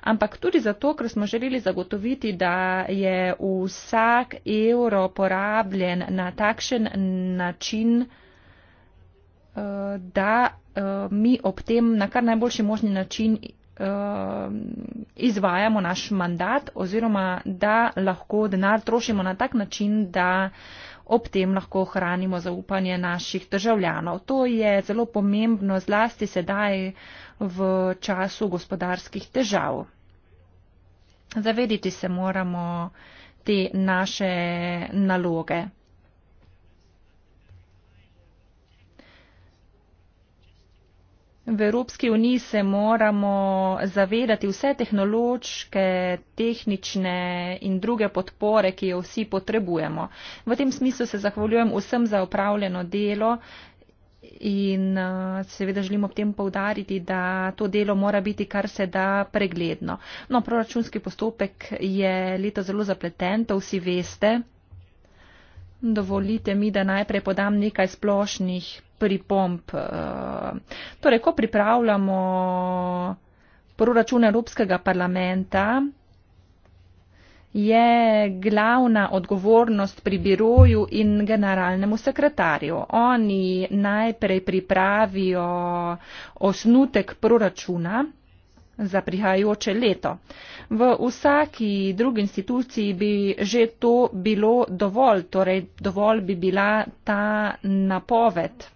ampak tudi zato, ker smo želeli zagotoviti, da je vsak evro porabljen na takšen način, eh, da Eh, mi ob tem na kar najboljši možni način eh, izvajamo naš mandat oziroma da lahko denar trošimo na tak način, da ob tem lahko ohranimo zaupanje naših državljanov. To je zelo pomembno zlasti sedaj v času gospodarskih težav. Zavediti se moramo te naše naloge. V Evropski uniji se moramo zavedati vse tehnološke, tehnične in druge podpore, ki jo vsi potrebujemo. V tem smislu se zahvaljujem vsem za upravljeno delo in eh, seveda želimo ob tem povdariti, da to delo mora biti kar se da pregledno. No, proračunski postopek je leto zelo zapleten, to vsi veste. Dovolite mi, da najprej podam nekaj splošnih pripomp. Eh, torej, ko pripravljamo proračun Evropskega parlamenta, je glavna odgovornost pri biroju in generalnemu sekretarju. Oni najprej pripravijo osnutek proračuna za prihajajoče leto. V vsaki drugi instituciji bi že to bilo dovolj, torej dovolj bi bila ta napoved.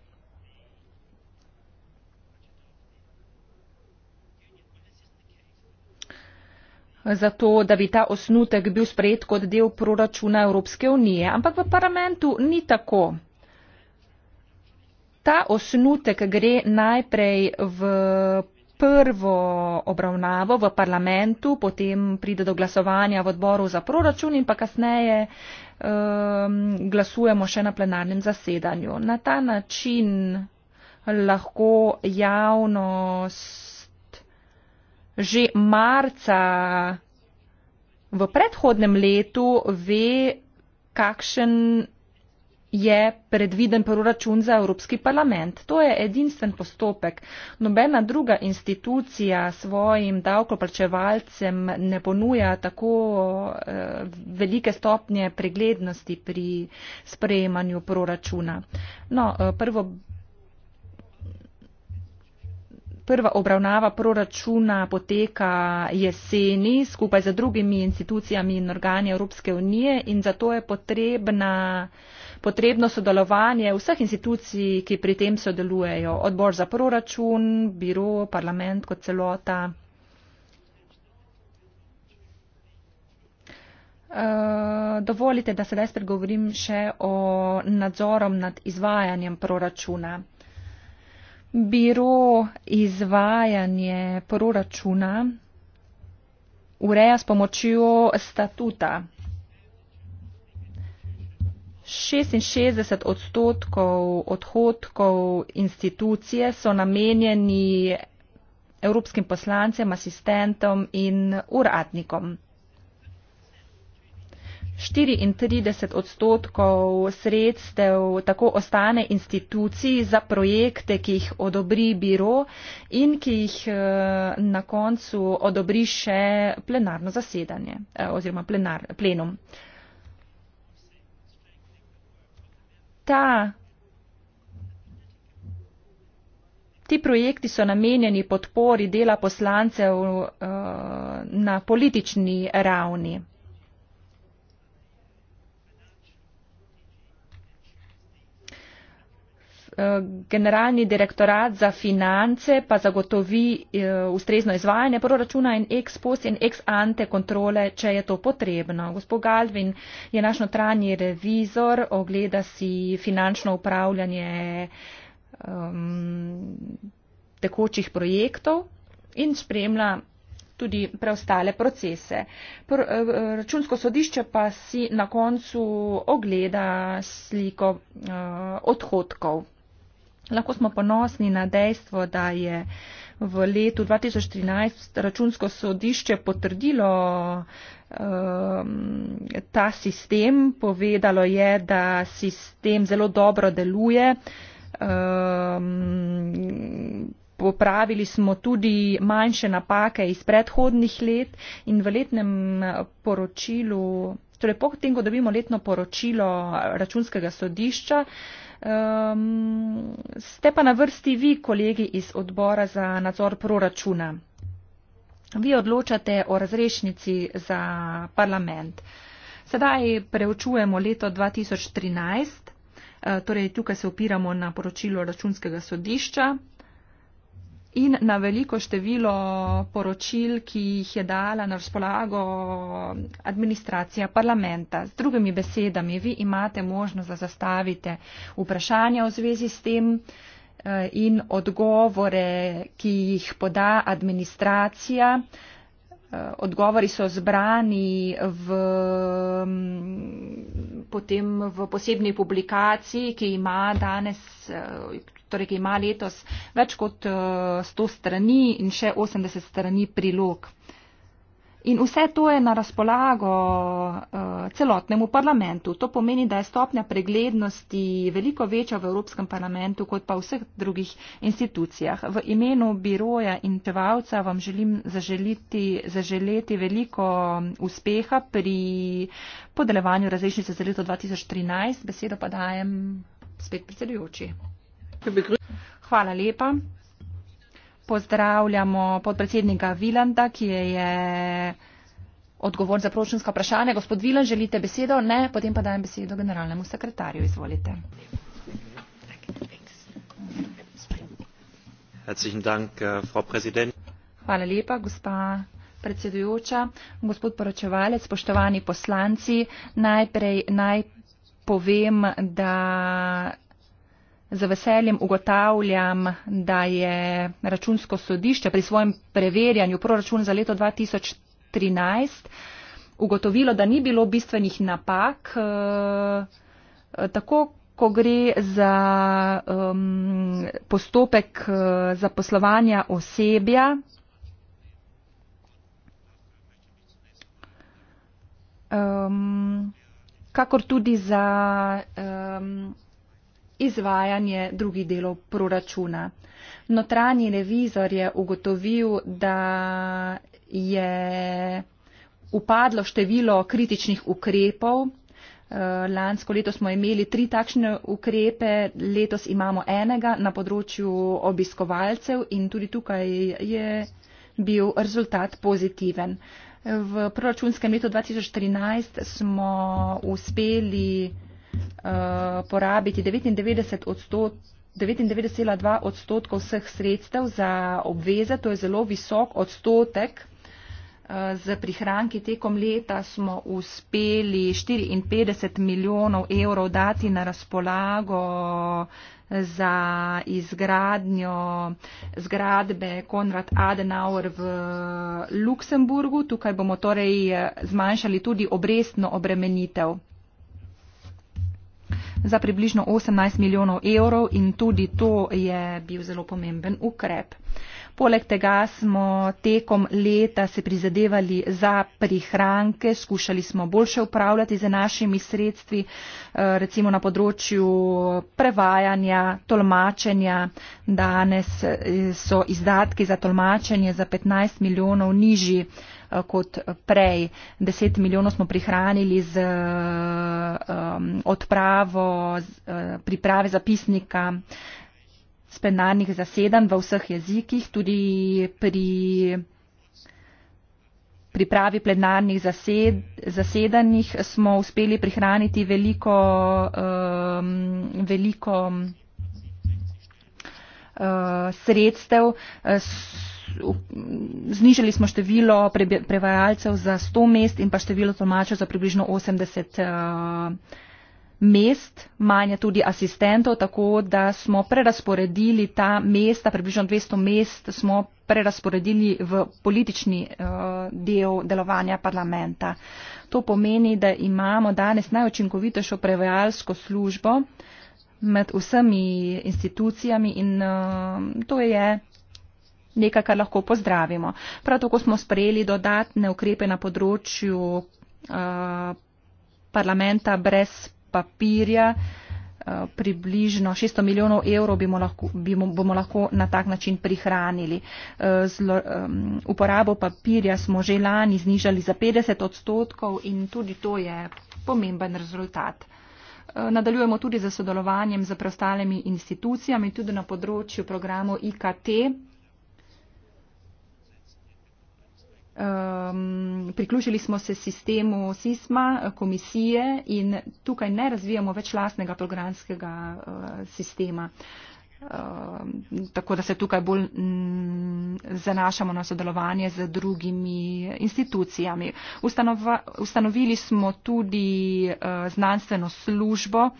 za to, da bi ta osnutek bil sprejet kot del proračuna Evropske unije, ampak v parlamentu ni tako. Ta osnutek gre najprej v prvo obravnavo v parlamentu, potem pride do glasovanja v odboru za proračun in pa kasneje um, glasujemo še na plenarnem zasedanju. Na ta način lahko javnost že marca v predhodnem letu ve, kakšen je predviden proračun za Evropski parlament. To je edinstven postopek. Nobena druga institucija svojim davkoplačevalcem ne ponuja tako eh, velike stopnje preglednosti pri sprejemanju proračuna. No, eh, prvo prva obravnava proračuna poteka jeseni skupaj z drugimi institucijami in organi Evropske unije in zato je potrebna, potrebno sodelovanje vseh institucij, ki pri tem sodelujejo. Odbor za proračun, biro, parlament kot celota. Eh, dovolite, da sedaj spregovorim še o nadzorom nad izvajanjem proračuna biro izvajanje proračuna ureja s pomočjo statuta. 66 odstotkov odhodkov institucije so namenjeni evropskim poslancem, asistentom in uradnikom. 34 odstotkov sredstev tako ostane instituciji za projekte, ki jih odobri biro in ki jih eh, na koncu odobri še plenarno zasedanje eh, oziroma plenar, plenum. Ta, ti projekti so namenjeni podpori dela poslancev uh, na politični ravni. Eh, generalni direktorat za finance pa zagotovi eh, ustrezno izvajanje proračuna in ex post in ex ante kontrole, če je to potrebno. Gospod Galvin je naš notranji revizor, ogleda si finančno upravljanje um, tekočih projektov in spremlja tudi preostale procese. Pr eh, računsko sodišče pa si na koncu ogleda sliko uh, odhodkov. Lahko smo ponosni na dejstvo, da je v letu 2013 računsko sodišče potrdilo um, ta sistem. Povedalo je, da sistem zelo dobro deluje. Um, popravili smo tudi manjše napake iz predhodnih let in v letnem poročilu, torej po tem, ko dobimo letno poročilo računskega sodišča, uh, Um, ste pa na vrsti vi, kolegi iz odbora za nadzor proračuna. Vi odločate o razrešnici za parlament. Sedaj preučujemo leto 2013, eh, torej tukaj se opiramo na poročilo računskega sodišča, in na veliko število poročil, ki jih je dala na razpolago administracija parlamenta. Z drugimi besedami, vi imate možnost, da zastavite vprašanja v zvezi s tem eh, in odgovore, ki jih poda administracija. Eh, odgovori so zbrani v, mm, potem v posebni publikaciji, ki ima danes, eh, torej ki ima letos več kot 100 eh, strani in še 80 strani prilog. In vse to je na razpolago eh, celotnemu parlamentu. To pomeni, da je stopnja preglednosti veliko večja v Evropskem parlamentu kot pa v vseh drugih institucijah. V imenu biroja in pevalca vam želim zaželiti, zaželiti veliko mm, uspeha pri podelevanju različnice za leto 2013. Besedo pa dajem spet predsedujoči. Hvala lepa. Pozdravljamo podpredsednika Vilanda, ki je odgovor za proračunska vprašanja. Gospod Vilan, želite besedo? Ne, potem pa dajem besedo generalnemu sekretarju. Izvolite. Äh, Hvala lepa, gospa predsedujoča, gospod poročevalec, spoštovani poslanci. Najprej naj povem, da z veseljem ugotavljam, da je računsko sodišče pri svojem preverjanju proračun za leto 2013 ugotovilo, da ni bilo bistvenih napak, eh, tako ko gre za um, postopek eh, zaposlovanja osebja. Um, kakor tudi za um, izvajanje drugih delov proračuna. Notranji revizor je ugotovil, da je upadlo število kritičnih ukrepov. Eh, lansko leto smo imeli tri takšne ukrepe, letos imamo enega na področju obiskovalcev in tudi tukaj je bil rezultat pozitiven. V proračunskem letu 2013 smo uspeli uh, porabiti 99,2 odstot, 99 odstotka vseh sredstev za obveze. To je zelo visok odstotek. Z eh, prihranki tekom leta smo uspeli 54 milijonov evrov dati na razpolago za izgradnjo zgradbe Konrad Adenauer v eh, Luksemburgu. Tukaj bomo torej zmanjšali tudi obrestno obremenitev za približno 18 milijonov evrov in tudi to je bil zelo pomemben ukrep. Poleg tega smo tekom leta se prizadevali za prihranke, skušali smo boljše upravljati za našimi sredstvi, eh, recimo na področju prevajanja, tolmačenja. Danes eh, so izdatki za tolmačenje za 15 milijonov nižji Eh, kot prej. 10 milijonov smo prihranili z odpravo eh, priprave zapisnika spenarnih zasedanj v vseh jezikih, tudi pri pripravi plenarnih zased, zasedanjih smo uspeli prihraniti veliko, um, veliko uh, sredstev. Uh, znižali smo število prevajalcev za 100 mest in pa število tolmačev za približno 80 eh, mest, manj je tudi asistentov, tako da smo prerasporedili ta mesta, približno 200 mest smo prerasporedili v politični eh, del delovanja parlamenta. To pomeni, da imamo danes najučinkovitejšo prevajalsko službo med vsemi institucijami in eh, to je nekaj, kar lahko pozdravimo. Prav tako smo sprejeli dodatne ukrepe na področju eh, parlamenta brez papirja. Eh, približno 600 milijonov evrov bomo lahko, bomo, bomo lahko na tak način prihranili. Eh, Zlo, um, uporabo papirja smo že lani znižali za 50 odstotkov in tudi to je pomemben rezultat. Nadaljujemo tudi za sodelovanjem z preostalimi institucijami, tudi na področju programov IKT. Um, priključili smo se sistemu SISMA, eh, komisije in tukaj ne razvijamo več lastnega programskega uh, sistema. Um, tako da se tukaj bolj m, mm, zanašamo na sodelovanje z drugimi institucijami. Ustanova, ustanovili smo tudi uh, znanstveno službo, uh,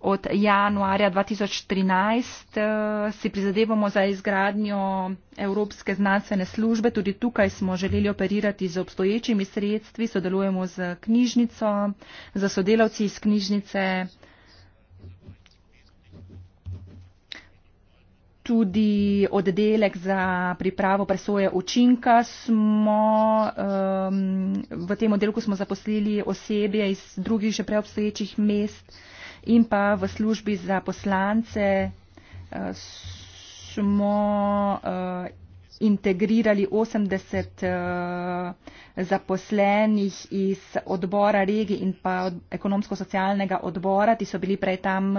od januarja 2013 eh, si prizadevamo za izgradnjo Evropske znanstvene službe. Tudi tukaj smo želeli operirati z obstoječimi sredstvi, sodelujemo z knjižnico, z sodelavci iz knjižnice. Tudi oddelek za pripravo presoje učinka smo um, v tem oddelku smo zaposlili osebje iz drugih že preobstoječih mest. Uh, in pa v službi za poslance eh, smo eh, integrirali 80 eh, zaposlenih iz odbora regi in pa od ekonomsko-socialnega odbora, ti so bili prej tam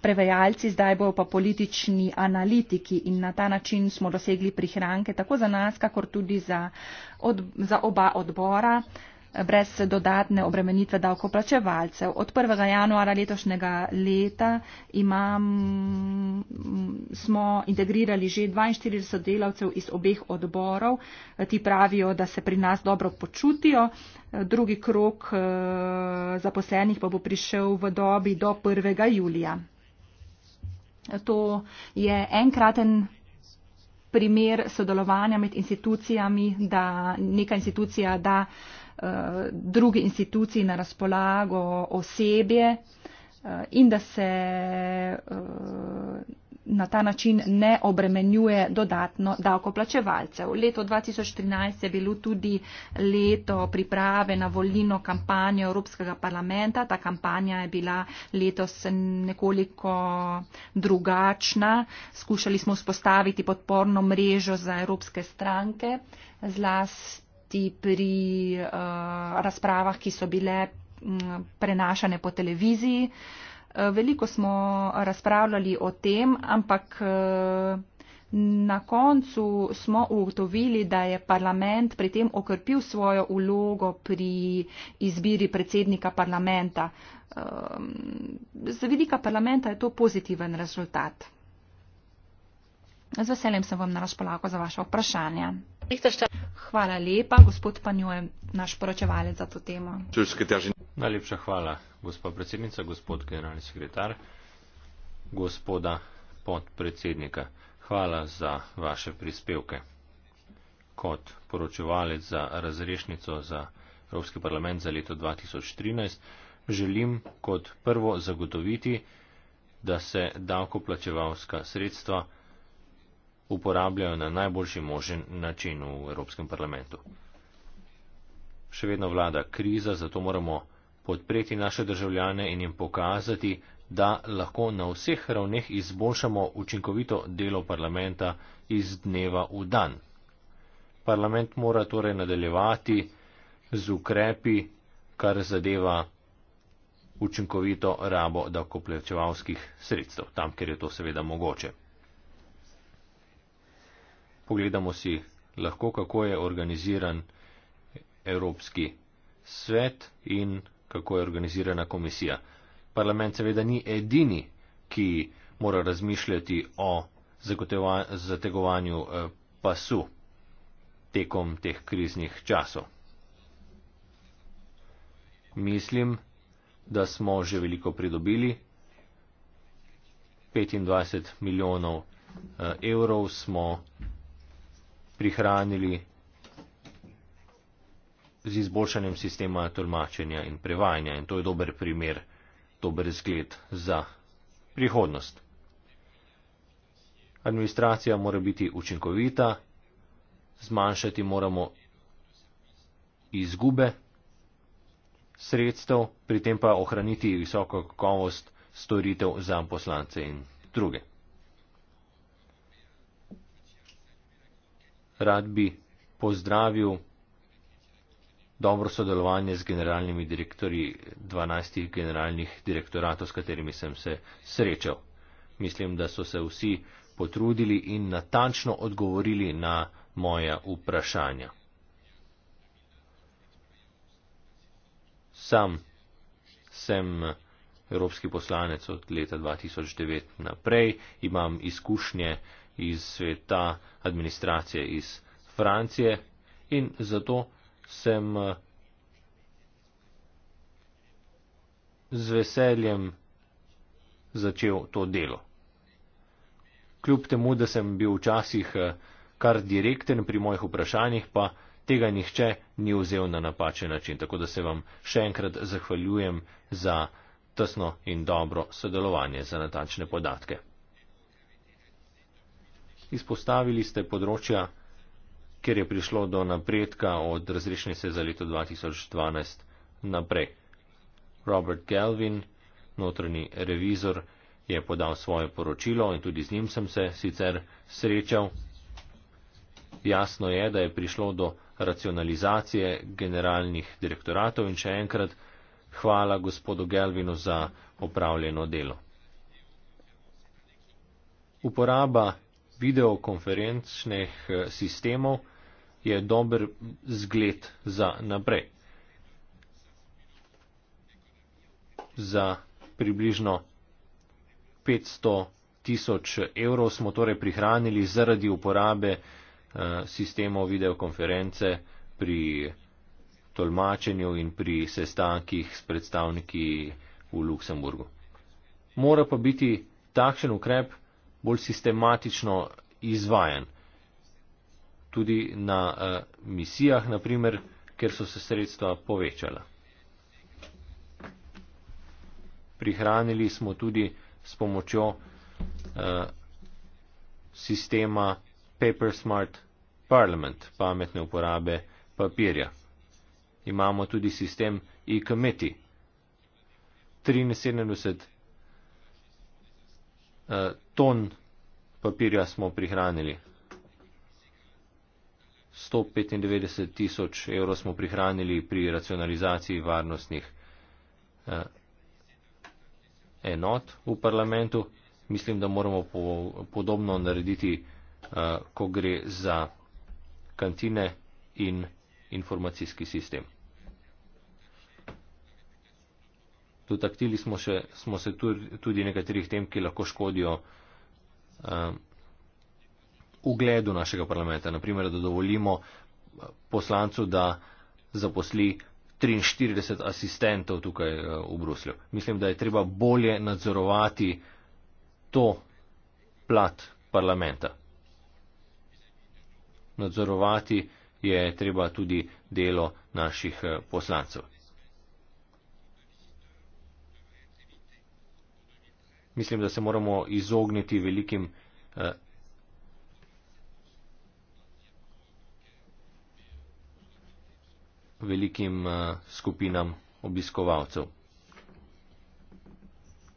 prevajalci, zdaj bojo pa politični analitiki in na ta način smo dosegli prihranke tako za nas, kakor tudi za, od, za oba odbora brez dodatne obremenitve davkoplačevalcev. Od 1. januara letošnjega leta imam, smo integrirali že 42 delavcev iz obeh odborov. Ti pravijo, da se pri nas dobro počutijo. Drugi krok eh, zaposlenih pa bo prišel v dobi do 1. julija. To je enkraten primer sodelovanja med institucijami, da neka institucija da uh, Eh, drugi instituciji na razpolago osebje eh, in da se eh, na ta način ne obremenjuje dodatno davkoplačevalcev. Leto 2013 je bilo tudi leto priprave na volilno kampanjo Evropskega parlamenta. Ta kampanja je bila letos nekoliko drugačna. Skušali smo spostaviti podporno mrežo za evropske stranke, zlasti pokazati pri uh, razpravah, ki so bile um, prenašane po televiziji. Uh, veliko smo razpravljali o tem, ampak uh, na koncu smo ugotovili, da je parlament pri tem okrpil svojo ulogo pri izbiri predsednika parlamenta. Z vidika parlamenta je to pozitiven rezultat. Z veseljem sem vam na razpolago za vaše vprašanje. Hvala lepa, gospod Panjujem, naš poročevalec za to temo. Najlepša hvala, gospod predsednica, gospod generalni sekretar, gospoda podpredsednika. Hvala za vaše prispevke. Kot poročevalec za razrešnico za Evropski parlament za leto 2013 želim kot prvo zagotoviti, da se davkoplačevalska sredstva uporabljajo na najboljši možen način v Evropskem parlamentu. Še vedno vlada kriza, zato moramo podpreti naše državljane in jim pokazati, da lahko na vseh ravneh izboljšamo učinkovito delo parlamenta iz dneva v dan. Parlament mora torej nadaljevati z ukrepi, kar zadeva učinkovito rabo davkoplačevalskih sredstev, tam, kjer je to seveda mogoče. Pogledamo si lahko, kako je organiziran Evropski svet in kako je organizirana komisija. Parlament seveda ni edini, ki mora razmišljati o zategovanju eh, pasu tekom teh kriznih časov. Mislim, da smo že veliko pridobili. 25 milijonov eh, evrov smo prihranili z izboljšanjem sistema tolmačenja in prevajanja in to je dober primer, dober zgled za prihodnost. Administracija mora biti učinkovita, zmanjšati moramo izgube sredstev, pri tem pa ohraniti visoko kakovost storitev za poslance in druge. rad bi pozdravil dobro sodelovanje z generalnimi direktori 12 generalnih direktoratov, s katerimi sem se srečal. Mislim, da so se vsi potrudili in natančno odgovorili na moja vprašanja. Sam sem evropski poslanec od leta 2009 naprej, imam izkušnje iz sveta, administracije iz Francije in zato sem eh, z veseljem začel to delo. Kljub temu, da sem bil včasih eh, kar direkten pri mojih vprašanjih, pa tega nihče ni vzel na napačen način, tako da se vam še enkrat zahvaljujem za tesno in dobro sodelovanje za natančne podatke. Izpostavili ste področja, kjer je prišlo do napredka od razrešnice za leto 2012 naprej. Robert Galvin, notrni revizor, je podal svoje poročilo in tudi z njim sem se sicer srečal. Jasno je, da je prišlo do racionalizacije generalnih direktoratov in še enkrat hvala gospodu Galvinu za opravljeno delo. Uporaba videokonferenčnih eh, sistemov je dober zgled za naprej. Za približno 500 tisoč evrov smo torej prihranili zaradi uporabe eh, sistemov videokonference pri tolmačenju in pri sestankih s predstavniki v Luksemburgu. Mora pa biti takšen ukrep, bolj sistematično izvajan. Tudi na eh, misijah, naprimer, ker so se sredstva povečala. Prihranili smo tudi s pomočjo eh, sistema Paper Smart Parliament, pametne uporabe papirja. Imamo tudi sistem e-committee. 73 ton papirja smo prihranili. 195 tisoč evrov smo prihranili pri racionalizaciji varnostnih eh, enot v parlamentu. Mislim, da moramo po, podobno narediti, eh, ko gre za kantine in informacijski sistem. Dotaktili smo, še, smo se tudi nekaterih tem, ki lahko škodijo eh, Um, ugledu našega parlamenta. Naprimer, da dovolimo poslancu, da zaposli 43 asistentov tukaj uh, v Bruslju. Mislim, da je treba bolje nadzorovati to plat parlamenta. Nadzorovati je treba tudi delo naših uh, poslancev. mislim, da se moramo izogniti velikim eh, velikim eh, skupinam obiskovalcev.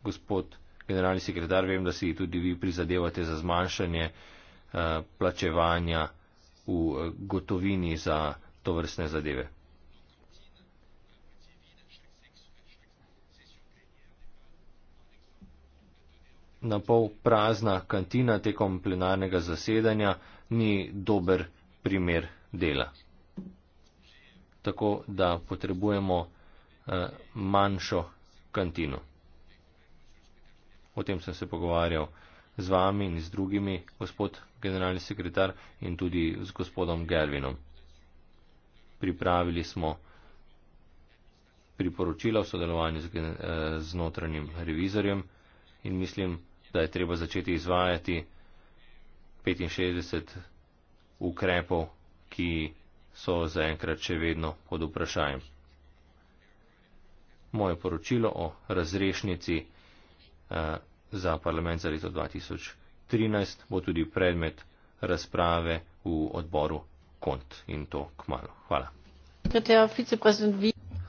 Gospod generalni sekretar, vem, da si tudi vi prizadevate za zmanjšanje eh, plačevanja v gotovini za to vrstne zadeve. na pol prazna kantina tekom plenarnega zasedanja ni dober primer dela. Tako da potrebujemo eh, manjšo kantino. O tem sem se pogovarjal z vami in z drugimi, gospod generalni sekretar in tudi z gospodom Gervinom. Pripravili smo priporočila v sodelovanju z, eh, z notranjim revizorjem in mislim, da je treba začeti izvajati 65 ukrepov, ki so zaenkrat še vedno pod vprašanjem. Moje poročilo o razrešnici eh, za parlament za leto 2013 bo tudi predmet razprave v odboru KONT in to kmalo. Hvala.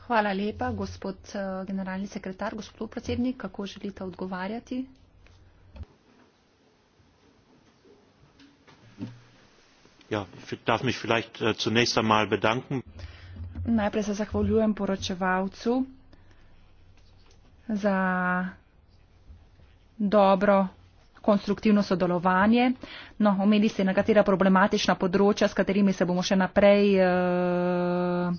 Hvala lepa, gospod eh, generalni sekretar, gospod predsednik, kako želite odgovarjati? ich ja, darf mich vielleicht äh, zunächst einmal bedanken. Najprej se zahvaljujem poročevalcu za dobro konstruktivno sodelovanje. No, omeni se nekatera problematična področja, s katerimi se bomo še naprej uh,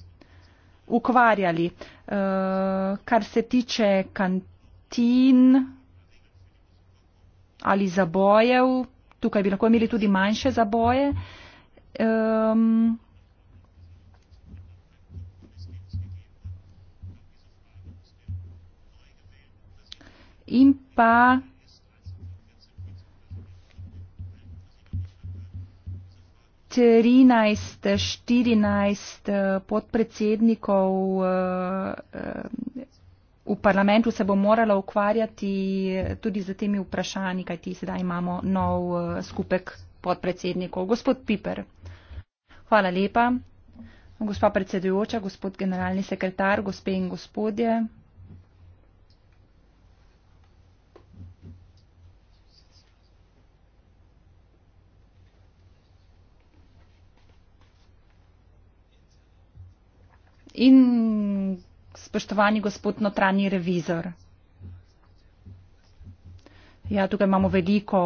ukvarjali. Uh, kar se tiče kantin ali zabojev, tukaj bi lahko imeli tudi manjše zaboje. Uh, Um, in pa trinajst, štirinajst eh, podpredsednikov eh, eh, v parlamentu se bo moralo ukvarjati tudi z temi vprašanji, kajti sedaj imamo nov skupek podpredsednikov. Gospod Piper. Hvala lepa. Gospa predsedujoča, gospod generalni sekretar, gospe in gospodje. In spoštovani gospod notranji revizor. Ja, tukaj imamo veliko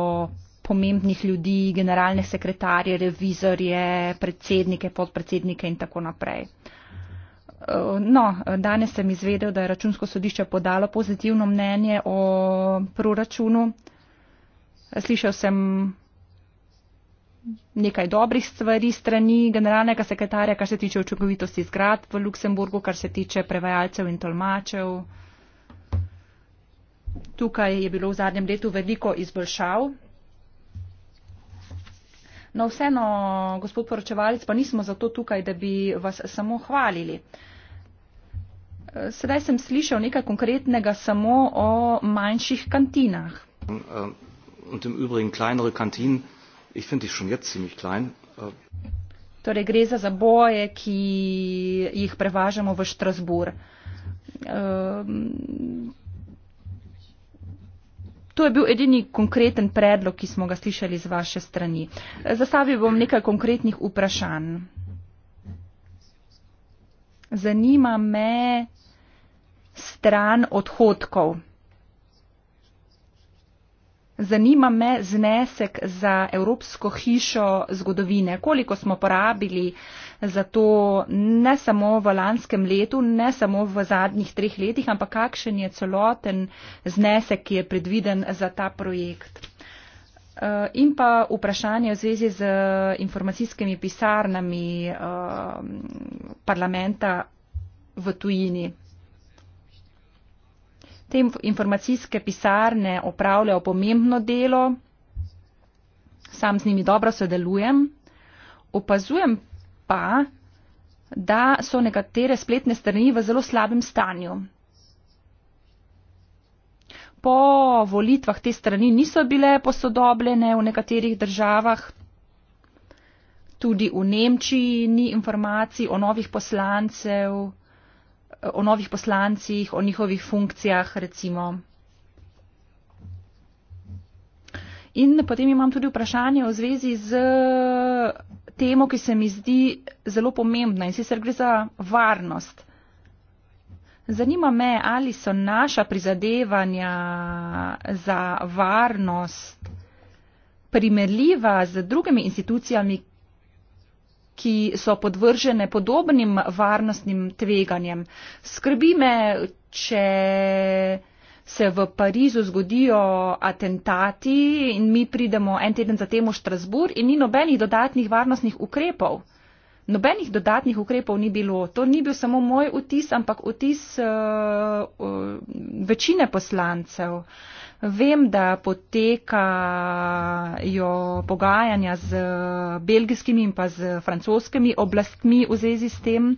pomembnih ljudi, generalne sekretarje, revizorje, predsednike, podpredsednike in tako naprej. Eh, no, danes sem izvedel, da je računsko sodišče podalo pozitivno mnenje o proračunu. Slišal sem nekaj dobrih stvari strani generalnega sekretarja, kar se tiče učinkovitosti zgrad v Luksemburgu, kar se tiče prevajalcev in tolmačev. Tukaj je bilo v zadnjem letu veliko izboljšav. No vseeno, gospod poročevalec, pa nismo zato tukaj, da bi vas samo hvalili. Sedaj sem slišal nekaj konkretnega samo o manjših kantinah. In v drugem, manjše kantine, jih finti še zdaj precej majhne. Torej gre za zaboje, ki jih prevažamo v Štrasbur. Ehm, To je bil edini konkreten predlog, ki smo ga slišali z vaše strani. Zastavil bom nekaj konkretnih vprašanj. Zanima me stran odhodkov. Zanima me znesek za Evropsko hišo zgodovine. Koliko smo porabili za to ne samo v lanskem letu, ne samo v zadnjih treh letih, ampak kakšen je celoten znesek, ki je predviden za ta projekt. Eh, in pa vprašanje v zvezi z informacijskimi pisarnami eh, parlamenta v tujini te informacijske pisarne opravljajo pomembno delo, sam z njimi dobro sodelujem, opazujem pa, da so nekatere spletne strani v zelo slabem stanju. Po volitvah te strani niso bile posodobljene v nekaterih državah, tudi v Nemčiji ni informacij o novih poslancev o novih poslancih, o njihovih funkcijah, recimo. In potem imam tudi vprašanje v zvezi z temo, ki se mi zdi zelo pomembna in sicer gre za varnost. Zanima me, ali so naša prizadevanja za varnost primerljiva z drugimi institucijami, ki so podvržene podobnim varnostnim tveganjem. Skrbi me, če se v Parizu zgodijo atentati in mi pridemo en teden zatem v Štrasbur in ni nobenih dodatnih varnostnih ukrepov. Nobenih dodatnih ukrepov ni bilo. To ni bil samo moj vtis, ampak vtis uh, uh, večine poslancev. Uh, Vem, da potekajo pogajanja z belgijskimi in pa z francoskimi oblastmi v zvezi s tem. Eh,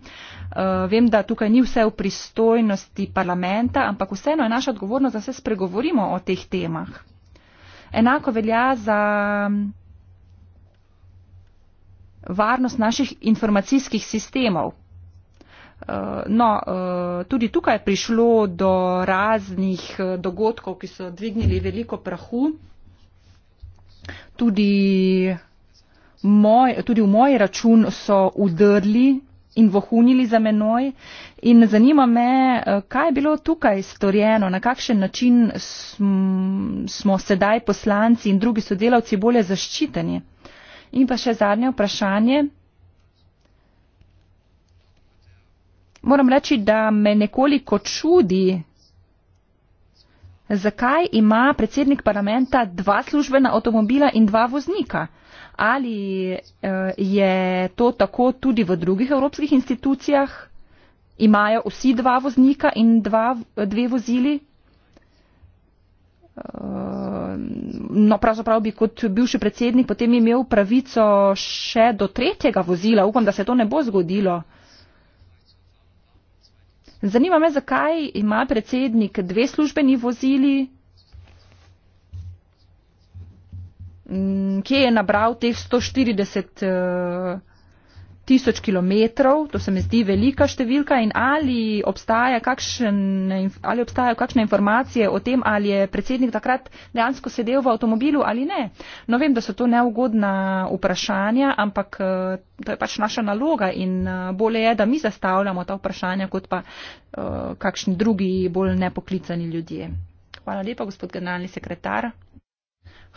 vem, da tukaj ni vse v pristojnosti parlamenta, ampak vseeno je naša odgovornost, da se spregovorimo o teh temah. Enako velja za varnost naših informacijskih sistemov. Eh, no, eh, tudi tukaj je prišlo do raznih eh, dogodkov, ki so dvignili veliko prahu. Tudi, moj, tudi v moj račun so udrli in vohunili za menoj. In zanima me, kaj je bilo tukaj storjeno, na kakšen način smo sedaj poslanci in drugi sodelavci bolje zaščiteni. In pa še zadnje vprašanje. Moram reči, da me nekoliko čudi, zakaj ima predsednik parlamenta dva službena avtomobila in dva voznika. Ali eh, je to tako tudi v drugih evropskih institucijah? Imajo vsi dva voznika in dva, dve vozili? Eh, no, pravzaprav bi kot bivši predsednik potem imel pravico še do tretjega vozila. Upam, da se to ne bo zgodilo. Zanima me, zakaj ima predsednik dve službeni vozili, kje je nabral teh 140 uh, tisoč kilometrov, to se mi zdi velika številka in ali obstaja kakšne, ali obstajajo kakšne informacije o tem, ali je predsednik takrat dejansko sedel v avtomobilu ali ne. No vem, da so to neugodna vprašanja, ampak eh, to je pač naša naloga in eh, bolje je, da mi zastavljamo ta vprašanja, kot pa uh, kakšni drugi bolj nepoklicani ljudje. Hvala lepa, gospod generalni sekretar.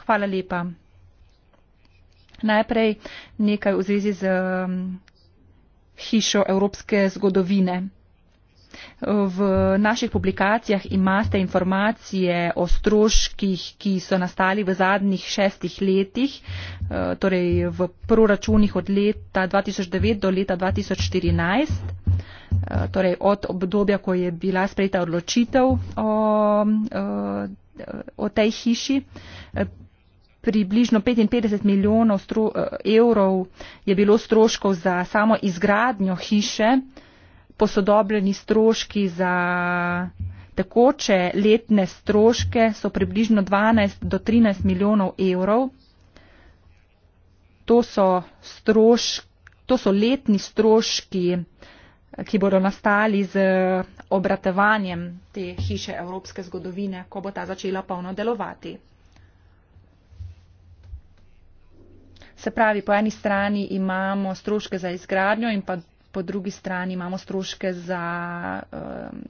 Hvala lepa. Najprej nekaj v zvezi z mm, hišo evropske zgodovine. V naših publikacijah imate informacije o stroških, ki so nastali v zadnjih šestih letih, eh, torej v proračunih od leta 2009 do leta 2014, eh, torej od obdobja, ko je bila sprejeta odločitev o, mm, eh, o tej hiši približno 55 milijonov stro, eh, evrov je bilo stroškov za samo izgradnjo hiše, posodobljeni stroški za tekoče letne stroške so približno 12 do 13 milijonov evrov. To so, strošk, to so letni stroški, eh, ki bodo nastali z eh, obratevanjem te hiše evropske zgodovine, ko bo ta začela polno delovati. Se pravi, po eni strani imamo stroške za izgradnjo in pa po drugi strani imamo stroške za um,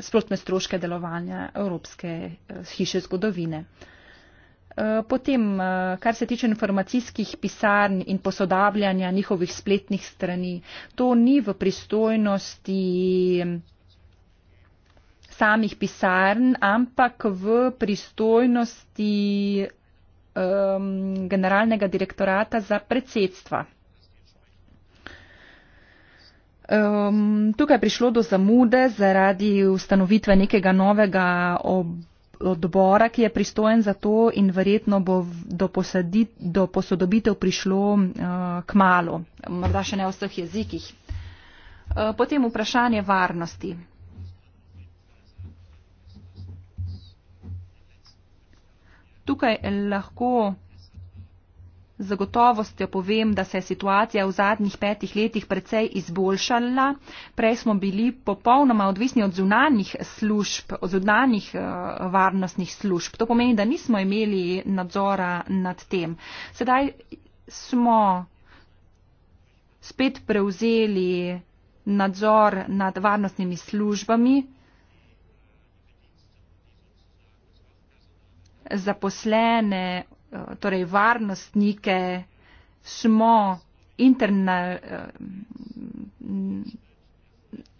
splotne stroške delovanja Evropske eh, hiše zgodovine. Eh, potem, eh, kar se tiče informacijskih pisarn in posodabljanja njihovih spletnih strani, to ni v pristojnosti mm, samih pisarn, ampak v pristojnosti um, generalnega direktorata za predsedstva. Um, tukaj je prišlo do zamude zaradi ustanovitve nekega novega ob, odbora, ki je pristojen za to in verjetno bo do, posadit, do posodobitev prišlo uh, k malu, morda še ne v vseh jezikih. Uh, potem vprašanje varnosti. Tukaj lahko zagotovostjo povem, da se je situacija v zadnjih petih letih precej izboljšala. Prej smo bili popolnoma odvisni od zunanjih služb, od zunanjih eh, varnostnih služb. To pomeni, da nismo imeli nadzora nad tem. Sedaj smo spet prevzeli nadzor nad varnostnimi službami, zaposlene, eh, torej varnostnike, smo internal, eh,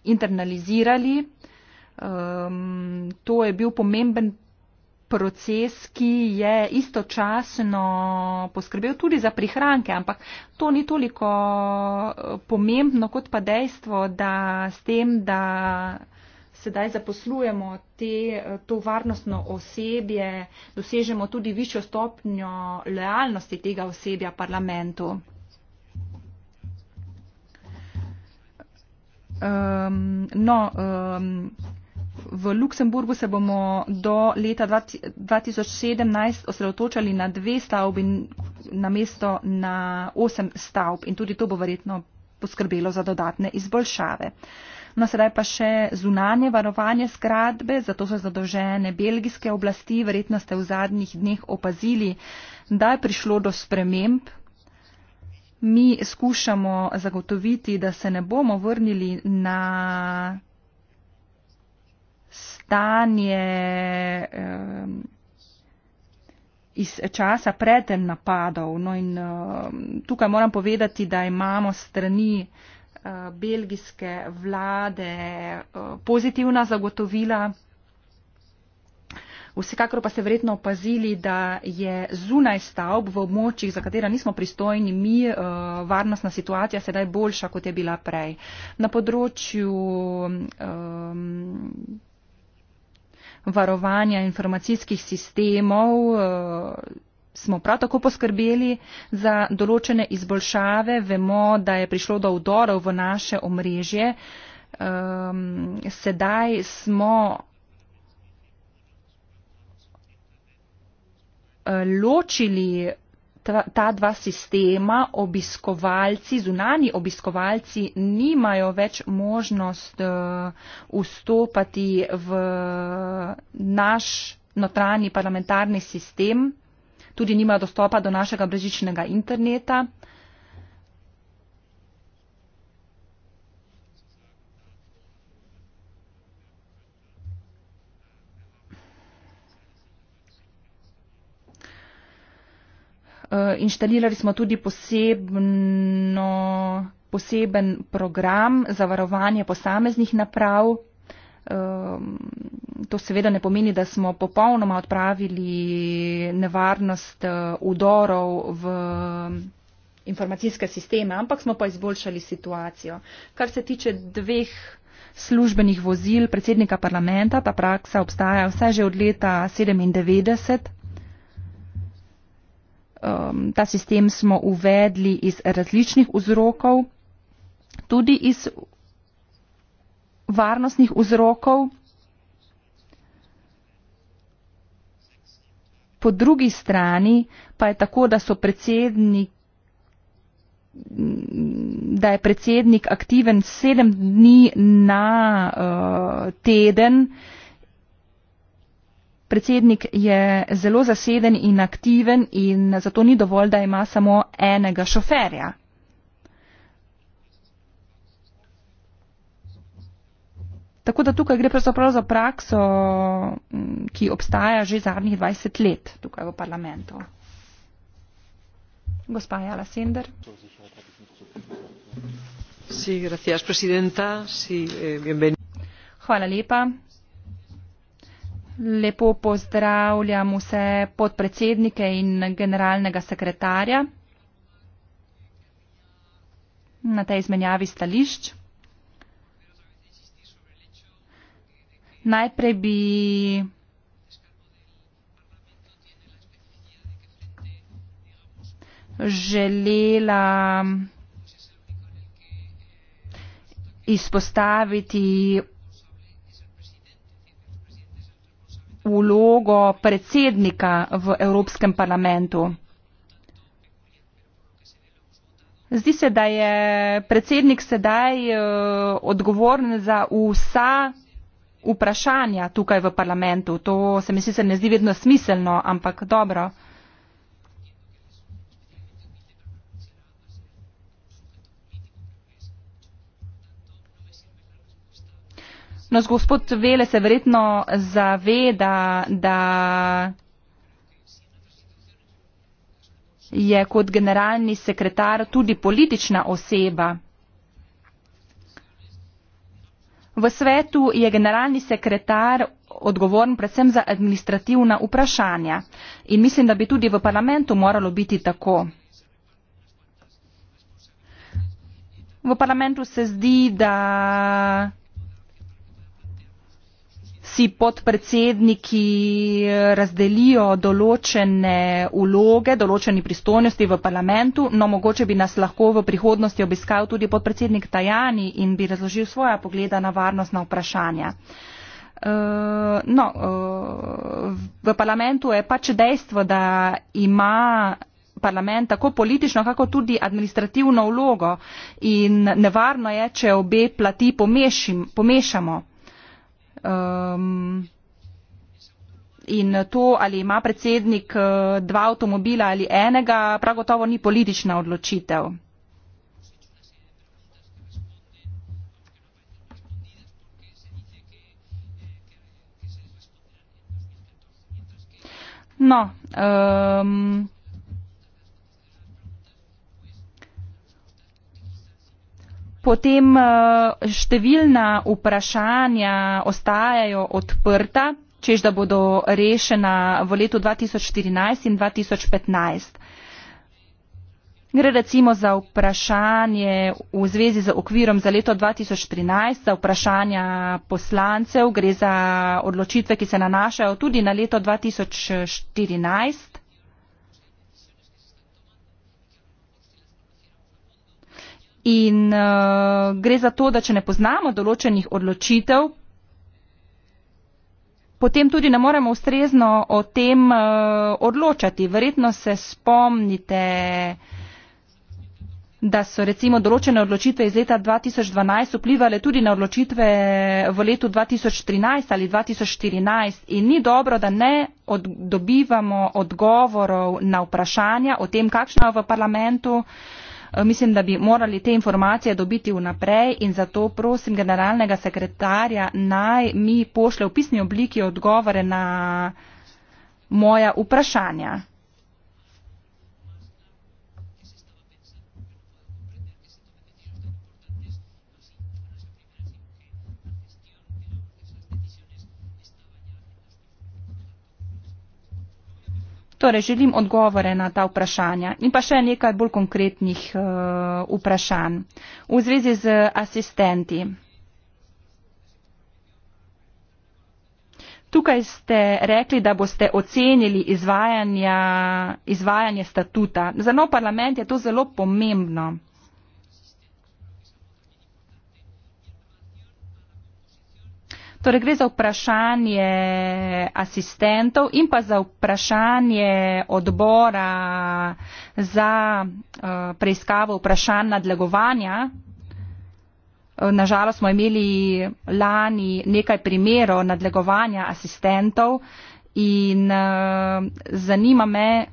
internalizirali. Ehm, to je bil pomemben proces, ki je istočasno poskrbel tudi za prihranke, ampak to ni toliko eh, pomembno kot pa dejstvo, da s tem, da sedaj zaposlujemo te, eh, to varnostno osebje, dosežemo tudi višjo stopnjo lojalnosti tega osebja parlamentu. Um, no, um, v Luksemburgu se bomo do leta 2017 osredotočali na dve stavbi na mesto na osem stavb in tudi to bo verjetno poskrbelo za dodatne izboljšave. Uh, No, sedaj pa še zunanje varovanje zgradbe, zato so zadolžene belgijske oblasti. Verjetno ste v zadnjih dneh opazili, da je prišlo do sprememb. Mi skušamo zagotoviti, da se ne bomo vrnili na stanje eh, iz časa preden napadov. No in eh, tukaj moram povedati, da imamo strani eh, Eh, belgijske vlade eh, pozitivna zagotovila. Vsekakor pa ste verjetno opazili, da je zunaj stavb v območjih, za katera nismo pristojni, mi eh, varnostna situacija sedaj boljša, kot je bila prej. Na področju um, varovanja informacijskih sistemov. Uh, smo prav tako poskrbeli za določene izboljšave. Vemo, da je prišlo do vdorov v naše omrežje. Um, sedaj smo eh, ločili ta dva sistema, obiskovalci, zunani obiskovalci nimajo več možnost eh, vstopati v naš notranji parlamentarni sistem tudi nimajo dostopa do našega brezičnega interneta. Eh, inštalirali smo tudi posebno, poseben program za varovanje posameznih naprav. Ehm, to seveda ne pomeni, da smo popolnoma odpravili nevarnost udorov eh, v mm, informacijske sisteme, ampak smo pa izboljšali situacijo. Kar se tiče dveh službenih vozil predsednika parlamenta, ta praksa obstaja vse že od leta 1997. Um, ehm, ta sistem smo uvedli iz različnih vzrokov, tudi iz varnostnih vzrokov. Po drugi strani pa je tako, da so predsednik da je predsednik aktiven sedem dni na uh, teden. Predsednik je zelo zaseden in aktiven in zato ni dovolj, da ima samo enega šoferja. Tako da tukaj gre pravzaprav za prakso, ki obstaja že zadnjih 20 let tukaj v parlamentu. Gospa Jala Sender. Sí, gracias, sí, eh, Hvala lepa. Lepo pozdravljam vse podpredsednike in generalnega sekretarja na tej izmenjavi stališča. Najprej bi želela izpostaviti vlogo predsednika v Evropskem parlamentu. Zdi se, da je predsednik sedaj eh, odgovoren za vsa vprašanja tukaj v parlamentu. To se mi sicer ne zdi vedno smiselno, ampak dobro. No, gospod Vele se verjetno zaveda, da je kot generalni sekretar tudi politična oseba. V svetu je generalni sekretar odgovoren predvsem za administrativna vprašanja in mislim, da bi tudi v parlamentu moralo biti tako. V parlamentu se zdi, da si podpredsedniki eh, razdelijo določene uloge, določene pristojnosti v parlamentu. No, mogoče bi nas lahko v prihodnosti obiskal tudi podpredsednik Tajani in bi razložil svoja pogleda na varnostna vprašanja. Uh, no, uh, v parlamentu je pač dejstvo, da ima parlament tako politično, kako tudi administrativno vlogo in nevarno je, če obe plati pomešim, pomešamo. Um, in to, ali ima predsednik uh, dva avtomobila ali enega, prav gotovo ni politična odločitev. No. Um, potem eh, številna vprašanja ostajajo odprta, čež da bodo rešena v letu 2014 in 2015. Gre recimo za vprašanje v zvezi z okvirom za leto 2013, za vprašanja poslancev, gre za odločitve, ki se nanašajo tudi na leto 2014. In uh, gre za to, da če ne poznamo določenih odločitev, potem tudi ne moremo ustrezno o tem uh, odločati. Verjetno se spomnite, da so recimo določene odločitve iz leta 2012 vplivali tudi na odločitve v letu 2013 ali 2014 in ni dobro, da ne od dobivamo odgovorov na vprašanja o tem, kakšna je v parlamentu uh, Eh, mislim, da bi morali te informacije dobiti vnaprej in zato prosim generalnega sekretarja naj mi pošlje v pisni obliki odgovore na moja vprašanja. Torej, želim odgovore na ta vprašanja in pa še nekaj bolj konkretnih uh, vprašanj v zvezi z asistenti. Tukaj ste rekli, da boste ocenili izvajanje statuta. Za nov parlament je to zelo pomembno. torej gre za vprašanje asistentov in pa za vprašanje odbora za uh, preiskavo vprašanj nadlegovanja. Eh, Nažalost smo imeli lani nekaj primerov nadlegovanja asistentov in uh, zanima me,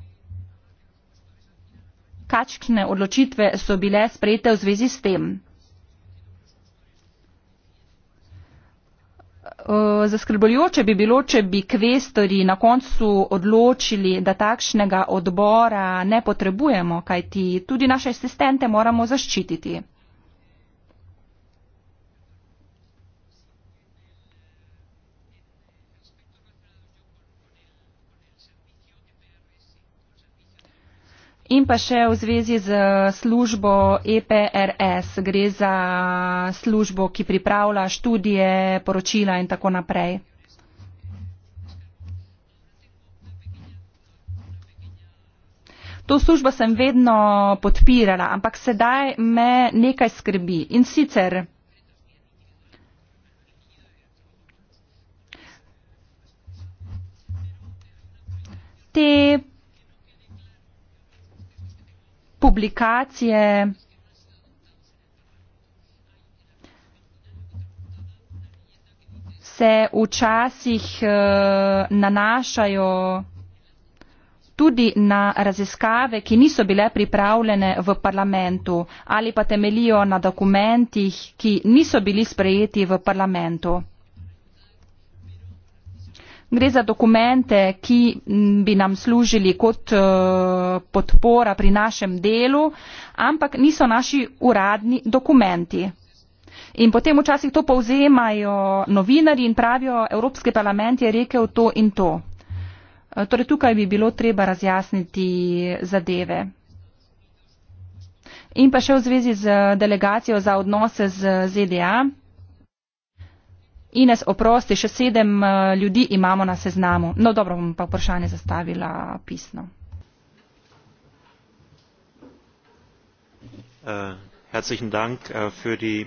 kakšne odločitve so bile sprejete v zvezi s tem. Eh, zaskrbljujoče bi bilo, če bi kvestori na koncu odločili, da takšnega odbora ne potrebujemo, kajti tudi naše asistente moramo zaščititi. In pa še v zvezi z službo EPRS, gre za službo, ki pripravlja študije, poročila in tako naprej. To službo sem vedno podpirala, ampak sedaj me nekaj skrbi. In sicer te publikacije se včasih eh, nanašajo tudi na raziskave, ki niso bile pripravljene v parlamentu ali pa temelijo na dokumentih, ki niso bili sprejeti v parlamentu. Gre za dokumente, ki bi nam služili kot eh, podpora pri našem delu, ampak niso naši uradni dokumenti. In potem včasih to povzemajo novinari in pravijo, Evropski parlament je rekel to in to. Eh, torej tukaj bi bilo treba razjasniti zadeve. In pa še v zvezi z delegacijo za odnose z ZDA. Ines, oprosti, še sedem eh, ljudi imamo na seznamu. No, dobro, bom pa vprašanje zastavila pisno. Äh, äh,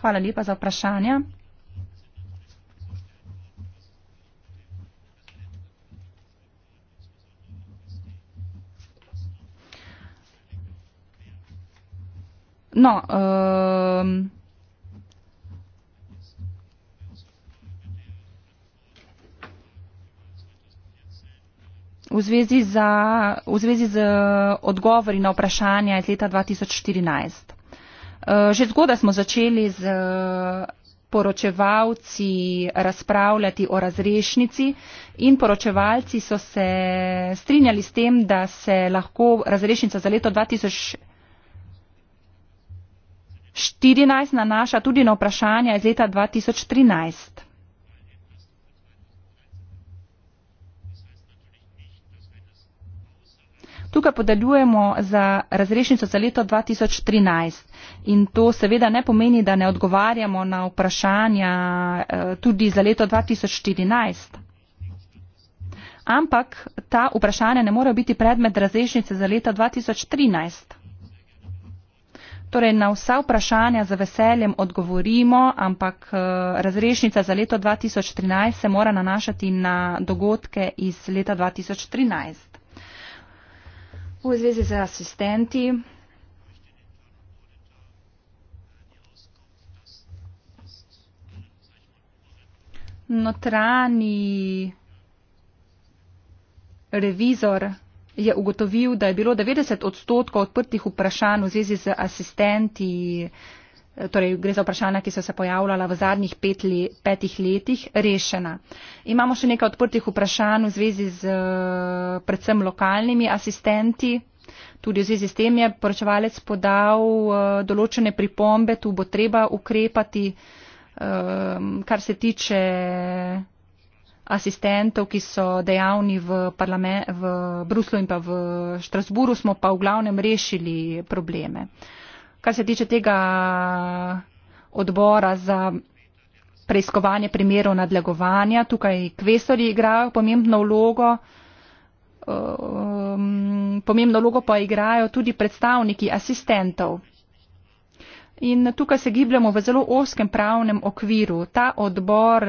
Hvala lepa za vprašanja. No, um, v zvezi, za, v zvezi z odgovori na vprašanja iz leta 2014. Eh, že zgodaj smo začeli z poročevalci razpravljati o razrešnici in poročevalci so se strinjali s tem, da se lahko razrešnica za leto 2014 nanaša tudi na vprašanja iz leta 2013. tukaj podeljujemo za razrešnico za leto 2013 in to seveda ne pomeni, da ne odgovarjamo na vprašanja eh, tudi za leto 2014. Ampak ta vprašanja ne morejo biti predmet razrešnice za leto 2013. Torej, na vsa vprašanja za veseljem odgovorimo, ampak eh, razrešnica za leto 2013 se mora nanašati na dogodke iz leta 2013 v zvezi z asistenti. Notranji revizor je ugotovil, da je bilo 90 odstotkov odprtih vprašanj v zvezi z asistenti eh, torej gre za vprašanja, ki so se pojavljala v zadnjih pet let, petih letih, rešena. Imamo še nekaj odprtih vprašanj v zvezi z eh, predvsem lokalnimi asistenti. Tudi v zvezi s tem je poročevalec podal eh, določene pripombe, tu bo treba ukrepati, eh, kar se tiče asistentov, ki so dejavni v, v Bruslu in pa v Štrasburu, smo pa v glavnem rešili probleme kar se tiče tega odbora za preiskovanje primerov nadlegovanja, tukaj kvestori igrajo pomembno vlogo. Um, pomembno vlogo pa igrajo tudi predstavniki asistentov. In tukaj se gibljamo v zelo oskem pravnem okviru. Ta odbor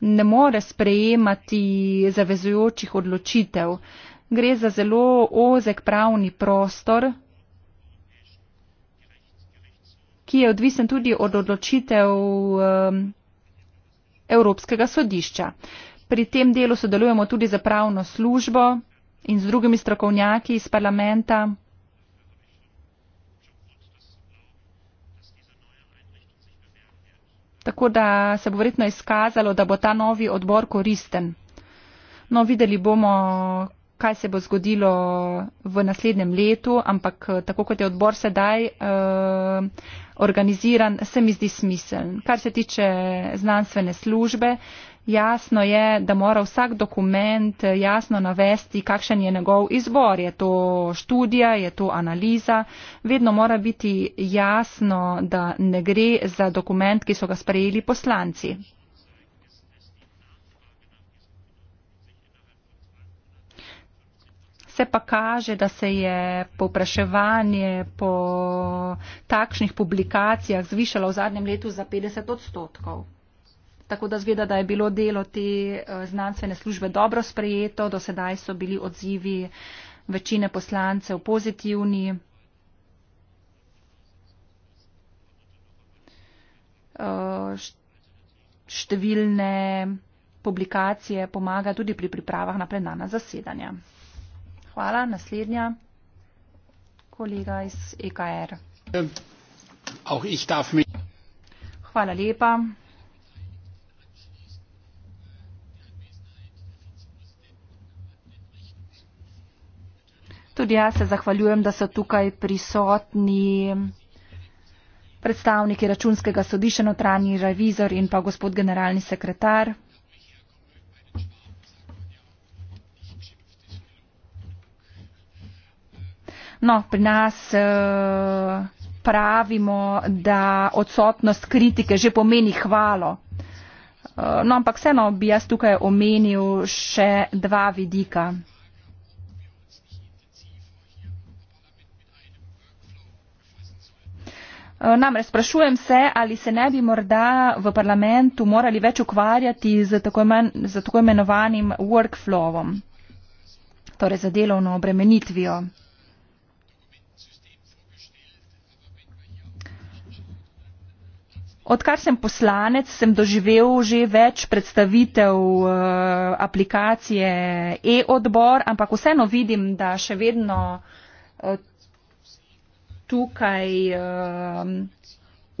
ne more sprejemati zavezujočih odločitev. Uh, gre za zelo ozek pravni prostor, ki je odvisen tudi od odločitev um, Evropskega sodišča. Pri tem delu sodelujemo tudi za pravno službo in z drugimi strokovnjaki iz parlamenta. Tako da se bo verjetno izkazalo, da bo ta novi odbor koristen. No, videli bomo, kaj se bo zgodilo v naslednjem letu, ampak eh, tako kot je odbor sedaj uh, organiziran, se mi zdi smiseln. Kar se tiče znanstvene službe, jasno je, da mora vsak dokument eh, jasno navesti, kakšen je njegov izbor. Je to študija, je to analiza. Vedno mora biti jasno, da ne gre za dokument, ki so ga sprejeli poslanci. se pa kaže, da se je povpraševanje po takšnih publikacijah zvišalo v zadnjem letu za 50 odstotkov. Tako da zgleda, da je bilo delo te eh, znanstvene službe dobro sprejeto, do sedaj so bili odzivi večine poslancev pozitivni. Eh, številne publikacije pomaga tudi pri pripravah na plenarna zasedanja. Hvala. Naslednja. Kolega iz EKR. Hvala lepa. Tudi jaz se zahvaljujem, da so tukaj prisotni predstavniki računskega sodišča, notranji revizor in pa gospod generalni sekretar. No, pri nas uh, pravimo, da odsotnost kritike že pomeni hvalo. Eh, no, ampak vseeno bi jaz tukaj omenil še dva vidika. Eh, namreč sprašujem se, ali se ne bi morda v parlamentu morali več ukvarjati z tako imenovanim workflowom, torej za delovno obremenitvijo. Odkar sem poslanec, sem doživel že več predstavitev eh, aplikacije e-odbor, ampak vseeno vidim, da še vedno eh, tukaj eh,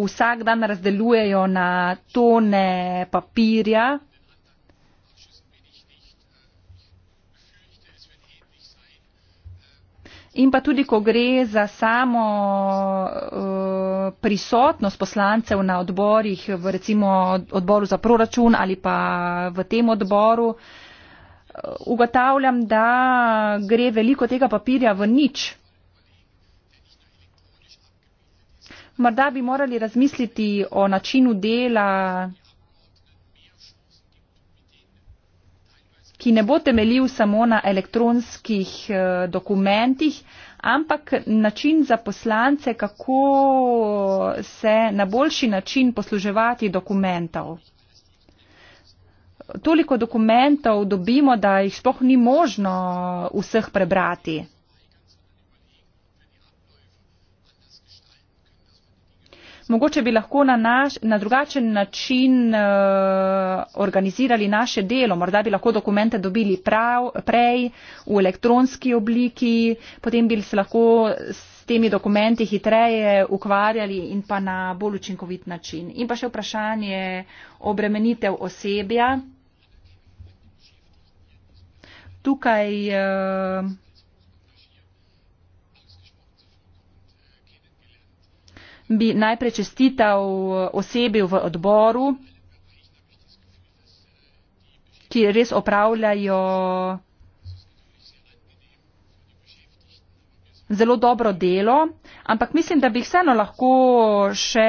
vsak dan razdelujejo na tone papirja. In pa tudi, ko gre za samo uh, prisotnost poslancev na odborih, v recimo odboru za proračun ali pa v tem odboru, eh, ugotavljam, da gre veliko tega papirja v nič. Morda bi morali razmisliti o načinu dela ki ne bo temeljil samo na elektronskih eh, dokumentih, ampak način za poslance, kako se na boljši način posluževati dokumentov. Toliko dokumentov dobimo, da jih sploh ni možno vseh prebrati. mogoče bi lahko na, naš, na drugačen način uh, organizirali naše delo, morda bi lahko dokumente dobili prav, prej v elektronski obliki, potem bi se lahko s temi dokumenti hitreje ukvarjali in pa na bolj učinkovit način. In pa še vprašanje obremenitev osebja. Tukaj. Uh, bi najprej čestital eh, osebi v odboru, ki res opravljajo zelo dobro delo, ampak mislim, da bi vseeno lahko še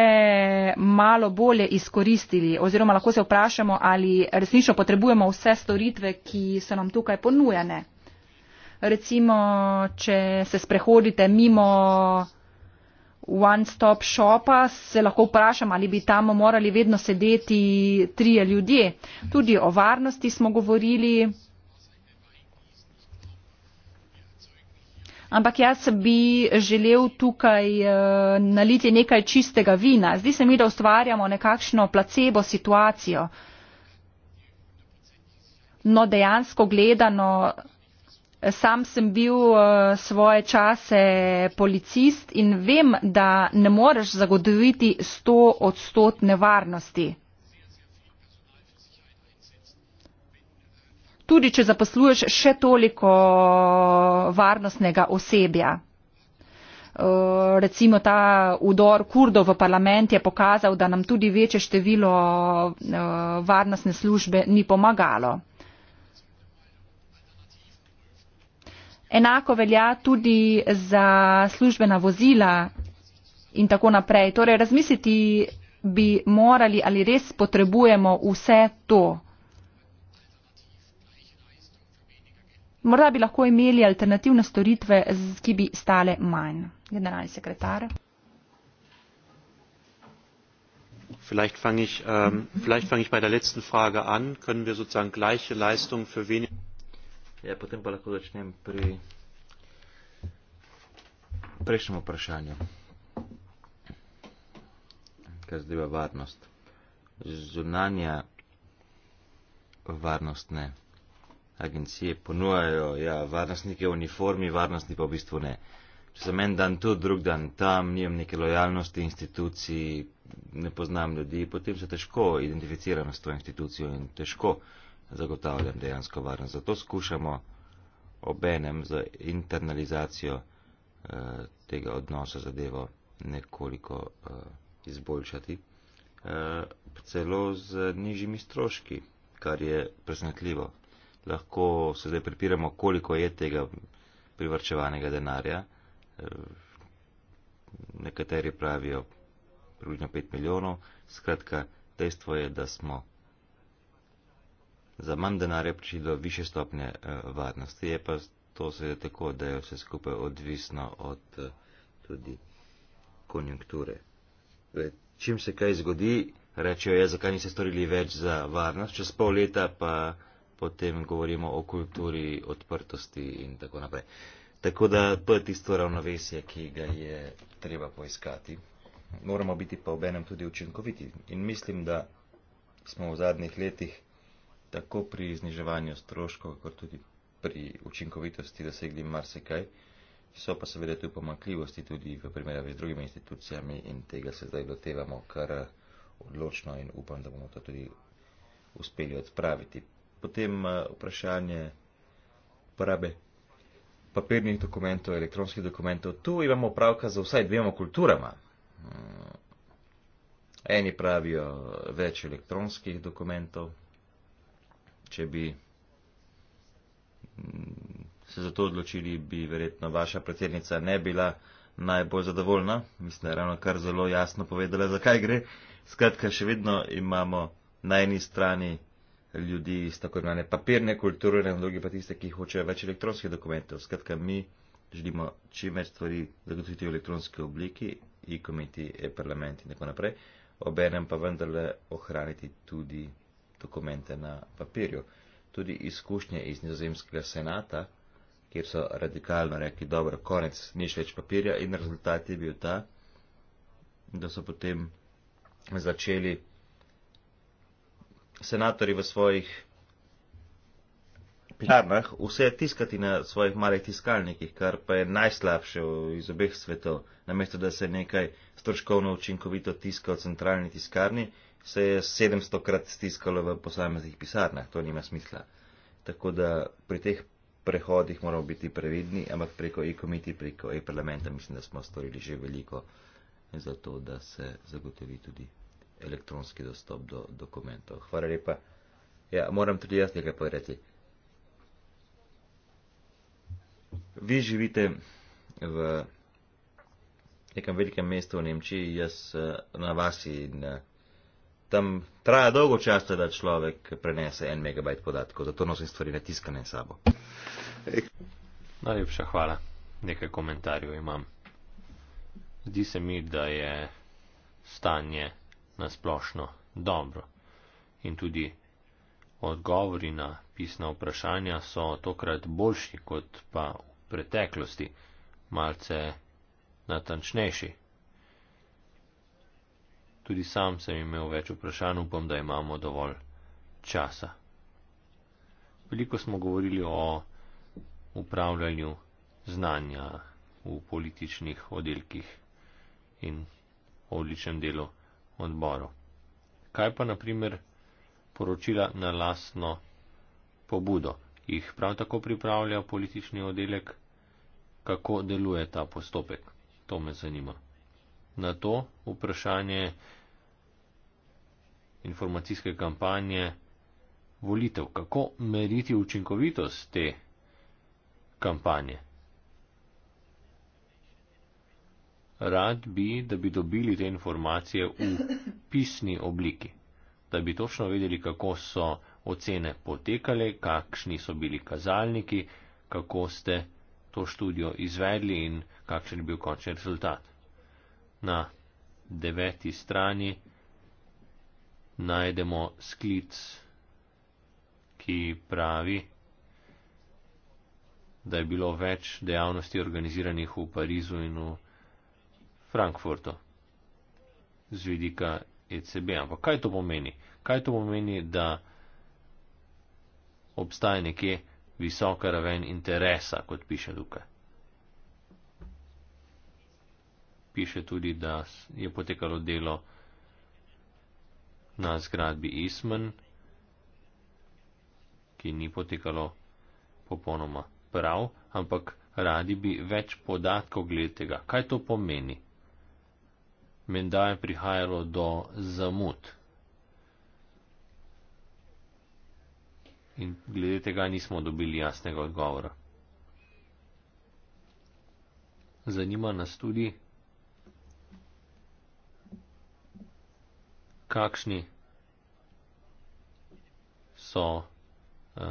malo bolje izkoristili oziroma lahko se vprašamo, ali resnično potrebujemo vse storitve, ki so nam tukaj ponujene. Recimo, če se sprehodite mimo one stop shopa, se lahko vprašam, ali bi tam morali vedno sedeti trije ljudje. Tudi o varnosti smo govorili. Ampak jaz bi želel tukaj eh, naliti nekaj čistega vina. Zdi se mi, da ustvarjamo nekakšno placebo situacijo. No, dejansko gledano Sam sem bil eh, svoje čase policist in vem, da ne moreš zagotoviti 100 odstotne varnosti. Tudi, če zaposluješ še toliko varnostnega osebja. Eh, recimo ta udor kurdov v parlament je pokazal, da nam tudi večje število eh, varnostne službe ni pomagalo. Enako velja tudi za službena vozila in tako naprej. Torej, razmisliti bi morali, ali res potrebujemo vse to. Morda bi lahko imeli alternativne storitve, ki bi stale manj. Generalni sekretar. Vielleicht fange ich, um, ähm, fang ich bei der letzten Frage an. Können wir sozusagen gleiche Leistungen für weniger. Ja, potem pa lahko začnem pri prejšnjem vprašanju, kar zdaj je varnost. Zunanja varnostne agencije ponujajo ja, varnostnike v uniformi, varnostni pa v bistvu ne. Če sem en dan tu, drug dan tam, nimam neke lojalnosti instituciji, ne poznam ljudi, potem se težko identificiram s to institucijo in težko zagotavljam dejansko varnost. Zato skušamo obenem z internalizacijo eh, tega odnosa zadevo nekoliko eh, izboljšati, eh, celo z nižjimi stroški, kar je presenetljivo. Lahko se zdaj prepiramo, koliko je tega privrčevanega denarja. Nekateri pravijo približno 5 milijonov, skratka, dejstvo je, da smo za manj denarja prišli do više stopnje uh, varnosti. Je pa to seveda tako, da je vse skupaj odvisno od uh, tudi konjunkture. E, čim se kaj zgodi, rečejo je, ja, zakaj niste storili več za varnost, čez pol leta pa potem govorimo o kulturi odprtosti in tako naprej. Tako da to je tisto ravnovesje, ki ga je treba poiskati. Moramo biti pa obenem tudi učinkoviti. In mislim, da smo v zadnjih letih tako pri zniževanju stroškov, kot tudi pri učinkovitosti dosegli marsikaj, so pa seveda tu pomakljivosti tudi v primerjavi z drugimi institucijami in tega se zdaj lotevamo kar eh, odločno in upam, da bomo to tudi uspeli odpraviti. Potem eh, vprašanje uporabe papirnih dokumentov, elektronskih dokumentov. Tu imamo pravka za vsaj dvema kulturama. Hmm. Eni pravijo več elektronskih dokumentov, če bi mm, se za to odločili, bi verjetno vaša predsednica ne bila najbolj zadovoljna. Mislim, da je ravno kar zelo jasno povedala, zakaj gre. Skratka, še vedno imamo na eni strani ljudi iz tako imenovane papirne kulture, na drugi pa tiste, ki hočejo več elektronskih dokumentov. Skratka, mi želimo čim več stvari zagotoviti v elektronski obliki, e-komiti, e-parlament in tako naprej, obenem pa vendarle ohraniti tudi dokumente na papirju. Tudi izkušnje iz nizozemskega senata, kjer so radikalno rekli, dobro, konec, niš več papirja in rezultat je bil ta, da so potem začeli senatori v svojih pilarnah vse tiskati na svojih malih tiskalnikih, kar pa je najslabše iz obeh svetov, namesto da se nekaj stroškovno učinkovito tiska v centralni tiskarni se je 700krat stiskalo v posameznih pisarnah, to nima smisla. Tako da pri teh prehodih moramo biti previdni, ampak preko e-komiti, preko e-parlamenta mislim, da smo storili že veliko za to, da se zagotovi tudi elektronski dostop do dokumentov. Hvala lepa. Ja, moram tudi jaz nekaj povedati. Vi živite v nekem velikem mestu v Nemčiji, jaz eh, na vasi in na eh, tam traja dolgo časa, da človek prenese en megabajt podatkov, zato nosim stvari natiskane sabo. Najlepša hvala. Nekaj komentarjev imam. Zdi se mi, da je stanje nasplošno dobro. In tudi odgovori na pisna vprašanja so tokrat boljši kot pa v preteklosti, malce natančnejši. Tudi sam sem imel več vprašanj, upam, da imamo dovolj časa. Veliko smo govorili o upravljanju znanja v političnih oddelkih in o odličnem delu odboru. Kaj pa, na primer, poročila na lastno pobudo? Jih prav tako pripravlja politični oddelek? Kako deluje ta postopek? To me zanima. Na to vprašanje informacijske kampanje volitev. Kako meriti učinkovitost te kampanje? Rad bi, da bi dobili te informacije v pisni obliki, da bi točno vedeli, kako so ocene potekale, kakšni so bili kazalniki, kako ste to študijo izvedli in kakšen je bil končni rezultat. Na deveti strani najdemo sklic, ki pravi, da je bilo več dejavnosti organiziranih v Parizu in v Frankfurtu z vidika ECB. Ampak kaj to pomeni? Kaj to pomeni, da obstaja nekje visoka raven interesa, kot piše tukaj? Piše tudi, da je potekalo delo na zgradbi Isman, ki ni potekalo popolnoma prav, ampak radi bi več podatkov glede tega. Kaj to pomeni? Menda je prihajalo do zamud. In glede tega nismo dobili jasnega odgovora. Zanima nas tudi, kakšni so eh,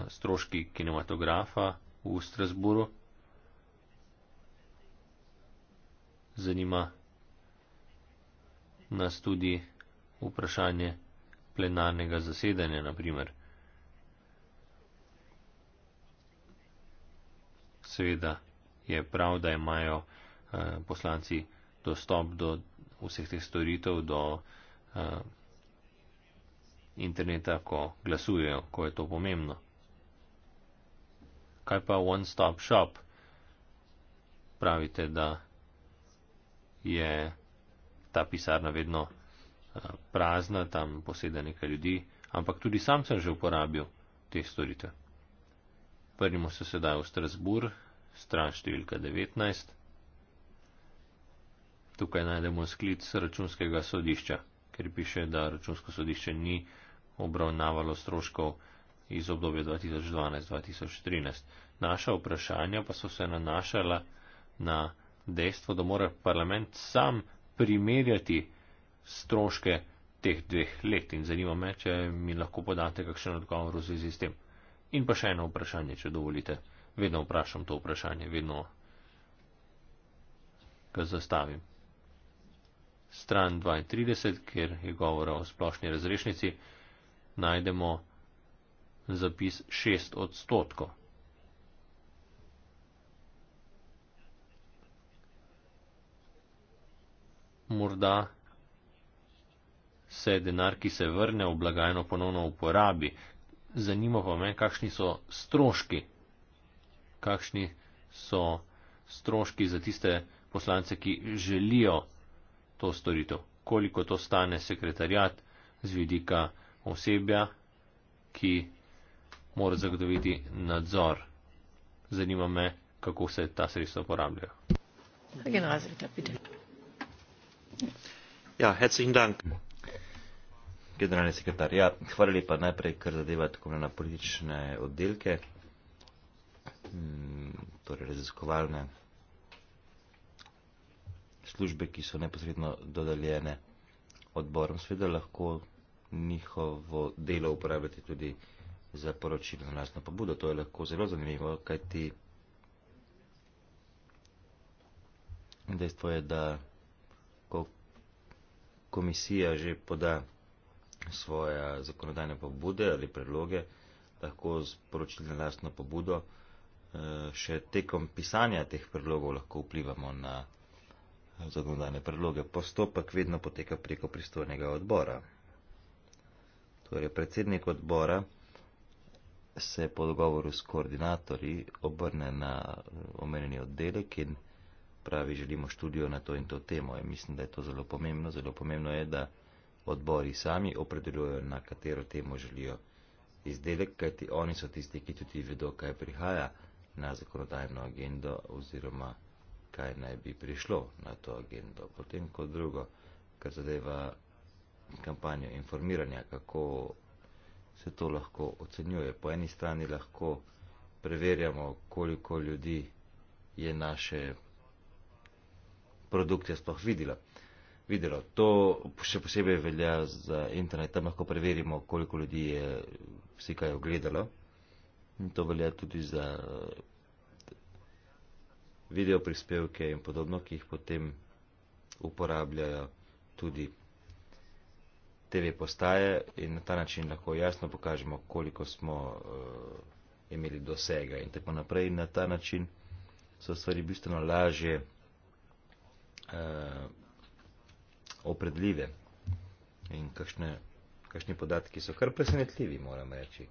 stroški kinematografa v Strasburu. Zanima nas tudi vprašanje plenarnega zasedanja, naprimer. Seveda je prav, da imajo eh, poslanci dostop do vseh teh storitev, do eh, interneta, ko glasujejo, ko je to pomembno. Kaj pa One Stop Shop? Pravite, da je ta pisarna vedno eh, prazna, tam posede nekaj ljudi, ampak tudi sam sem že uporabil te storitve. Vrnimo se sedaj v Strasbourg, stran številka 19. Tukaj najdemo sklic računskega sodišča, ker piše, da računsko sodišče ni obravnavalo stroškov iz obdobja 2012-2013. Naša vprašanja pa so se nanašala na dejstvo, da mora parlament sam primerjati stroške teh dveh let in zanima me, če mi lahko podate kakšen odgovor v zvezi s tem. In pa še eno vprašanje, če dovolite. Vedno vprašam to vprašanje, vedno ga zastavim. Stran 32, kjer je govora o splošni razrešnici, najdemo zapis 6 odstotkov. Morda se denar, ki se vrne v blagajno, ponovno uporabi. Zanima pa me, kakšni so stroški, kakšni so stroški za tiste poslance, ki želijo to storitev, koliko to stane sekretarjat z vidika osebja, ki mora zagotoviti nadzor. Zanima me, kako se ta sredstva uporabljajo. Ja, herzlichen Dank. Generalni sekretar, ja, hvala lepa najprej, kar zadeva tako na politične oddelke, mm, torej raziskovalne službe, ki so neposredno dodeljene odborom, seveda lahko njihovo delo uporabljati tudi za poročilo na lastno pobudo. To je lahko zelo zanimivo, kajti dejstvo je, da ko komisija že poda svoje zakonodajne pobude ali predloge, lahko z poročili na lastno pobudo eh, še tekom pisanja teh predlogov lahko vplivamo na zakonodajne predloge. Postopek vedno poteka preko pristojnega odbora. Torej, predsednik odbora se po dogovoru s koordinatorji obrne na eh, omenjeni oddelek in pravi, želimo študijo na to in to temo. In mislim, da je to zelo pomembno. Zelo pomembno je, da odbori sami opredeljujejo, na katero temo želijo izdelek, kajti oni so tisti, ki tudi vedo, kaj prihaja na zakonodajno agendo oziroma kaj naj bi prišlo na to agendo. Potem kot drugo, kar zadeva kampanjo informiranja, kako se to lahko ocenjuje. Po eni strani lahko preverjamo, koliko ljudi je naše produkte sploh videla. Videlo. To še posebej velja za internet, tam lahko preverimo, koliko ljudi je vsi kaj ogledalo. In to velja tudi za video prispevke in podobno, ki jih potem uporabljajo tudi TV postaje in na ta način lahko jasno pokažemo, koliko smo uh, imeli dosega in tako naprej. In na ta način so stvari bistveno lažje uh, opredljive in kakšne, kakšni podatki so kar presenetljivi, moram reči.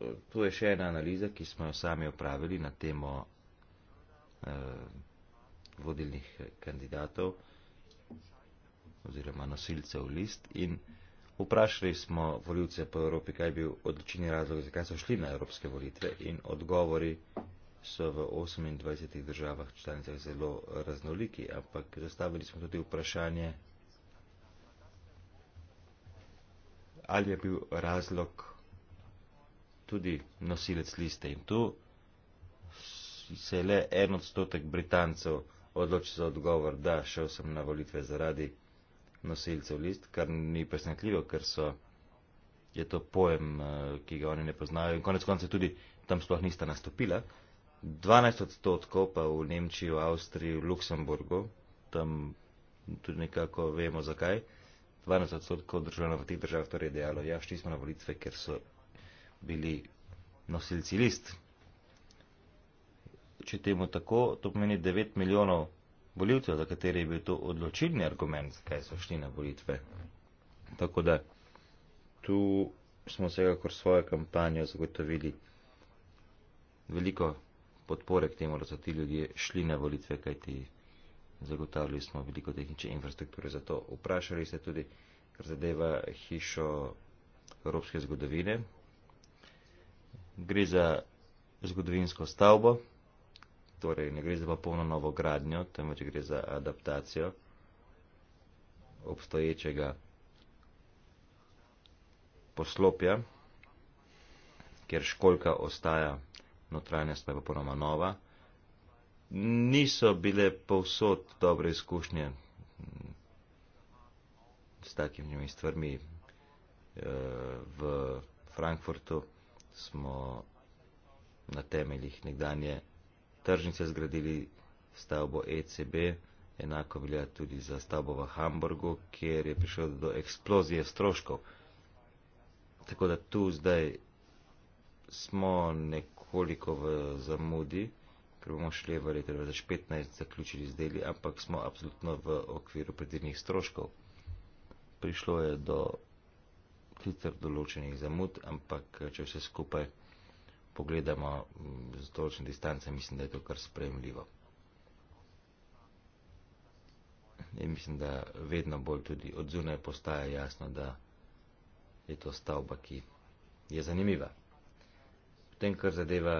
Eh, tu je še ena analiza, ki smo jo sami opravili na temo uh, vodilnih kandidatov. Uh, oziroma nosilcev list in vprašali smo voljivce po Evropi, kaj bi bil odločilni razlog, zakaj so šli na evropske volitve in odgovori so v 28 državah članicah zelo raznoliki, ampak zastavili smo tudi vprašanje, ali je bil razlog tudi nosilec liste in tu se je le en odstotek Britancev odločil za odgovor, da šel sem na volitve zaradi nosilcev list, kar ni presenetljivo, ker so, je to pojem, eh, ki ga oni ne poznajo in konec konca tudi tam sploh nista nastopila. 12 odstotkov pa v Nemčiji, v Avstriji, v Luksemburgu, tam tudi nekako vemo zakaj, 12 odstotkov državljanov v teh državah torej dejalo, ja, šli smo na volitve, ker so bili nosilci list. Če temu tako, to pomeni 9 milijonov volitev, za kateri je bil to odločilni argument, zakaj so šli na volitve. Tako da tu smo vsekakor svojo kampanjo zagotovili veliko podpore k temu, da so ti ljudje šli na volitve, kajti zagotavljali smo veliko tehnične infrastrukture za to. Vprašali ste tudi, kar zadeva hišo evropske zgodovine. Gre za zgodovinsko stavbo torej ne gre za popolno novo gradnjo, temveč gre za adaptacijo obstoječega poslopja, kjer školka ostaja, notranjost pa je popolnoma nova. Niso bile povsod dobre izkušnje mm, s takimi stvarmi. Eh, v Frankfurtu smo na temeljih nekdanje tržnice zgradili stavbo ECB, enako velja tudi za stavbo v Hamburgu, kjer je prišlo do eksplozije stroškov. Tako da tu zdaj smo nekoliko v zamudi, ker bomo šli v letu 2015 zaključili zdeli, ampak smo absolutno v okviru predvidenih stroškov. Prišlo je do sicer določenih zamud, ampak če vse skupaj pogledamo mm, z določen distance, mislim, da je to kar sprejemljivo. In mislim, da vedno bolj tudi od zunaj postaja jasno, da je to stavba, ki je zanimiva. V tem, kar zadeva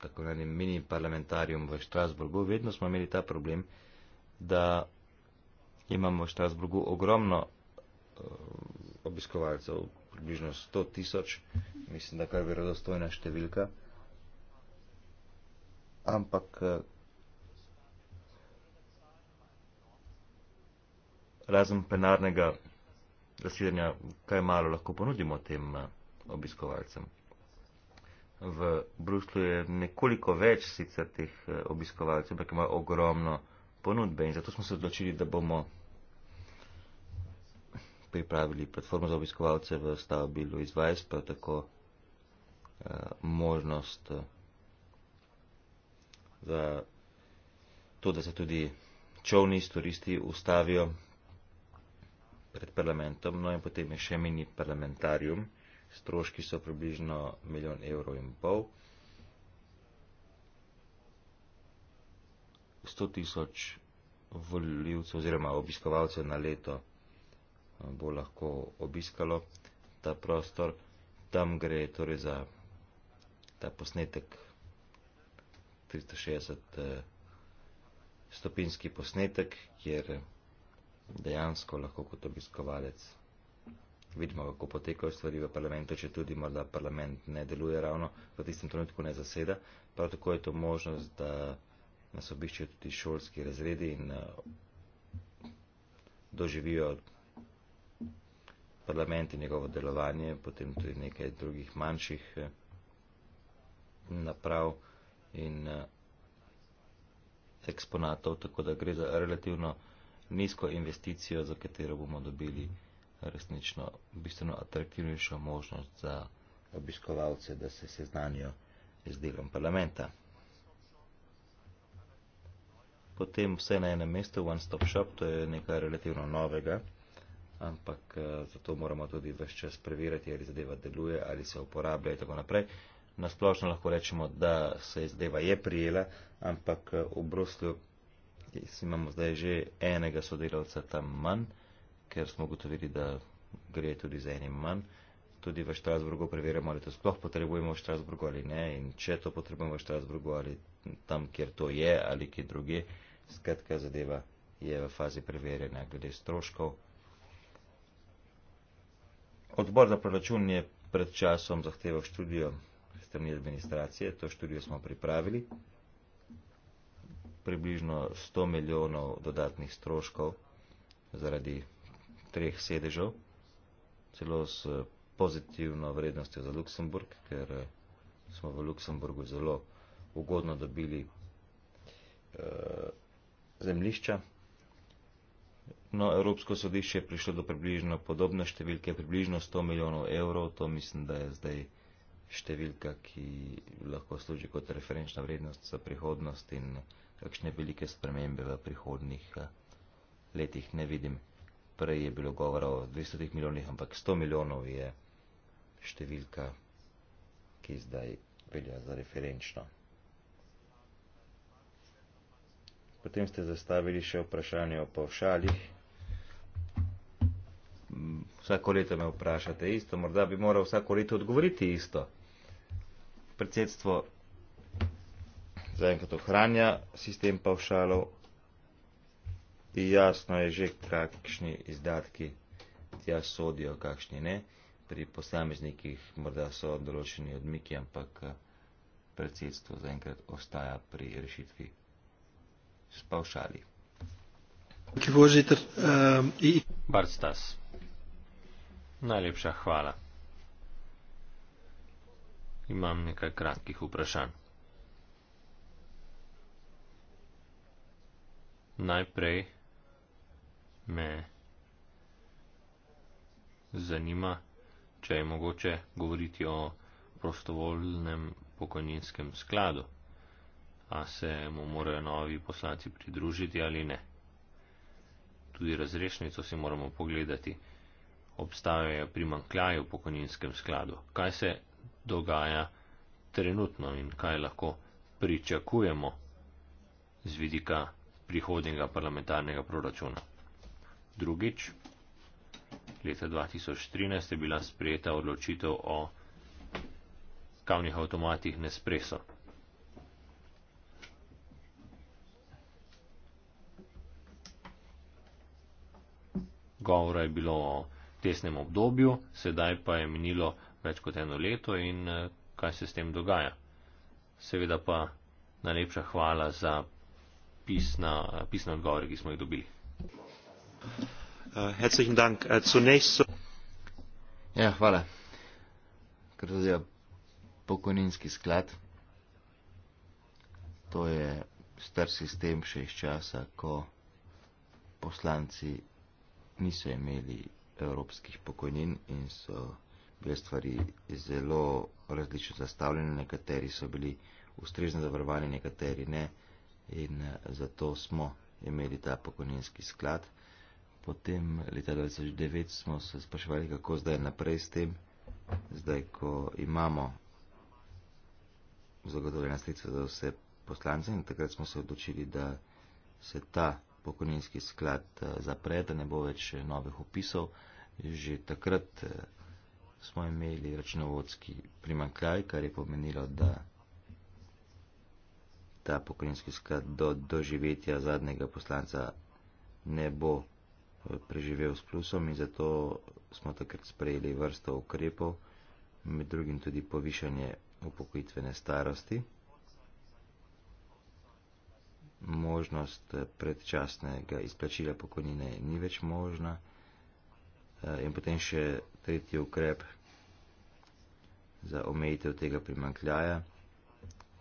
tako na nem mini parlamentarijum v Štrasburgu, vedno smo imeli ta problem, da imamo v Štrasburgu ogromno uh, obiskovalcev, približno 100 tisoč, mislim, da kar verodostojna številka. Ampak eh, razen plenarnega zasedanja, kaj malo lahko ponudimo tem eh, obiskovalcem. V Bruslu je nekoliko več sicer teh eh, obiskovalcev, ampak ima ogromno ponudbe in zato smo se odločili, da bomo pripravili platformo za obiskovalce v stavbi Louis Weiss, prav tako Eh, možnost eh, za to, da se tudi čovni s turisti ustavijo pred parlamentom, no in potem je še mini parlamentarium, stroški so približno milijon evrov in pol. 100 tisoč voljivcev oziroma obiskovalcev na leto eh, bo lahko obiskalo ta prostor. Tam gre torej za ta posnetek, 360-stopinski eh, posnetek, kjer dejansko lahko kot obiskovalec vidimo, kako potekajo stvari v parlamentu, če tudi morda parlament ne deluje ravno, v tistem trenutku ne zaseda. Prav tako je to možnost, da nas obiščejo tudi šolski razredi in eh, doživijo parlament in njegovo delovanje, potem tudi nekaj drugih manjših. Eh, naprav in eh, eksponatov, tako da gre za relativno nizko investicijo, za katero bomo dobili resnično bistveno atraktivnejšo možnost za obiskovalce, da se seznanijo z delom parlamenta. Potem vse na enem mestu, One Stop Shop, to je nekaj relativno novega, ampak eh, zato moramo tudi vse čas preverjati, ali zadeva deluje, ali se uporablja in tako naprej nasplošno lahko rečemo, da se je zadeva je prijela, ampak eh, v Bruslju imamo zdaj že enega sodelavca tam manj, ker smo gotovili, da gre tudi za enim manj. Tudi v Štrasburgu preverjamo, ali to sploh potrebujemo v Štrasburgu ali ne in če to potrebujemo v Štrasburgu ali tam, kjer to je ali kje druge. Skratka, zadeva je v fazi preverjanja glede stroškov. Odbor za proračun je pred časom zahteval študijo strani administracije, to študijo smo pripravili, približno 100 milijonov dodatnih stroškov zaradi treh sedežev, celo s pozitivno vrednostjo za Luksemburg, ker eh, smo v Luksemburgu zelo ugodno dobili eh, zemlišča. No, Evropsko sodišče je prišlo do približno podobne številke, približno 100 milijonov evrov, to mislim, da je zdaj številka, ki lahko služi kot referenčna vrednost za prihodnost in kakšne velike spremembe v prihodnih eh, letih ne vidim. Prej je bilo govora o 200 milijonih, ampak 100 milijonov je številka, ki zdaj velja za referenčno. Potem ste zastavili še vprašanje o pavšalih. Mm, vsako leto me vprašate isto, morda bi moral vsako leto odgovoriti isto predsedstvo zaenkrat ohranja sistem pavšalov. Jasno je že, kakšni izdatki tja sodijo, kakšni ne. Pri posameznikih morda so določeni odmiki, ampak eh, predsedstvo zaenkrat ostaja pri rešitvi s pavšali. Božiter, um, ehm, i... Barstas, najlepša hvala imam nekaj kratkih vprašanj. Najprej me zanima, če je mogoče govoriti o prostovoljnem pokojninskem skladu, a se mu morajo novi poslanci pridružiti ali ne. Tudi razrešnico si moramo pogledati, obstajajo primankljaje v pokojninskem skladu. Kaj se dogaja trenutno in kaj lahko pričakujemo z vidika prihodnjega parlamentarnega proračuna. Drugič, leta 2013 je bila sprejeta odločitev o kavnih avtomatih Nespresso. Govora je bilo o tesnem obdobju, sedaj pa je minilo več kot eno leto in eh, kaj se s tem dogaja. Seveda pa najlepša hvala za pisna, eh, pisna odgovore, ki smo jih dobili. Eh, herzlichen Dank. Zunächst so. Ja, hvala. Ker zdaj pokojninski sklad, to je star sistem še iz časa, ko poslanci niso imeli evropskih pokojnin in so bile stvari zelo različno zastavljene, nekateri so bili ustrezno zavarovani, nekateri ne in eh, zato smo imeli ta pokojninski sklad. Potem leta 2009 smo se spraševali, kako zdaj naprej s tem, zdaj ko imamo zagotovljena sredstva za vse poslance in takrat smo se odločili, da se ta pokojninski sklad eh, zapre, da ne bo več eh, novih opisov že takrat eh, smo imeli računovodski primankljaj, kar je pomenilo, da ta pokojninski sklad do doživetja zadnjega poslanca ne bo eh, preživel s plusom in zato smo takrat sprejeli vrsto ukrepov, med drugim tudi povišanje upokojitvene starosti, možnost eh, predčasnega izplačila pokojnine ni več možna. Eh, in potem še tretji ukrep za omejitev tega primankljaja.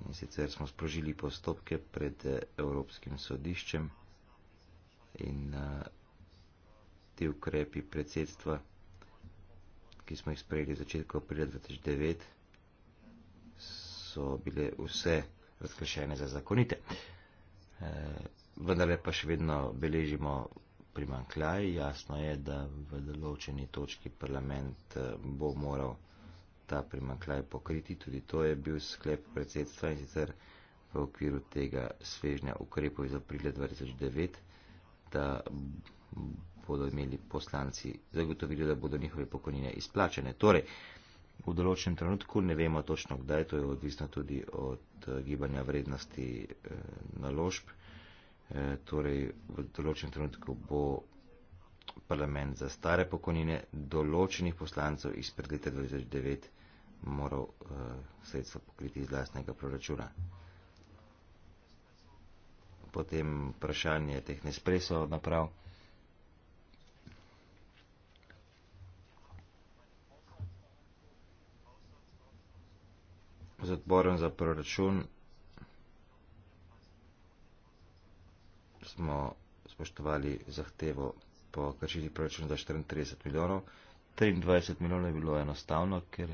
In sicer smo sprožili postopke pred eh, Evropskim sodiščem in eh, ti ukrepi predsedstva, ki smo jih sprejeli začetku aprila 2009, so bile vse razkrešene za zakonite. Vendar pa še vedno beležimo primankljaj. Jasno je, da v določeni točki parlament eh, bo moral ta primankljaj pokriti. Tudi to je bil sklep predsedstva in sicer v okviru tega svežnja ukrepov iz aprila 2009, da bodo imeli poslanci zagotovili, da bodo njihove pokojnine izplačene. Torej, v določenem trenutku ne vemo točno, kdaj to je odvisno tudi od eh, gibanja vrednosti eh, naložb. Eh, torej v določenem trenutku bo parlament za stare pokojnine določenih poslancev izpred leta 2009 moral uh, sredstva pokriti iz lastnega proračuna. Potem vprašanje teh nespreso naprav. Z odborom za proračun smo spoštovali zahtevo po kršitvi proračuna za 34 milijonov. 23 milijonov je bilo enostavno, ker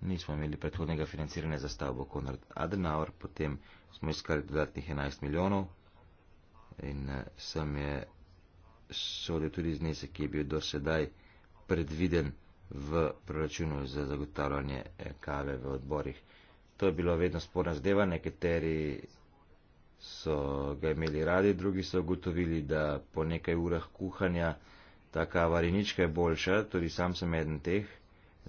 nismo imeli predhodnega financiranja za stavbo Konrad Adenauer, potem smo iskali dodatnih 11 milijonov in eh, sem je sodel tudi znesek, ki je bil do sedaj predviden v proračunu za zagotavljanje eh, kave v odborih. To je bilo vedno sporna zdeva, nekateri so ga imeli radi, drugi so ugotovili, da po nekaj urah kuhanja ta kava je nič kaj boljša, tudi sam sem eden teh,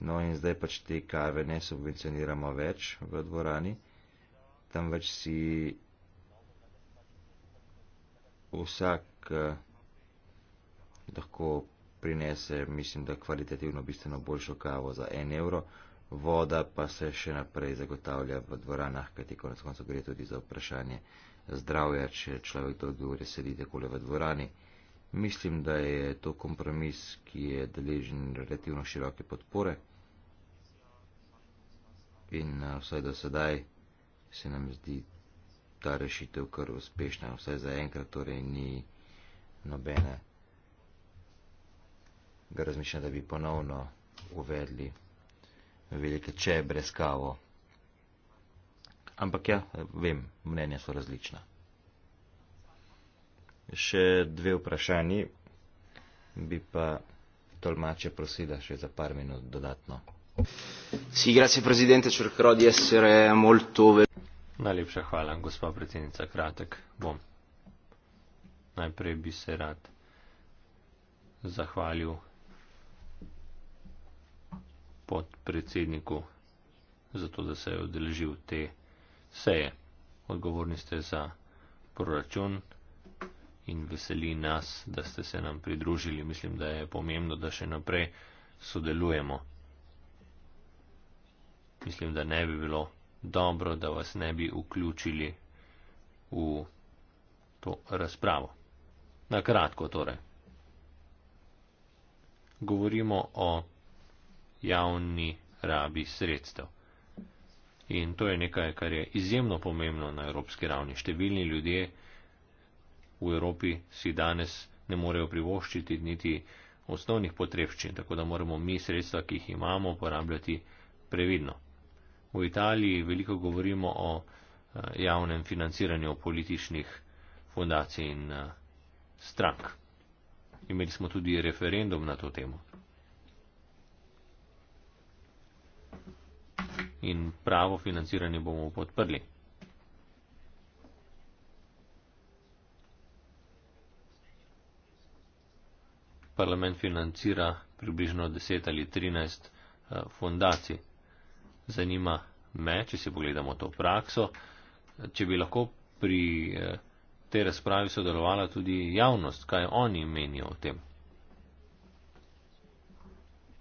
no in zdaj pač te kave ne subvencioniramo več v dvorani, tam več si vsak eh, lahko prinese, mislim, da kvalitativno bistveno boljšo kavo za en evro. Voda pa se še naprej zagotavlja v dvoranah, kajti konec koncev gre tudi za vprašanje uh, zdravja, če človek dolge ure sedi takole v dvorani. Mislim, da je to kompromis, ki je deležen relativno široke podpore. In eh, vsaj do sedaj se nam zdi ta rešitev kar uspešna. Vsaj za enkrat torej ni nobene. Ga razmišljam, da bi ponovno uvedli velike če brez kavo. Ampak ja, vem, mnenja so različna. Še dve vprašanji bi pa tolmače prosila še za par minut dodatno. Sì, grazie Presidente, cercherò di essere molto veloce. Najlepša hvala, gospod predsednica, kratek bom. Najprej bi se rad zahvalil podpredsedniku za to, da se je odeležil te seje. Odgovorni ste za proračun in veseli nas, da ste se nam pridružili. Mislim, da je pomembno, da še naprej sodelujemo. Mislim, da ne bi bilo dobro, da vas ne bi vključili v to razpravo. Na kratko torej. Govorimo o javni rabi sredstev. In to je nekaj, kar je izjemno pomembno na evropski ravni. Številni ljudje v Evropi si danes ne morejo privoščiti niti osnovnih potrebščin, tako da moramo mi sredstva, ki jih imamo, porabljati previdno. V Italiji veliko govorimo o eh, javnem financiranju političnih fundacij in eh, strank. Imeli smo tudi referendum na to temo. in pravo financiranje bomo podprli. Parlament financira približno 10 ali 13 eh, fundacij. Zanima me, če si pogledamo to prakso, če bi lahko pri eh, tej razpravi sodelovala tudi javnost, kaj oni menijo o tem.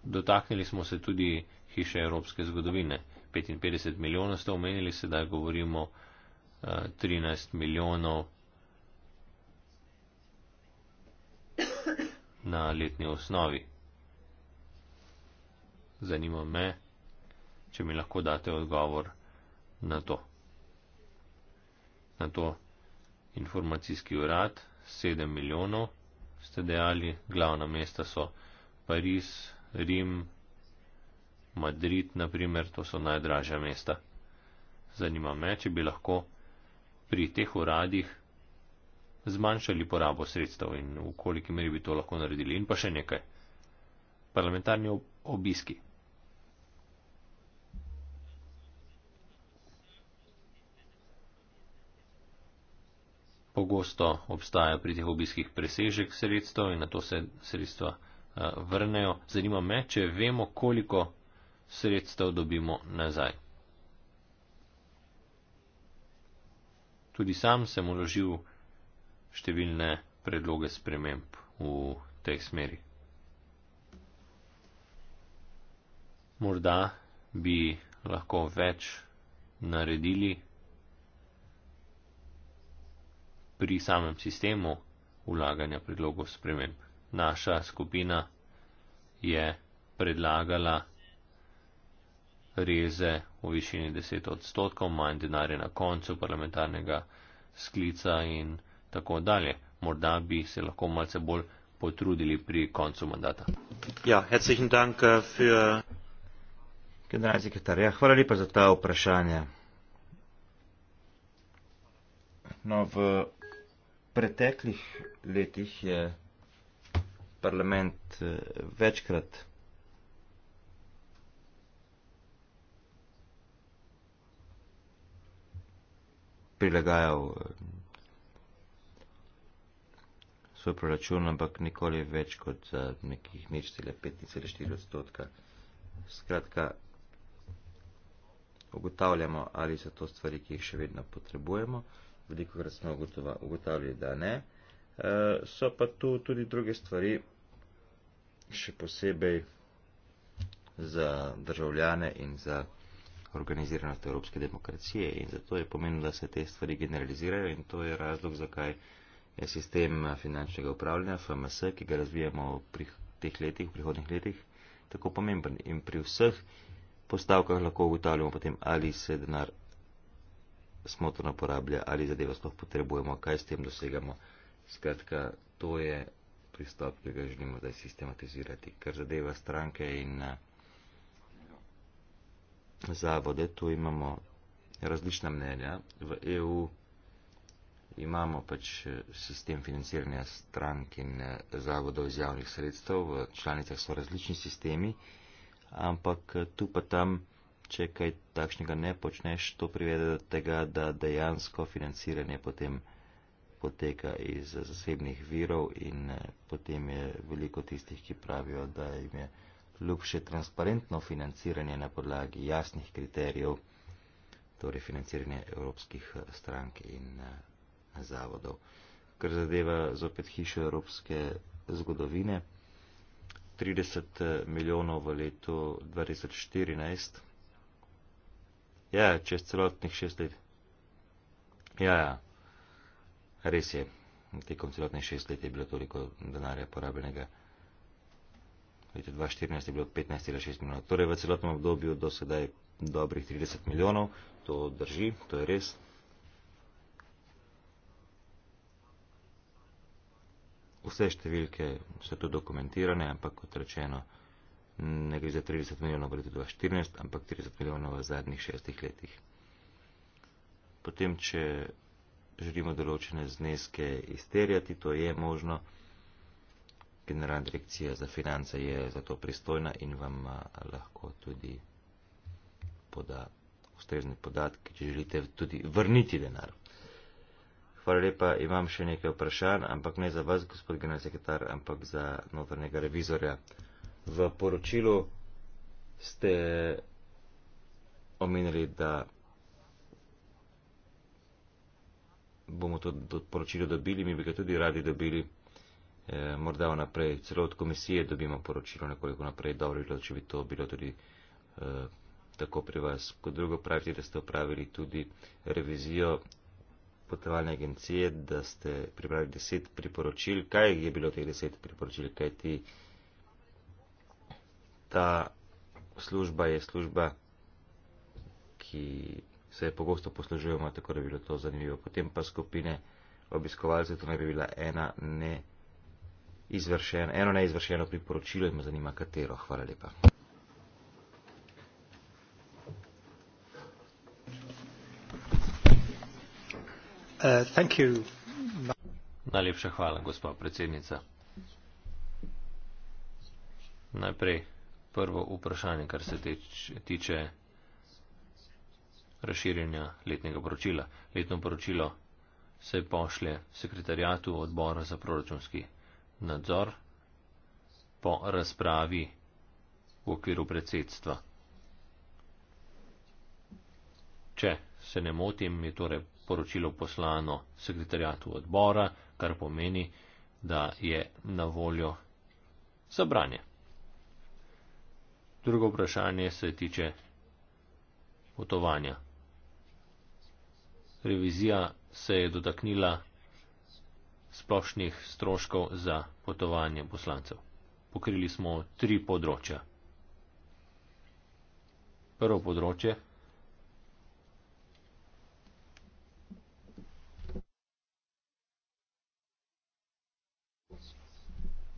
Dotaknili smo se tudi hiše evropske zgodovine. 55 milijonov ste omenili, sedaj govorimo uh, eh, 13 milijonov na letni osnovi. Zanima me, če mi lahko date odgovor na to. Na to informacijski urad 7 milijonov ste dejali, glavna mesta so Pariz, Rim, Madrid, na primer, to so najdražja mesta. Zanima me, če bi lahko pri teh uradih zmanjšali porabo sredstev in v koliki meri bi to lahko naredili. In pa še nekaj. Parlamentarni ob obiski. Pogosto obstaja pri teh obiskih presežek sredstev in na to se sredstva uh, vrnejo. Zanima me, če vemo, koliko sredstev dobimo nazaj. Tudi sam sem uložil številne predloge sprememb v tej smeri. Morda bi lahko več naredili pri samem sistemu ulaganja predlogov sprememb. Naša skupina je predlagala reze v višini 10 odstotkov, manj denarja na koncu parlamentarnega sklica in tako dalje. Morda bi se lahko malce bolj potrudili pri koncu mandata. Ja, herzlichen Dank eh, für. Generalni sekretar, ja, hvala lepa za ta vprašanja. No, v preteklih letih je parlament eh, večkrat. prilagajal eh, svoj proračun, ampak nikoli več kot za nekih nič cele 5,4 odstotka. Skratka, ugotavljamo, ali so to stvari, ki jih še vedno potrebujemo. Veliko krat smo ugotavljali, da ne. E, so pa tu tudi druge stvari, še posebej za državljane in za organiziranost evropske demokracije in zato je pomembno, da se te stvari generalizirajo in to je razlog, zakaj je sistem finančnega upravljanja FMS, ki ga razvijamo v teh letih, v prihodnih letih, tako pomemben. In pri vseh postavkah lahko ugotavljamo potem, ali se denar smotrno porablja, ali zadeva sploh potrebujemo, kaj s tem dosegamo. Skratka, to je pristop, ki ga želimo zdaj sistematizirati, kar zadeva stranke in. Uh, zavode, tu imamo različna mnenja. V EU imamo pač eh, sistem financiranja strank in eh, zavodov iz javnih sredstev, v članicah so različni sistemi, ampak eh, tu pa tam, če kaj takšnega ne počneš, to privede do tega, da dejansko financiranje potem poteka iz zasebnih virov in potem je veliko tistih, ki pravijo, da jim je. Ime ljubše transparentno financiranje na podlagi jasnih kriterijev, torej financiranje evropskih eh, strank in eh, zavodov. Kar zadeva zopet hišo evropske zgodovine, 30 eh, milijonov v letu 2014, ja, čez celotnih šest let, ja, ja, res je, tekom celotnih šest let je bilo toliko denarja porabljenega letu 2014 je bilo 15,6 milijona. Torej v celotnem obdobju do sedaj dobrih 30 milijonov, to drži, to je res. Vse številke so tu dokumentirane, ampak kot rečeno, ne gre za 30 milijonov v letu 2014, ampak 30 milijonov v zadnjih šestih letih. Potem, če želimo določene zneske izterjati, to je možno generalna direkcija za finance je za to pristojna in vam lahko tudi poda ustrezne podatke, če želite tudi vrniti denar. Hvala lepa, imam še nekaj vprašanj, ampak ne za vas, gospod generalni sekretar, ampak za notranjega revizorja. V poročilu ste omenili, da bomo to poročilo dobili, mi bi ga tudi radi dobili. Eh, morda vnaprej, celo od komisije dobimo poročilo nekoliko naprej, dobro bi bilo, če bi to bilo tudi eh, tako pri vas. Kot drugo pravite, da ste upravili tudi revizijo potovalne agencije, da ste pripravili deset priporočil. Kaj je bilo teh deset priporočil? Kaj ti ta služba je služba, ki se pogosto poslužujemo, tako da bi bilo to zanimivo. Potem pa skupine obiskovalcev, to ne bi bila ena, ne ena izvršen, eno neizvršeno priporočilo in me zanima katero. Hvala lepa. Uh, thank you. Najlepša hvala, gospa predsednica. Najprej prvo vprašanje, kar se tiče razširjenja letnega poročila. Letno poročilo se pošlje sekretarijatu odbora za proračunski nadzor po razpravi v okviru predsedstva. Če se ne motim, je torej poročilo poslano sekretarjatu odbora, kar pomeni, da je na voljo zabranje. Drugo vprašanje se tiče potovanja. Revizija se je dotaknila splošnih stroškov za potovanje poslancev. Pokrili smo tri področja. Prvo področje.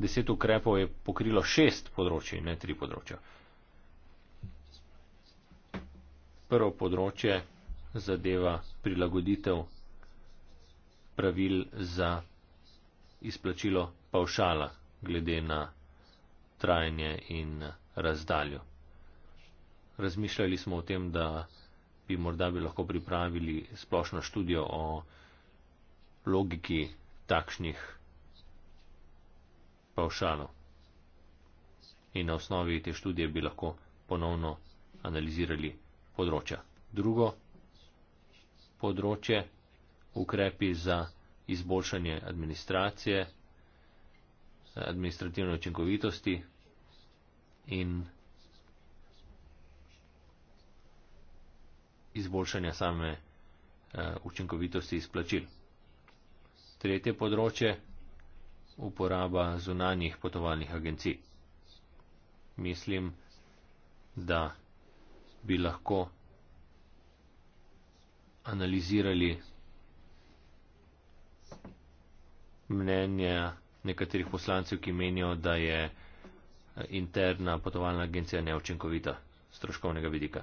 Deset ukrepov je pokrilo šest področji, ne tri področja. Prvo področje zadeva prilagoditev pravil za izplačilo pavšala glede na trajanje in razdaljo. Razmišljali smo o tem, da bi morda bi lahko pripravili splošno študijo o logiki takšnih pavšalov. In na osnovi te študije bi lahko ponovno analizirali področja. Drugo področje, ukrepi za izboljšanje administracije, administrativne učinkovitosti in izboljšanja same eh, učinkovitosti izplačil. Tretje področje - uporaba zunanjih potovalnih agencij. Mislim, da bi lahko analizirali mnenje nekaterih poslancev, ki menijo, da je eh, interna potovalna agencija neočinkovita z troškovnega vidika.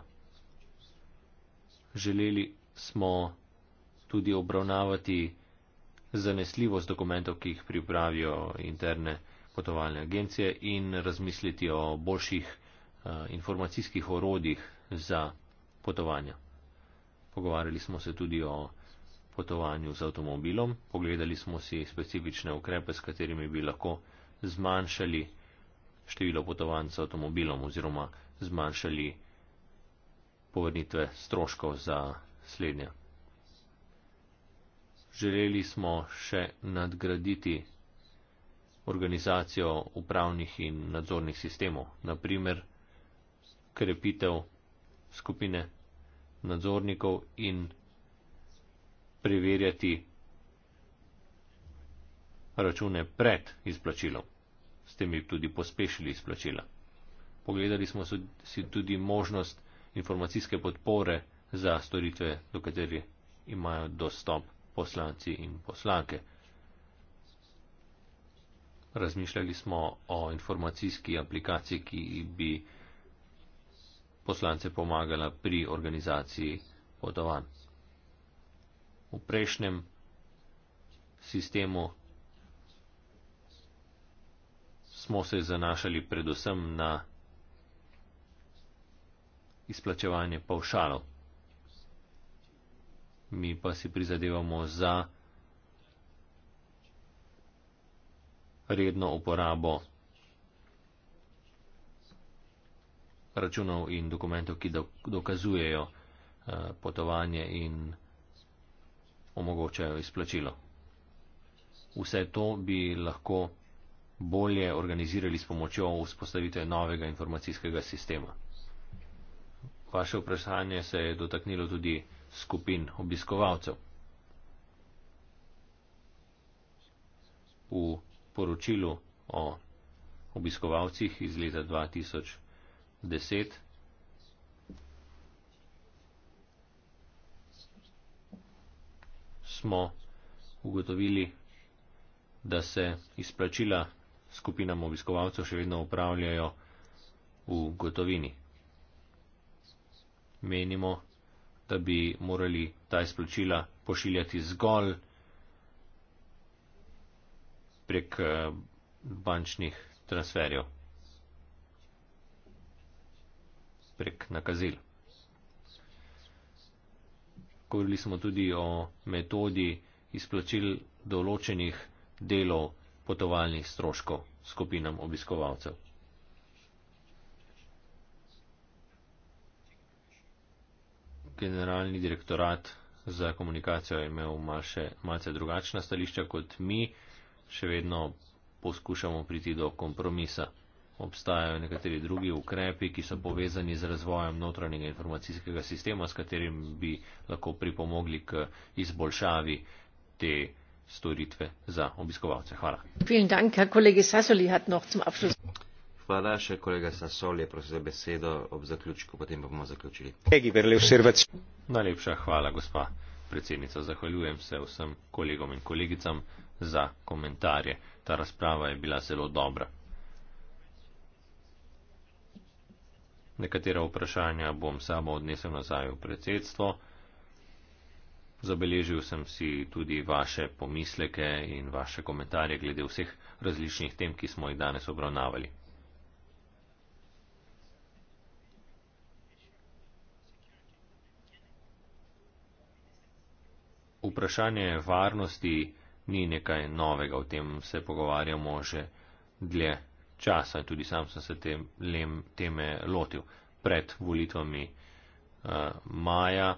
Želeli smo tudi obravnavati zanesljivost dokumentov, ki jih pripravijo interne potovalne agencije in razmisliti o boljših eh, informacijskih orodjih za potovanja. Pogovarjali smo se tudi o potovanju z avtomobilom, pogledali smo si specifične ukrepe, s katerimi bi lahko zmanjšali število potovanj z avtomobilom oziroma zmanjšali povrnitve stroškov za slednje. Želeli smo še nadgraditi organizacijo upravnih in nadzornih sistemov, naprimer krepitev skupine nadzornikov in preverjati račune pred izplačilom. S tem bi tudi pospešili izplačila. Pogledali smo si tudi možnost informacijske podpore za storitve, do kateri imajo dostop poslanci in poslanke. Razmišljali smo o informacijski aplikaciji, ki bi poslance pomagala pri organizaciji potovanj v prejšnjem sistemu smo se zanašali predvsem na izplačevanje pavšalov. Mi pa si prizadevamo za redno uporabo računov in dokumentov, ki dokazujejo eh, potovanje in omogočajo izplačilo. Vse to bi lahko bolje organizirali s pomočjo vzpostavitve novega informacijskega sistema. Vaše vprašanje se je dotaknilo tudi skupin obiskovalcev. V poročilu o obiskovalcih iz leta 2010 smo ugotovili, da se izplačila skupinam obiskovalcev še vedno upravljajo v gotovini. Menimo, da bi morali ta izplačila pošiljati zgolj prek eh, bančnih transferjev, prek nakazil govorili smo tudi o metodi izplačil določenih delov potovalnih stroškov skupinam obiskovalcev. Generalni direktorat za komunikacijo je imel malce, malce drugačna stališča kot mi, še vedno poskušamo priti do kompromisa obstajajo nekateri drugi ukrepi, ki so povezani z razvojem notranjega informacijskega sistema, s katerim bi lahko pripomogli k izboljšavi te storitve za obiskovalce. Hvala. Hvala še kolega Sasol je prosil za besedo ob zaključku, potem pa bomo zaključili. Najlepša hvala, gospa predsednica. Zahvaljujem se vsem kolegom in kolegicam za komentarje. Ta razprava je bila zelo dobra. Nekatera vprašanja bom samo odnesel nazaj v predsedstvo. Zabeležil sem si tudi vaše pomisleke in vaše komentarje glede vseh različnih tem, ki smo jih danes obravnavali. Vprašanje varnosti ni nekaj novega, o tem se pogovarjamo že dlje časa in tudi sam sem se tem, lem, teme lotil pred volitvami uh, maja.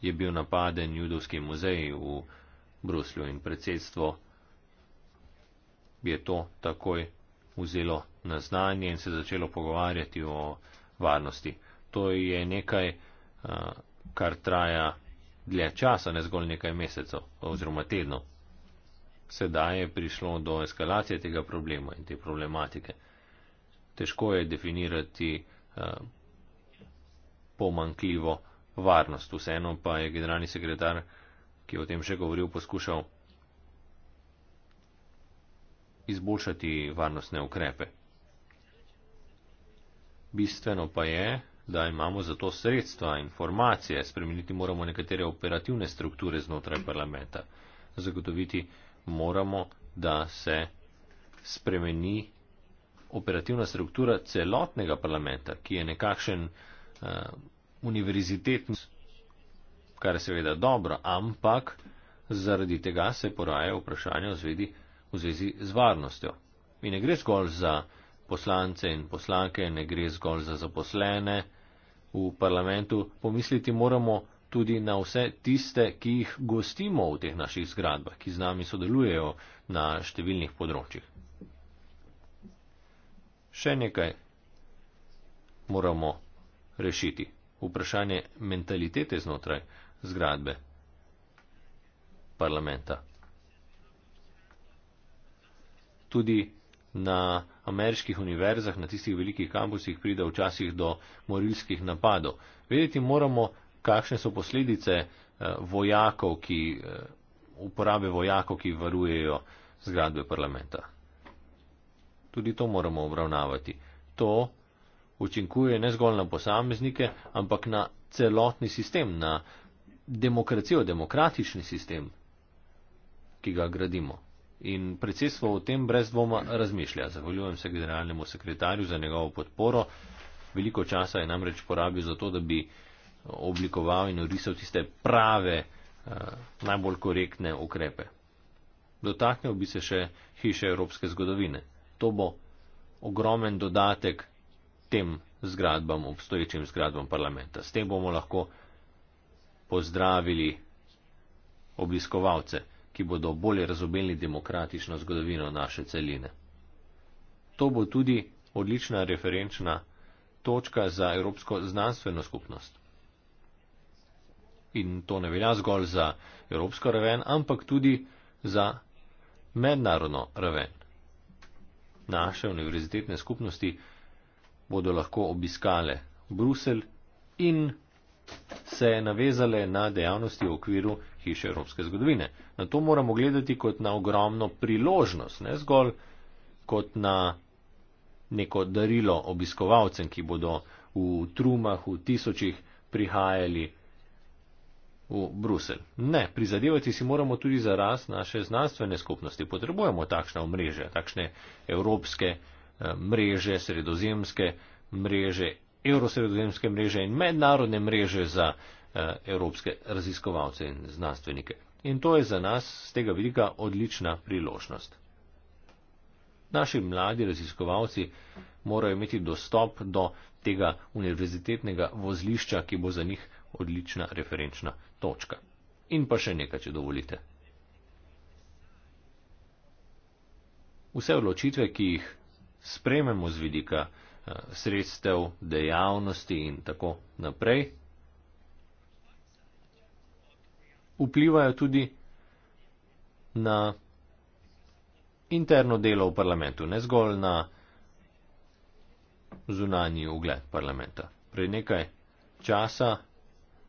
Je bil napaden judovski muzej v Bruslju in predsedstvo je to takoj vzelo na znanje in se začelo pogovarjati o varnosti. To je nekaj, eh, kar traja dlje časa, ne zgolj nekaj mesecev oziroma tednov sedaj je prišlo do eskalacije tega problema in te problematike. Težko je definirati eh, pomankljivo varnost. Vseeno pa je generalni sekretar, ki je o tem že govoril, poskušal izboljšati varnostne ukrepe. Bistveno pa je, da imamo za to sredstva, informacije, spremeniti moramo nekatere operativne strukture znotraj parlamenta, zagotoviti moramo, da se spremeni operativna struktura celotnega parlamenta, ki je nekakšen uh, eh, univerzitetni, kar je seveda dobro, ampak zaradi tega se poraja vprašanje v zvezi, v zvezi z varnostjo. In ne gre zgolj za poslance in poslanke, ne gre zgolj za zaposlene v parlamentu. Pomisliti moramo, tudi na vse tiste, ki jih gostimo v teh naših zgradbah, ki z nami sodelujejo na številnih področjih. Še nekaj moramo rešiti. Vprašanje mentalitete znotraj zgradbe parlamenta. Tudi na ameriških univerzah, na tistih velikih kampusih pride včasih do morilskih napadov. Vedeti moramo, kakšne so posledice eh, vojakov, ki, eh, uporabe vojakov, ki varujejo zgradbe parlamenta. Tudi to moramo obravnavati. To učinkuje ne zgolj na posameznike, ampak na celotni sistem, na demokracijo, demokratični sistem, ki ga gradimo. In predsedstvo o tem brez dvoma razmišlja. Zahvaljujem se generalnemu sekretarju za njegovo podporo. Veliko časa je namreč porabil za to, da bi oblikoval in orisal tiste prave, eh, najbolj korektne ukrepe. Dotaknil bi se še hiše evropske zgodovine. To bo ogromen dodatek tem zgradbam, obstoječim zgradbam parlamenta. S tem bomo lahko pozdravili obiskovalce, ki bodo bolje razumeli demokratično zgodovino naše celine. To bo tudi odlična referenčna točka za evropsko znanstveno skupnost in to ne velja zgolj za evropsko raven, ampak tudi za mednarodno raven. Naše univerzitetne skupnosti bodo lahko obiskale Bruselj in se navezale na dejavnosti v okviru hiše evropske zgodovine. Na to moramo gledati kot na ogromno priložnost, ne zgolj kot na neko darilo obiskovalcem, ki bodo v trumah, v tisočih prihajali v Bruselj. Ne, prizadevati si moramo tudi za rast naše znanstvene skupnosti. Potrebujemo takšne omrežje, takšne evropske eh, mreže, sredozemske mreže, evrosredozemske mreže in mednarodne mreže za eh, evropske raziskovalce in znanstvenike. In to je za nas z tega vidika odlična priložnost. Naši mladi raziskovalci morajo imeti dostop do tega univerzitetnega vozlišča, ki bo za njih odlična referenčna točka. In pa še nekaj, če dovolite. Vse odločitve, ki jih sprememo z vidika eh, sredstev, dejavnosti in tako naprej, vplivajo tudi na interno delo v parlamentu, ne zgolj na zunanji ugled parlamenta. Pred nekaj časa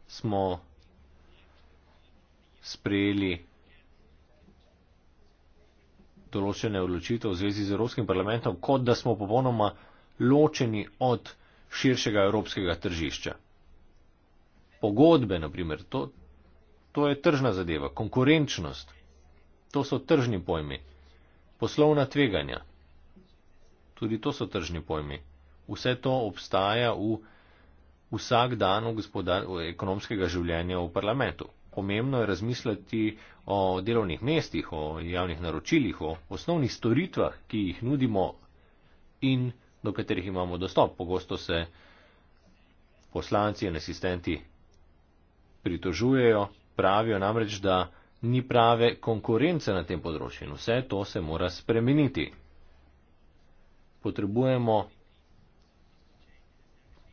smo sprejeli določene odločitev v zvezi z Evropskim parlamentom, kot da smo popolnoma ločeni od širšega evropskega tržišča. Pogodbe, naprimer, to, to je tržna zadeva, konkurenčnost, to so tržni pojmi, poslovna tveganja, tudi to so tržni pojmi. Vse to obstaja v vsak dan ekonomskega življenja v parlamentu. Pomembno je razmisliti o delovnih mestih, o javnih naročilih, o osnovnih storitvah, ki jih nudimo in do katerih imamo dostop. Pogosto se poslanci in asistenti pritožujejo, pravijo namreč, da ni prave konkurence na tem področju in vse to se mora spremeniti. Potrebujemo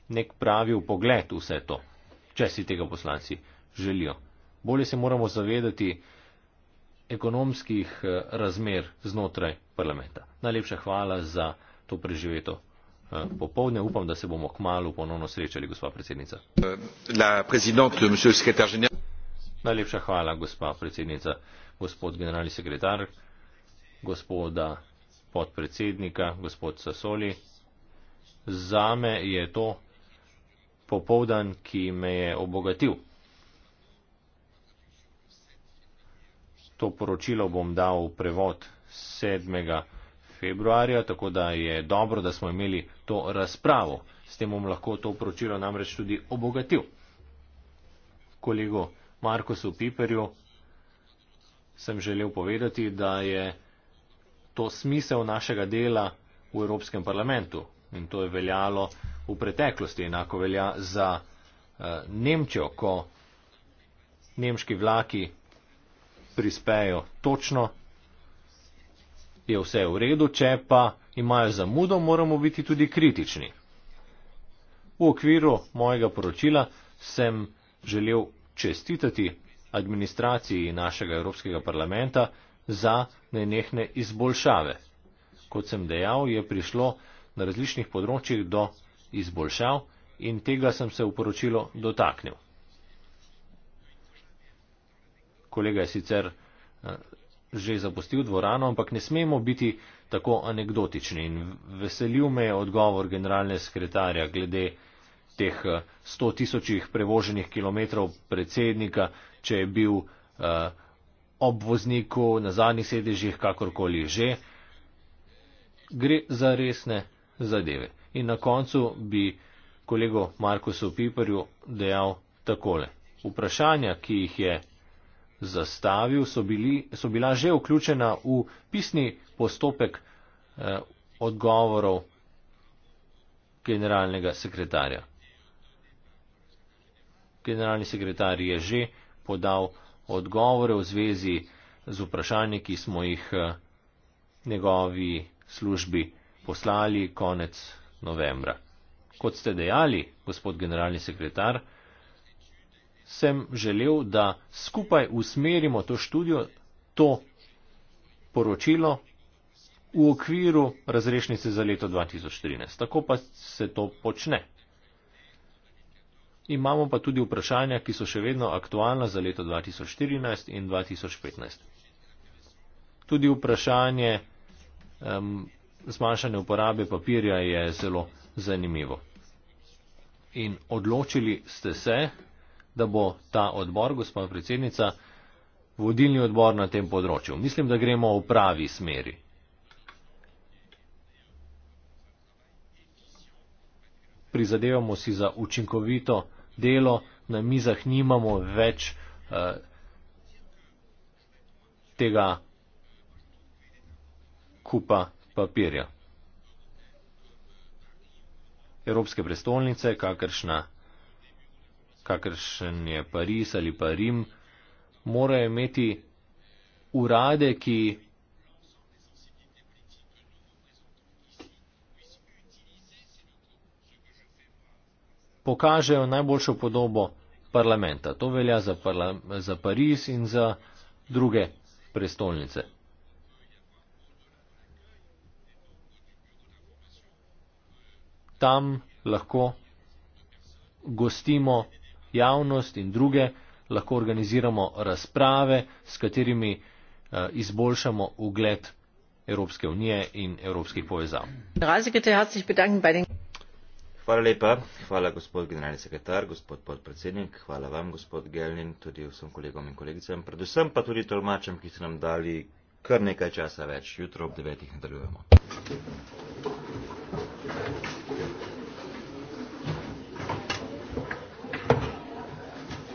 nek pravi pogled vse to, če si tega poslanci želijo. Bolje se moramo zavedati ekonomskih eh, razmer znotraj parlamenta. Najlepša hvala za to preživeto. Eh, Popovdne upam, da se bomo kmalo ponovno srečali, gospa predsednica. Najlepša hvala, gospa predsednica, gospod generalni sekretar, gospoda podpredsednika, gospod Sasoli. Zame je to popovdan, ki me je obogatil. To poročilo bom dal v prevod 7. februarja, tako da je dobro, da smo imeli to razpravo. S tem bom lahko to poročilo namreč tudi obogatil. Kolego Markosu Piperju sem želel povedati, da je to smisel našega dela v Evropskem parlamentu in to je veljalo v preteklosti, enako velja za uh, Nemčijo, ko nemški vlaki prispejo točno, je vse v redu, če pa imajo zamudo, moramo biti tudi kritični. V okviru mojega poročila sem želel čestitati administraciji našega Evropskega parlamenta za nenehne izboljšave. Kot sem dejal, je prišlo na različnih področjih do izboljšav in tega sem se v poročilu dotaknil. Kolega je sicer eh, že zapustil dvorano, ampak ne smemo biti tako anegdotični in veselil me je odgovor generalne sekretarja glede teh 100 eh, tisočih prevoženih kilometrov predsednika, če je bil eh, ob vozniku na zadnjih sedežih, kakorkoli že. Gre za resne zadeve. In na koncu bi kolego Markusu Piperju dejal takole. Vprašanja, ki jih je zastavil, so, bili, so bila že vključena v pisni postopek eh, odgovorov generalnega sekretarja. Generalni sekretar je že podal odgovore v zvezi z vprašanji, ki smo jih eh, njegovi službi eh, poslali konec novembra. Kot ste dejali, gospod generalni sekretar, sem želel, da skupaj usmerimo to študijo, to poročilo v okviru razrešnice za leto 2013. Tako pa se to počne. Imamo pa tudi vprašanja, ki so še vedno aktualna za leto 2014 in 2015. Tudi vprašanje um, zmanjšanje uporabe papirja je zelo zanimivo. In odločili ste se, da bo ta odbor, gospod predsednica, vodilni odbor na tem področju. Mislim, da gremo v pravi smeri. Prizadevamo si za učinkovito delo, na mizah nimamo več eh, tega kupa papirja. Evropske prestolnice, kakršna, kakršen je Pariz ali pa Rim, morajo imeti urade, ki pokažejo najboljšo podobo parlamenta. To velja za, parla, za Pariz in za druge prestolnice. tam lahko gostimo javnost in druge, lahko organiziramo razprave, s katerimi eh, izboljšamo ugled Evropske unije in evropskih povezav. Hvala lepa, hvala gospod generalni sekretar, gospod podpredsednik, hvala vam, gospod Gelning, tudi vsem kolegom in kolegicam, predvsem pa tudi tolmačem, ki ste nam dali kar nekaj časa več. Jutro ob devetih nadaljujemo. Thank you.